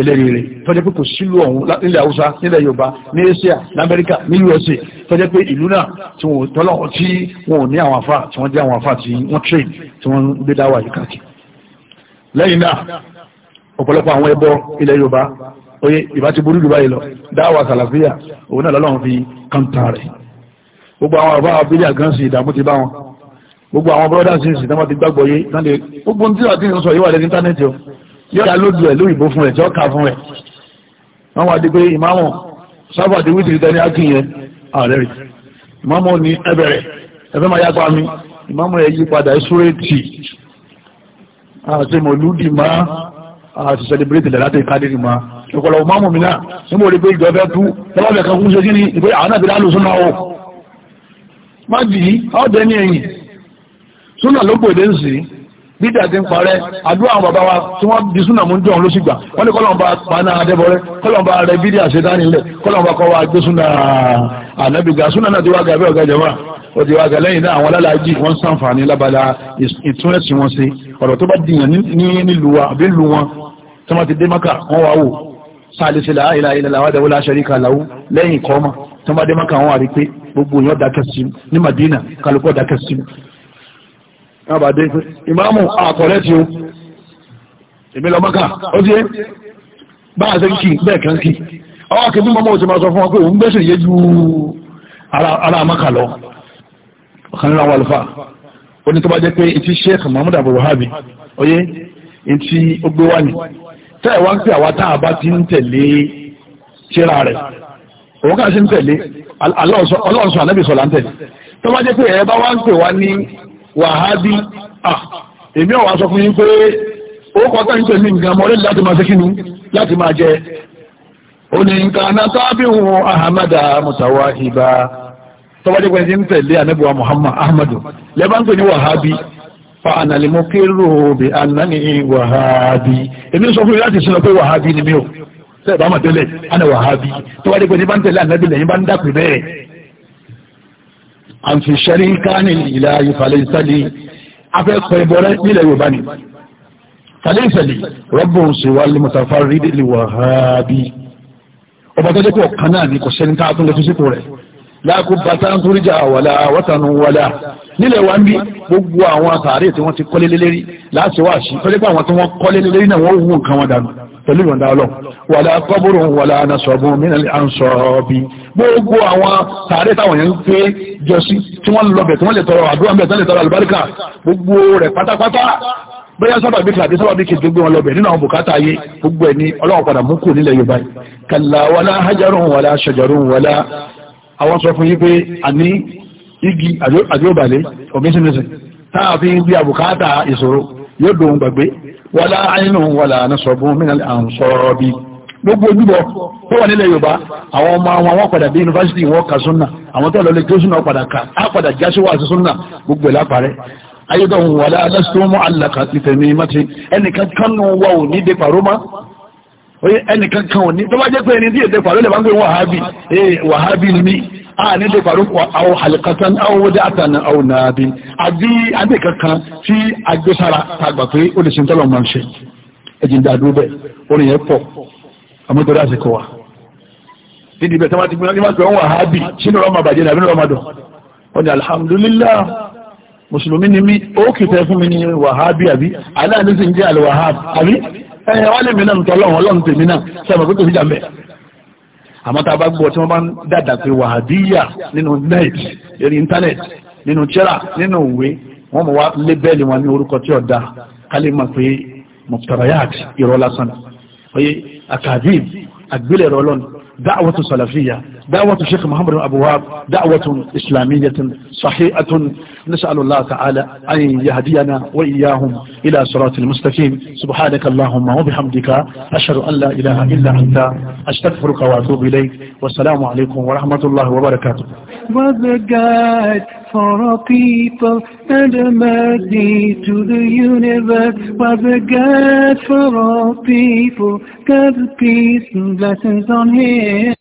eléríire tọ́jẹ́ pé kò sílù ọ̀hún nílẹ̀ haúsá nílẹ̀ yorùbá ní asia ní amẹ́ríkà ní usa tọ́jẹ́ pé ìlú náà tí wọ́n tọ́lọ̀ tí wọ́n ní àwọn afá tí wọ́n jẹ́ àwọn afá tí wọ́n train tí wọ́n gbé dáwà yìí káàkiri lẹ́yìn náà ọ̀pọ̀lọpọ̀ àwọn ẹbọ ilẹ̀ yorùbá oye ìbá ti burú dubai lọ dáwà sàlàfíà òun náà lọ́lọ́run fi kọ́ńtà rẹ̀ gbogbo àwọn àbá abílẹ̀ àgánsì ìdààmú ti bá wọn gbogbo àwọn brothers and sisters tí wọ́n ti gbàgbọ́ yé gbogbo ohun tí wọ́n ti sọ yìí wà lẹ́ni íńtánẹ́ẹ̀tì o yóò dá lójú ẹ̀ lóyìnbó fún ẹ̀ tí ó ká fún ẹ̀ wọ́n wá di pé ìmáàmù sábà di wítìrì tẹ́ni ákìyẹn ààrẹ rẹ̀ ìmáàmù ní ẹbẹ̀rẹ̀ ẹfẹ́ máa yápa mi ìmáàmù ẹ̀ yí padà ìsúrẹ́tì àti mọ̀lúdì máa àti sẹlẹ̀bírẹ́tì lẹ́láti kádìrì máa ìpọ̀lọ̀ ìmáàmù mi náà nígbà orí pé ìjọba tú lọ́wọ́ ẹ̀ka fún ṣe kíni ìpé àwọn àti dáàlù súnà o má jì í ọ̀dẹ́ ní ẹ̀yìn súnà ló pè dé ń sìn bídà ti ń parẹ́ àdúrà àwọn bàbá wa tí wọ́n di súnà mú jọ òun ló sì gbà wọ́n ní kọ́lọ́mù bá paná adébọ̀rẹ́ kọ́lọ́mù bá rẹ bídà ṣetánì lẹ̀ kọ́lọ́mù bá kọ́ wa gbé súnà ànábìgà súnà náà ti wá gàbẹ́ ọ̀gá jẹ̀mọ́ ó ti wá gà lẹ́yìn náà àwọn alálàájì wọ́n sàǹfààní lábala ìtún ẹ̀sìn wọn sí ọ̀rọ̀ tó bá dìyàn ní nílùú wa àbí lù wọn tí wọ́n ti dé maka wọ́n wá wò sáàlìsì láàrín ilẹ̀ àwọn àdàwọ̀ láṣẹríkà láwú lẹ́yìn kọ́ọ́mà tí wọ́n bá dé maka wọ́n wà rí pé gbogbo èèyàn dákẹ́ sí ní Madina kálukọ́ dákẹ́ sí náà bá dé ìmáàmù àkọ̀rẹ́ tí ó èmi lọ mọ́ká ó ti yé bá a ṣe ń kí bẹ́ẹ̀ kan kí ọwọ́ kí bí mọ́mọ́ òsì máa sọ fún wa pé òun gbẹ́sẹ̀ yé ju ara mọ́ká lọ ọ̀kan nínú àwọn àlùfáà ó ní tó bá jẹ́ pé etí Sheikh Muhammad Abu Wahabi oyé etí ó gbé wá ní tẹ́ ẹ̀ wá ń pè àwa tá a bá ti ń tẹ̀lé tíra rẹ̀ òun kà sí ń tẹ̀lé ọlọ́ọ̀sọ anábìsọ̀lá ń tẹ̀lé tó bá jẹ́ pé wàhábí èmi ọ̀wà sọ fún yín pé ó kọ́kọ́ ń tẹ̀lé nǹkan mọ́rẹ́ láti máa sékínú láti máa jẹ ó ní nǹkan náà ahamada mutawa ibà tọ́wọ́dé pẹ̀lú ń tẹ̀lé anábíwá muhammad ahmadu lẹ́bà ń pè ní wàhábí fa ànàlẹ́mọ́ kérò bí anáni wàhábí èmi sọ fún yín láti sinọ pé wàhábí ni mí o ana wàhábí tọ́wọ́dé pẹ̀lú bá ń tẹ̀lé anábí lẹ́yìn àǹfìṣẹ́rí káàní ìlà ìfàlẹ̀ ìsàlẹ̀ afẹ́kọ̀ ìbọ̀rẹ́ nílẹ̀ yorùbá ni fàlẹ̀ ìsàlẹ̀ rọ́bùn sí wà lè mọ̀tàfà rídì lè wà ha bí ọba tó jẹ́kọ̀ kan náà ní kò sẹ́ni tá a tún lè sípò rẹ̀ láàkó bàtà gbogbo àwọn sàárẹ̀ táwọn yẹn ń gbé jọ sí tí wọ́n lọ bẹ̀ tí wọ́n lè tọrọ àdúrà bẹ̀ tí wọ́n lè tọrọ àlùbáríkà gbogbo rẹ̀ pátápátá bóyá sábà bí kàdé sábà bí kèjì gbé wọn lọ bẹ̀ nínú àwọn bùkátà ayé gbogbo ẹ̀ ọlọ́wọ́ padà mú kù nílẹ̀ yorùbá kàlà wàlá hajarun wàlá shajarun wàlá àwọn sọ fún yí pé àní igi àdéhùbàlẹ̀ òmísìmísì táàfin bí àbùkátà ìṣòro yóò dòun gbàgbé wàlá ainun wàlá nasọ̀bùn mí gbogbo ojúbọ tó wà nílẹ̀ yorùbá àwọn ọmọ àwọn àwọn padà bí yunifásitì ìwọ ka súnà àwọn tó lọlé tó súnà padà ká á padà jáṣe wà sí súnà gbogbo ìláparẹ́ ayédọ̀hún wà lásìkò mọ́ alàkà ti tẹ̀mí mọ́tí ẹnìkan kan nù wà ò ní depàró má ẹnìkan kan ò ní tó bá jẹ́ pé ẹni tí èdè pàró lè bá ń pè wàhábì ee wàhábì ni a ní depàró àwọn àlìkàtàn àwọn òde àtànà àwọn nàábì àbí adékankan tí agbésára tàgbà pé ó lè ṣe ń tọ́lọ̀ máa ń ṣe ẹ̀jìn dàdúró bẹ́ẹ̀ orin yẹn pọ̀ àmútorí àsìkò wa nídi ibẹ̀ tọ́wọ́ ti gbé ní máṣe wọn wà hábì sínú ọmọ àbàjẹ́ nàbí ọmọ àdọ̀ wọn ni alhamdulillah mùsùlùmí ni mí ó kìtẹ́ fún mi ní wàhábì àbí aláàánú sì ń jẹ́ àlùwàhábì àbí ẹ̀yẹ wọ́n lè mí náà tọ́lọ́ wọn lọ́nà tèmi náà sẹ́mi pé kò sí àmọ́ tá a bá gbọ́ tí wọ́n bá ń dàdà pé wàhábìyà nínú net lórí internet nínú chera, nínú ìwé wọ́n mọ̀ wá lébẹ́lì wọn ní orúkọ tí ọ̀dà kálí mọ̀ pé mọ̀tàrayàt ìrọ̀ lásán أكاذيب أقبل رولون دعوة سلفية دعوة الشيخ محمد بن أبواب دعوة إسلامية صحيحة نسأل الله تعالى أن يهدينا وإياهم إلى صراط المستقيم سبحانك اللهم وبحمدك أشهد أن لا إله إلا أنت أستغفرك وأتوب إليك والسلام عليكم ورحمة الله وبركاته Mother for our people and a mercy to the universe Mother God for all people God's peace and blessings on him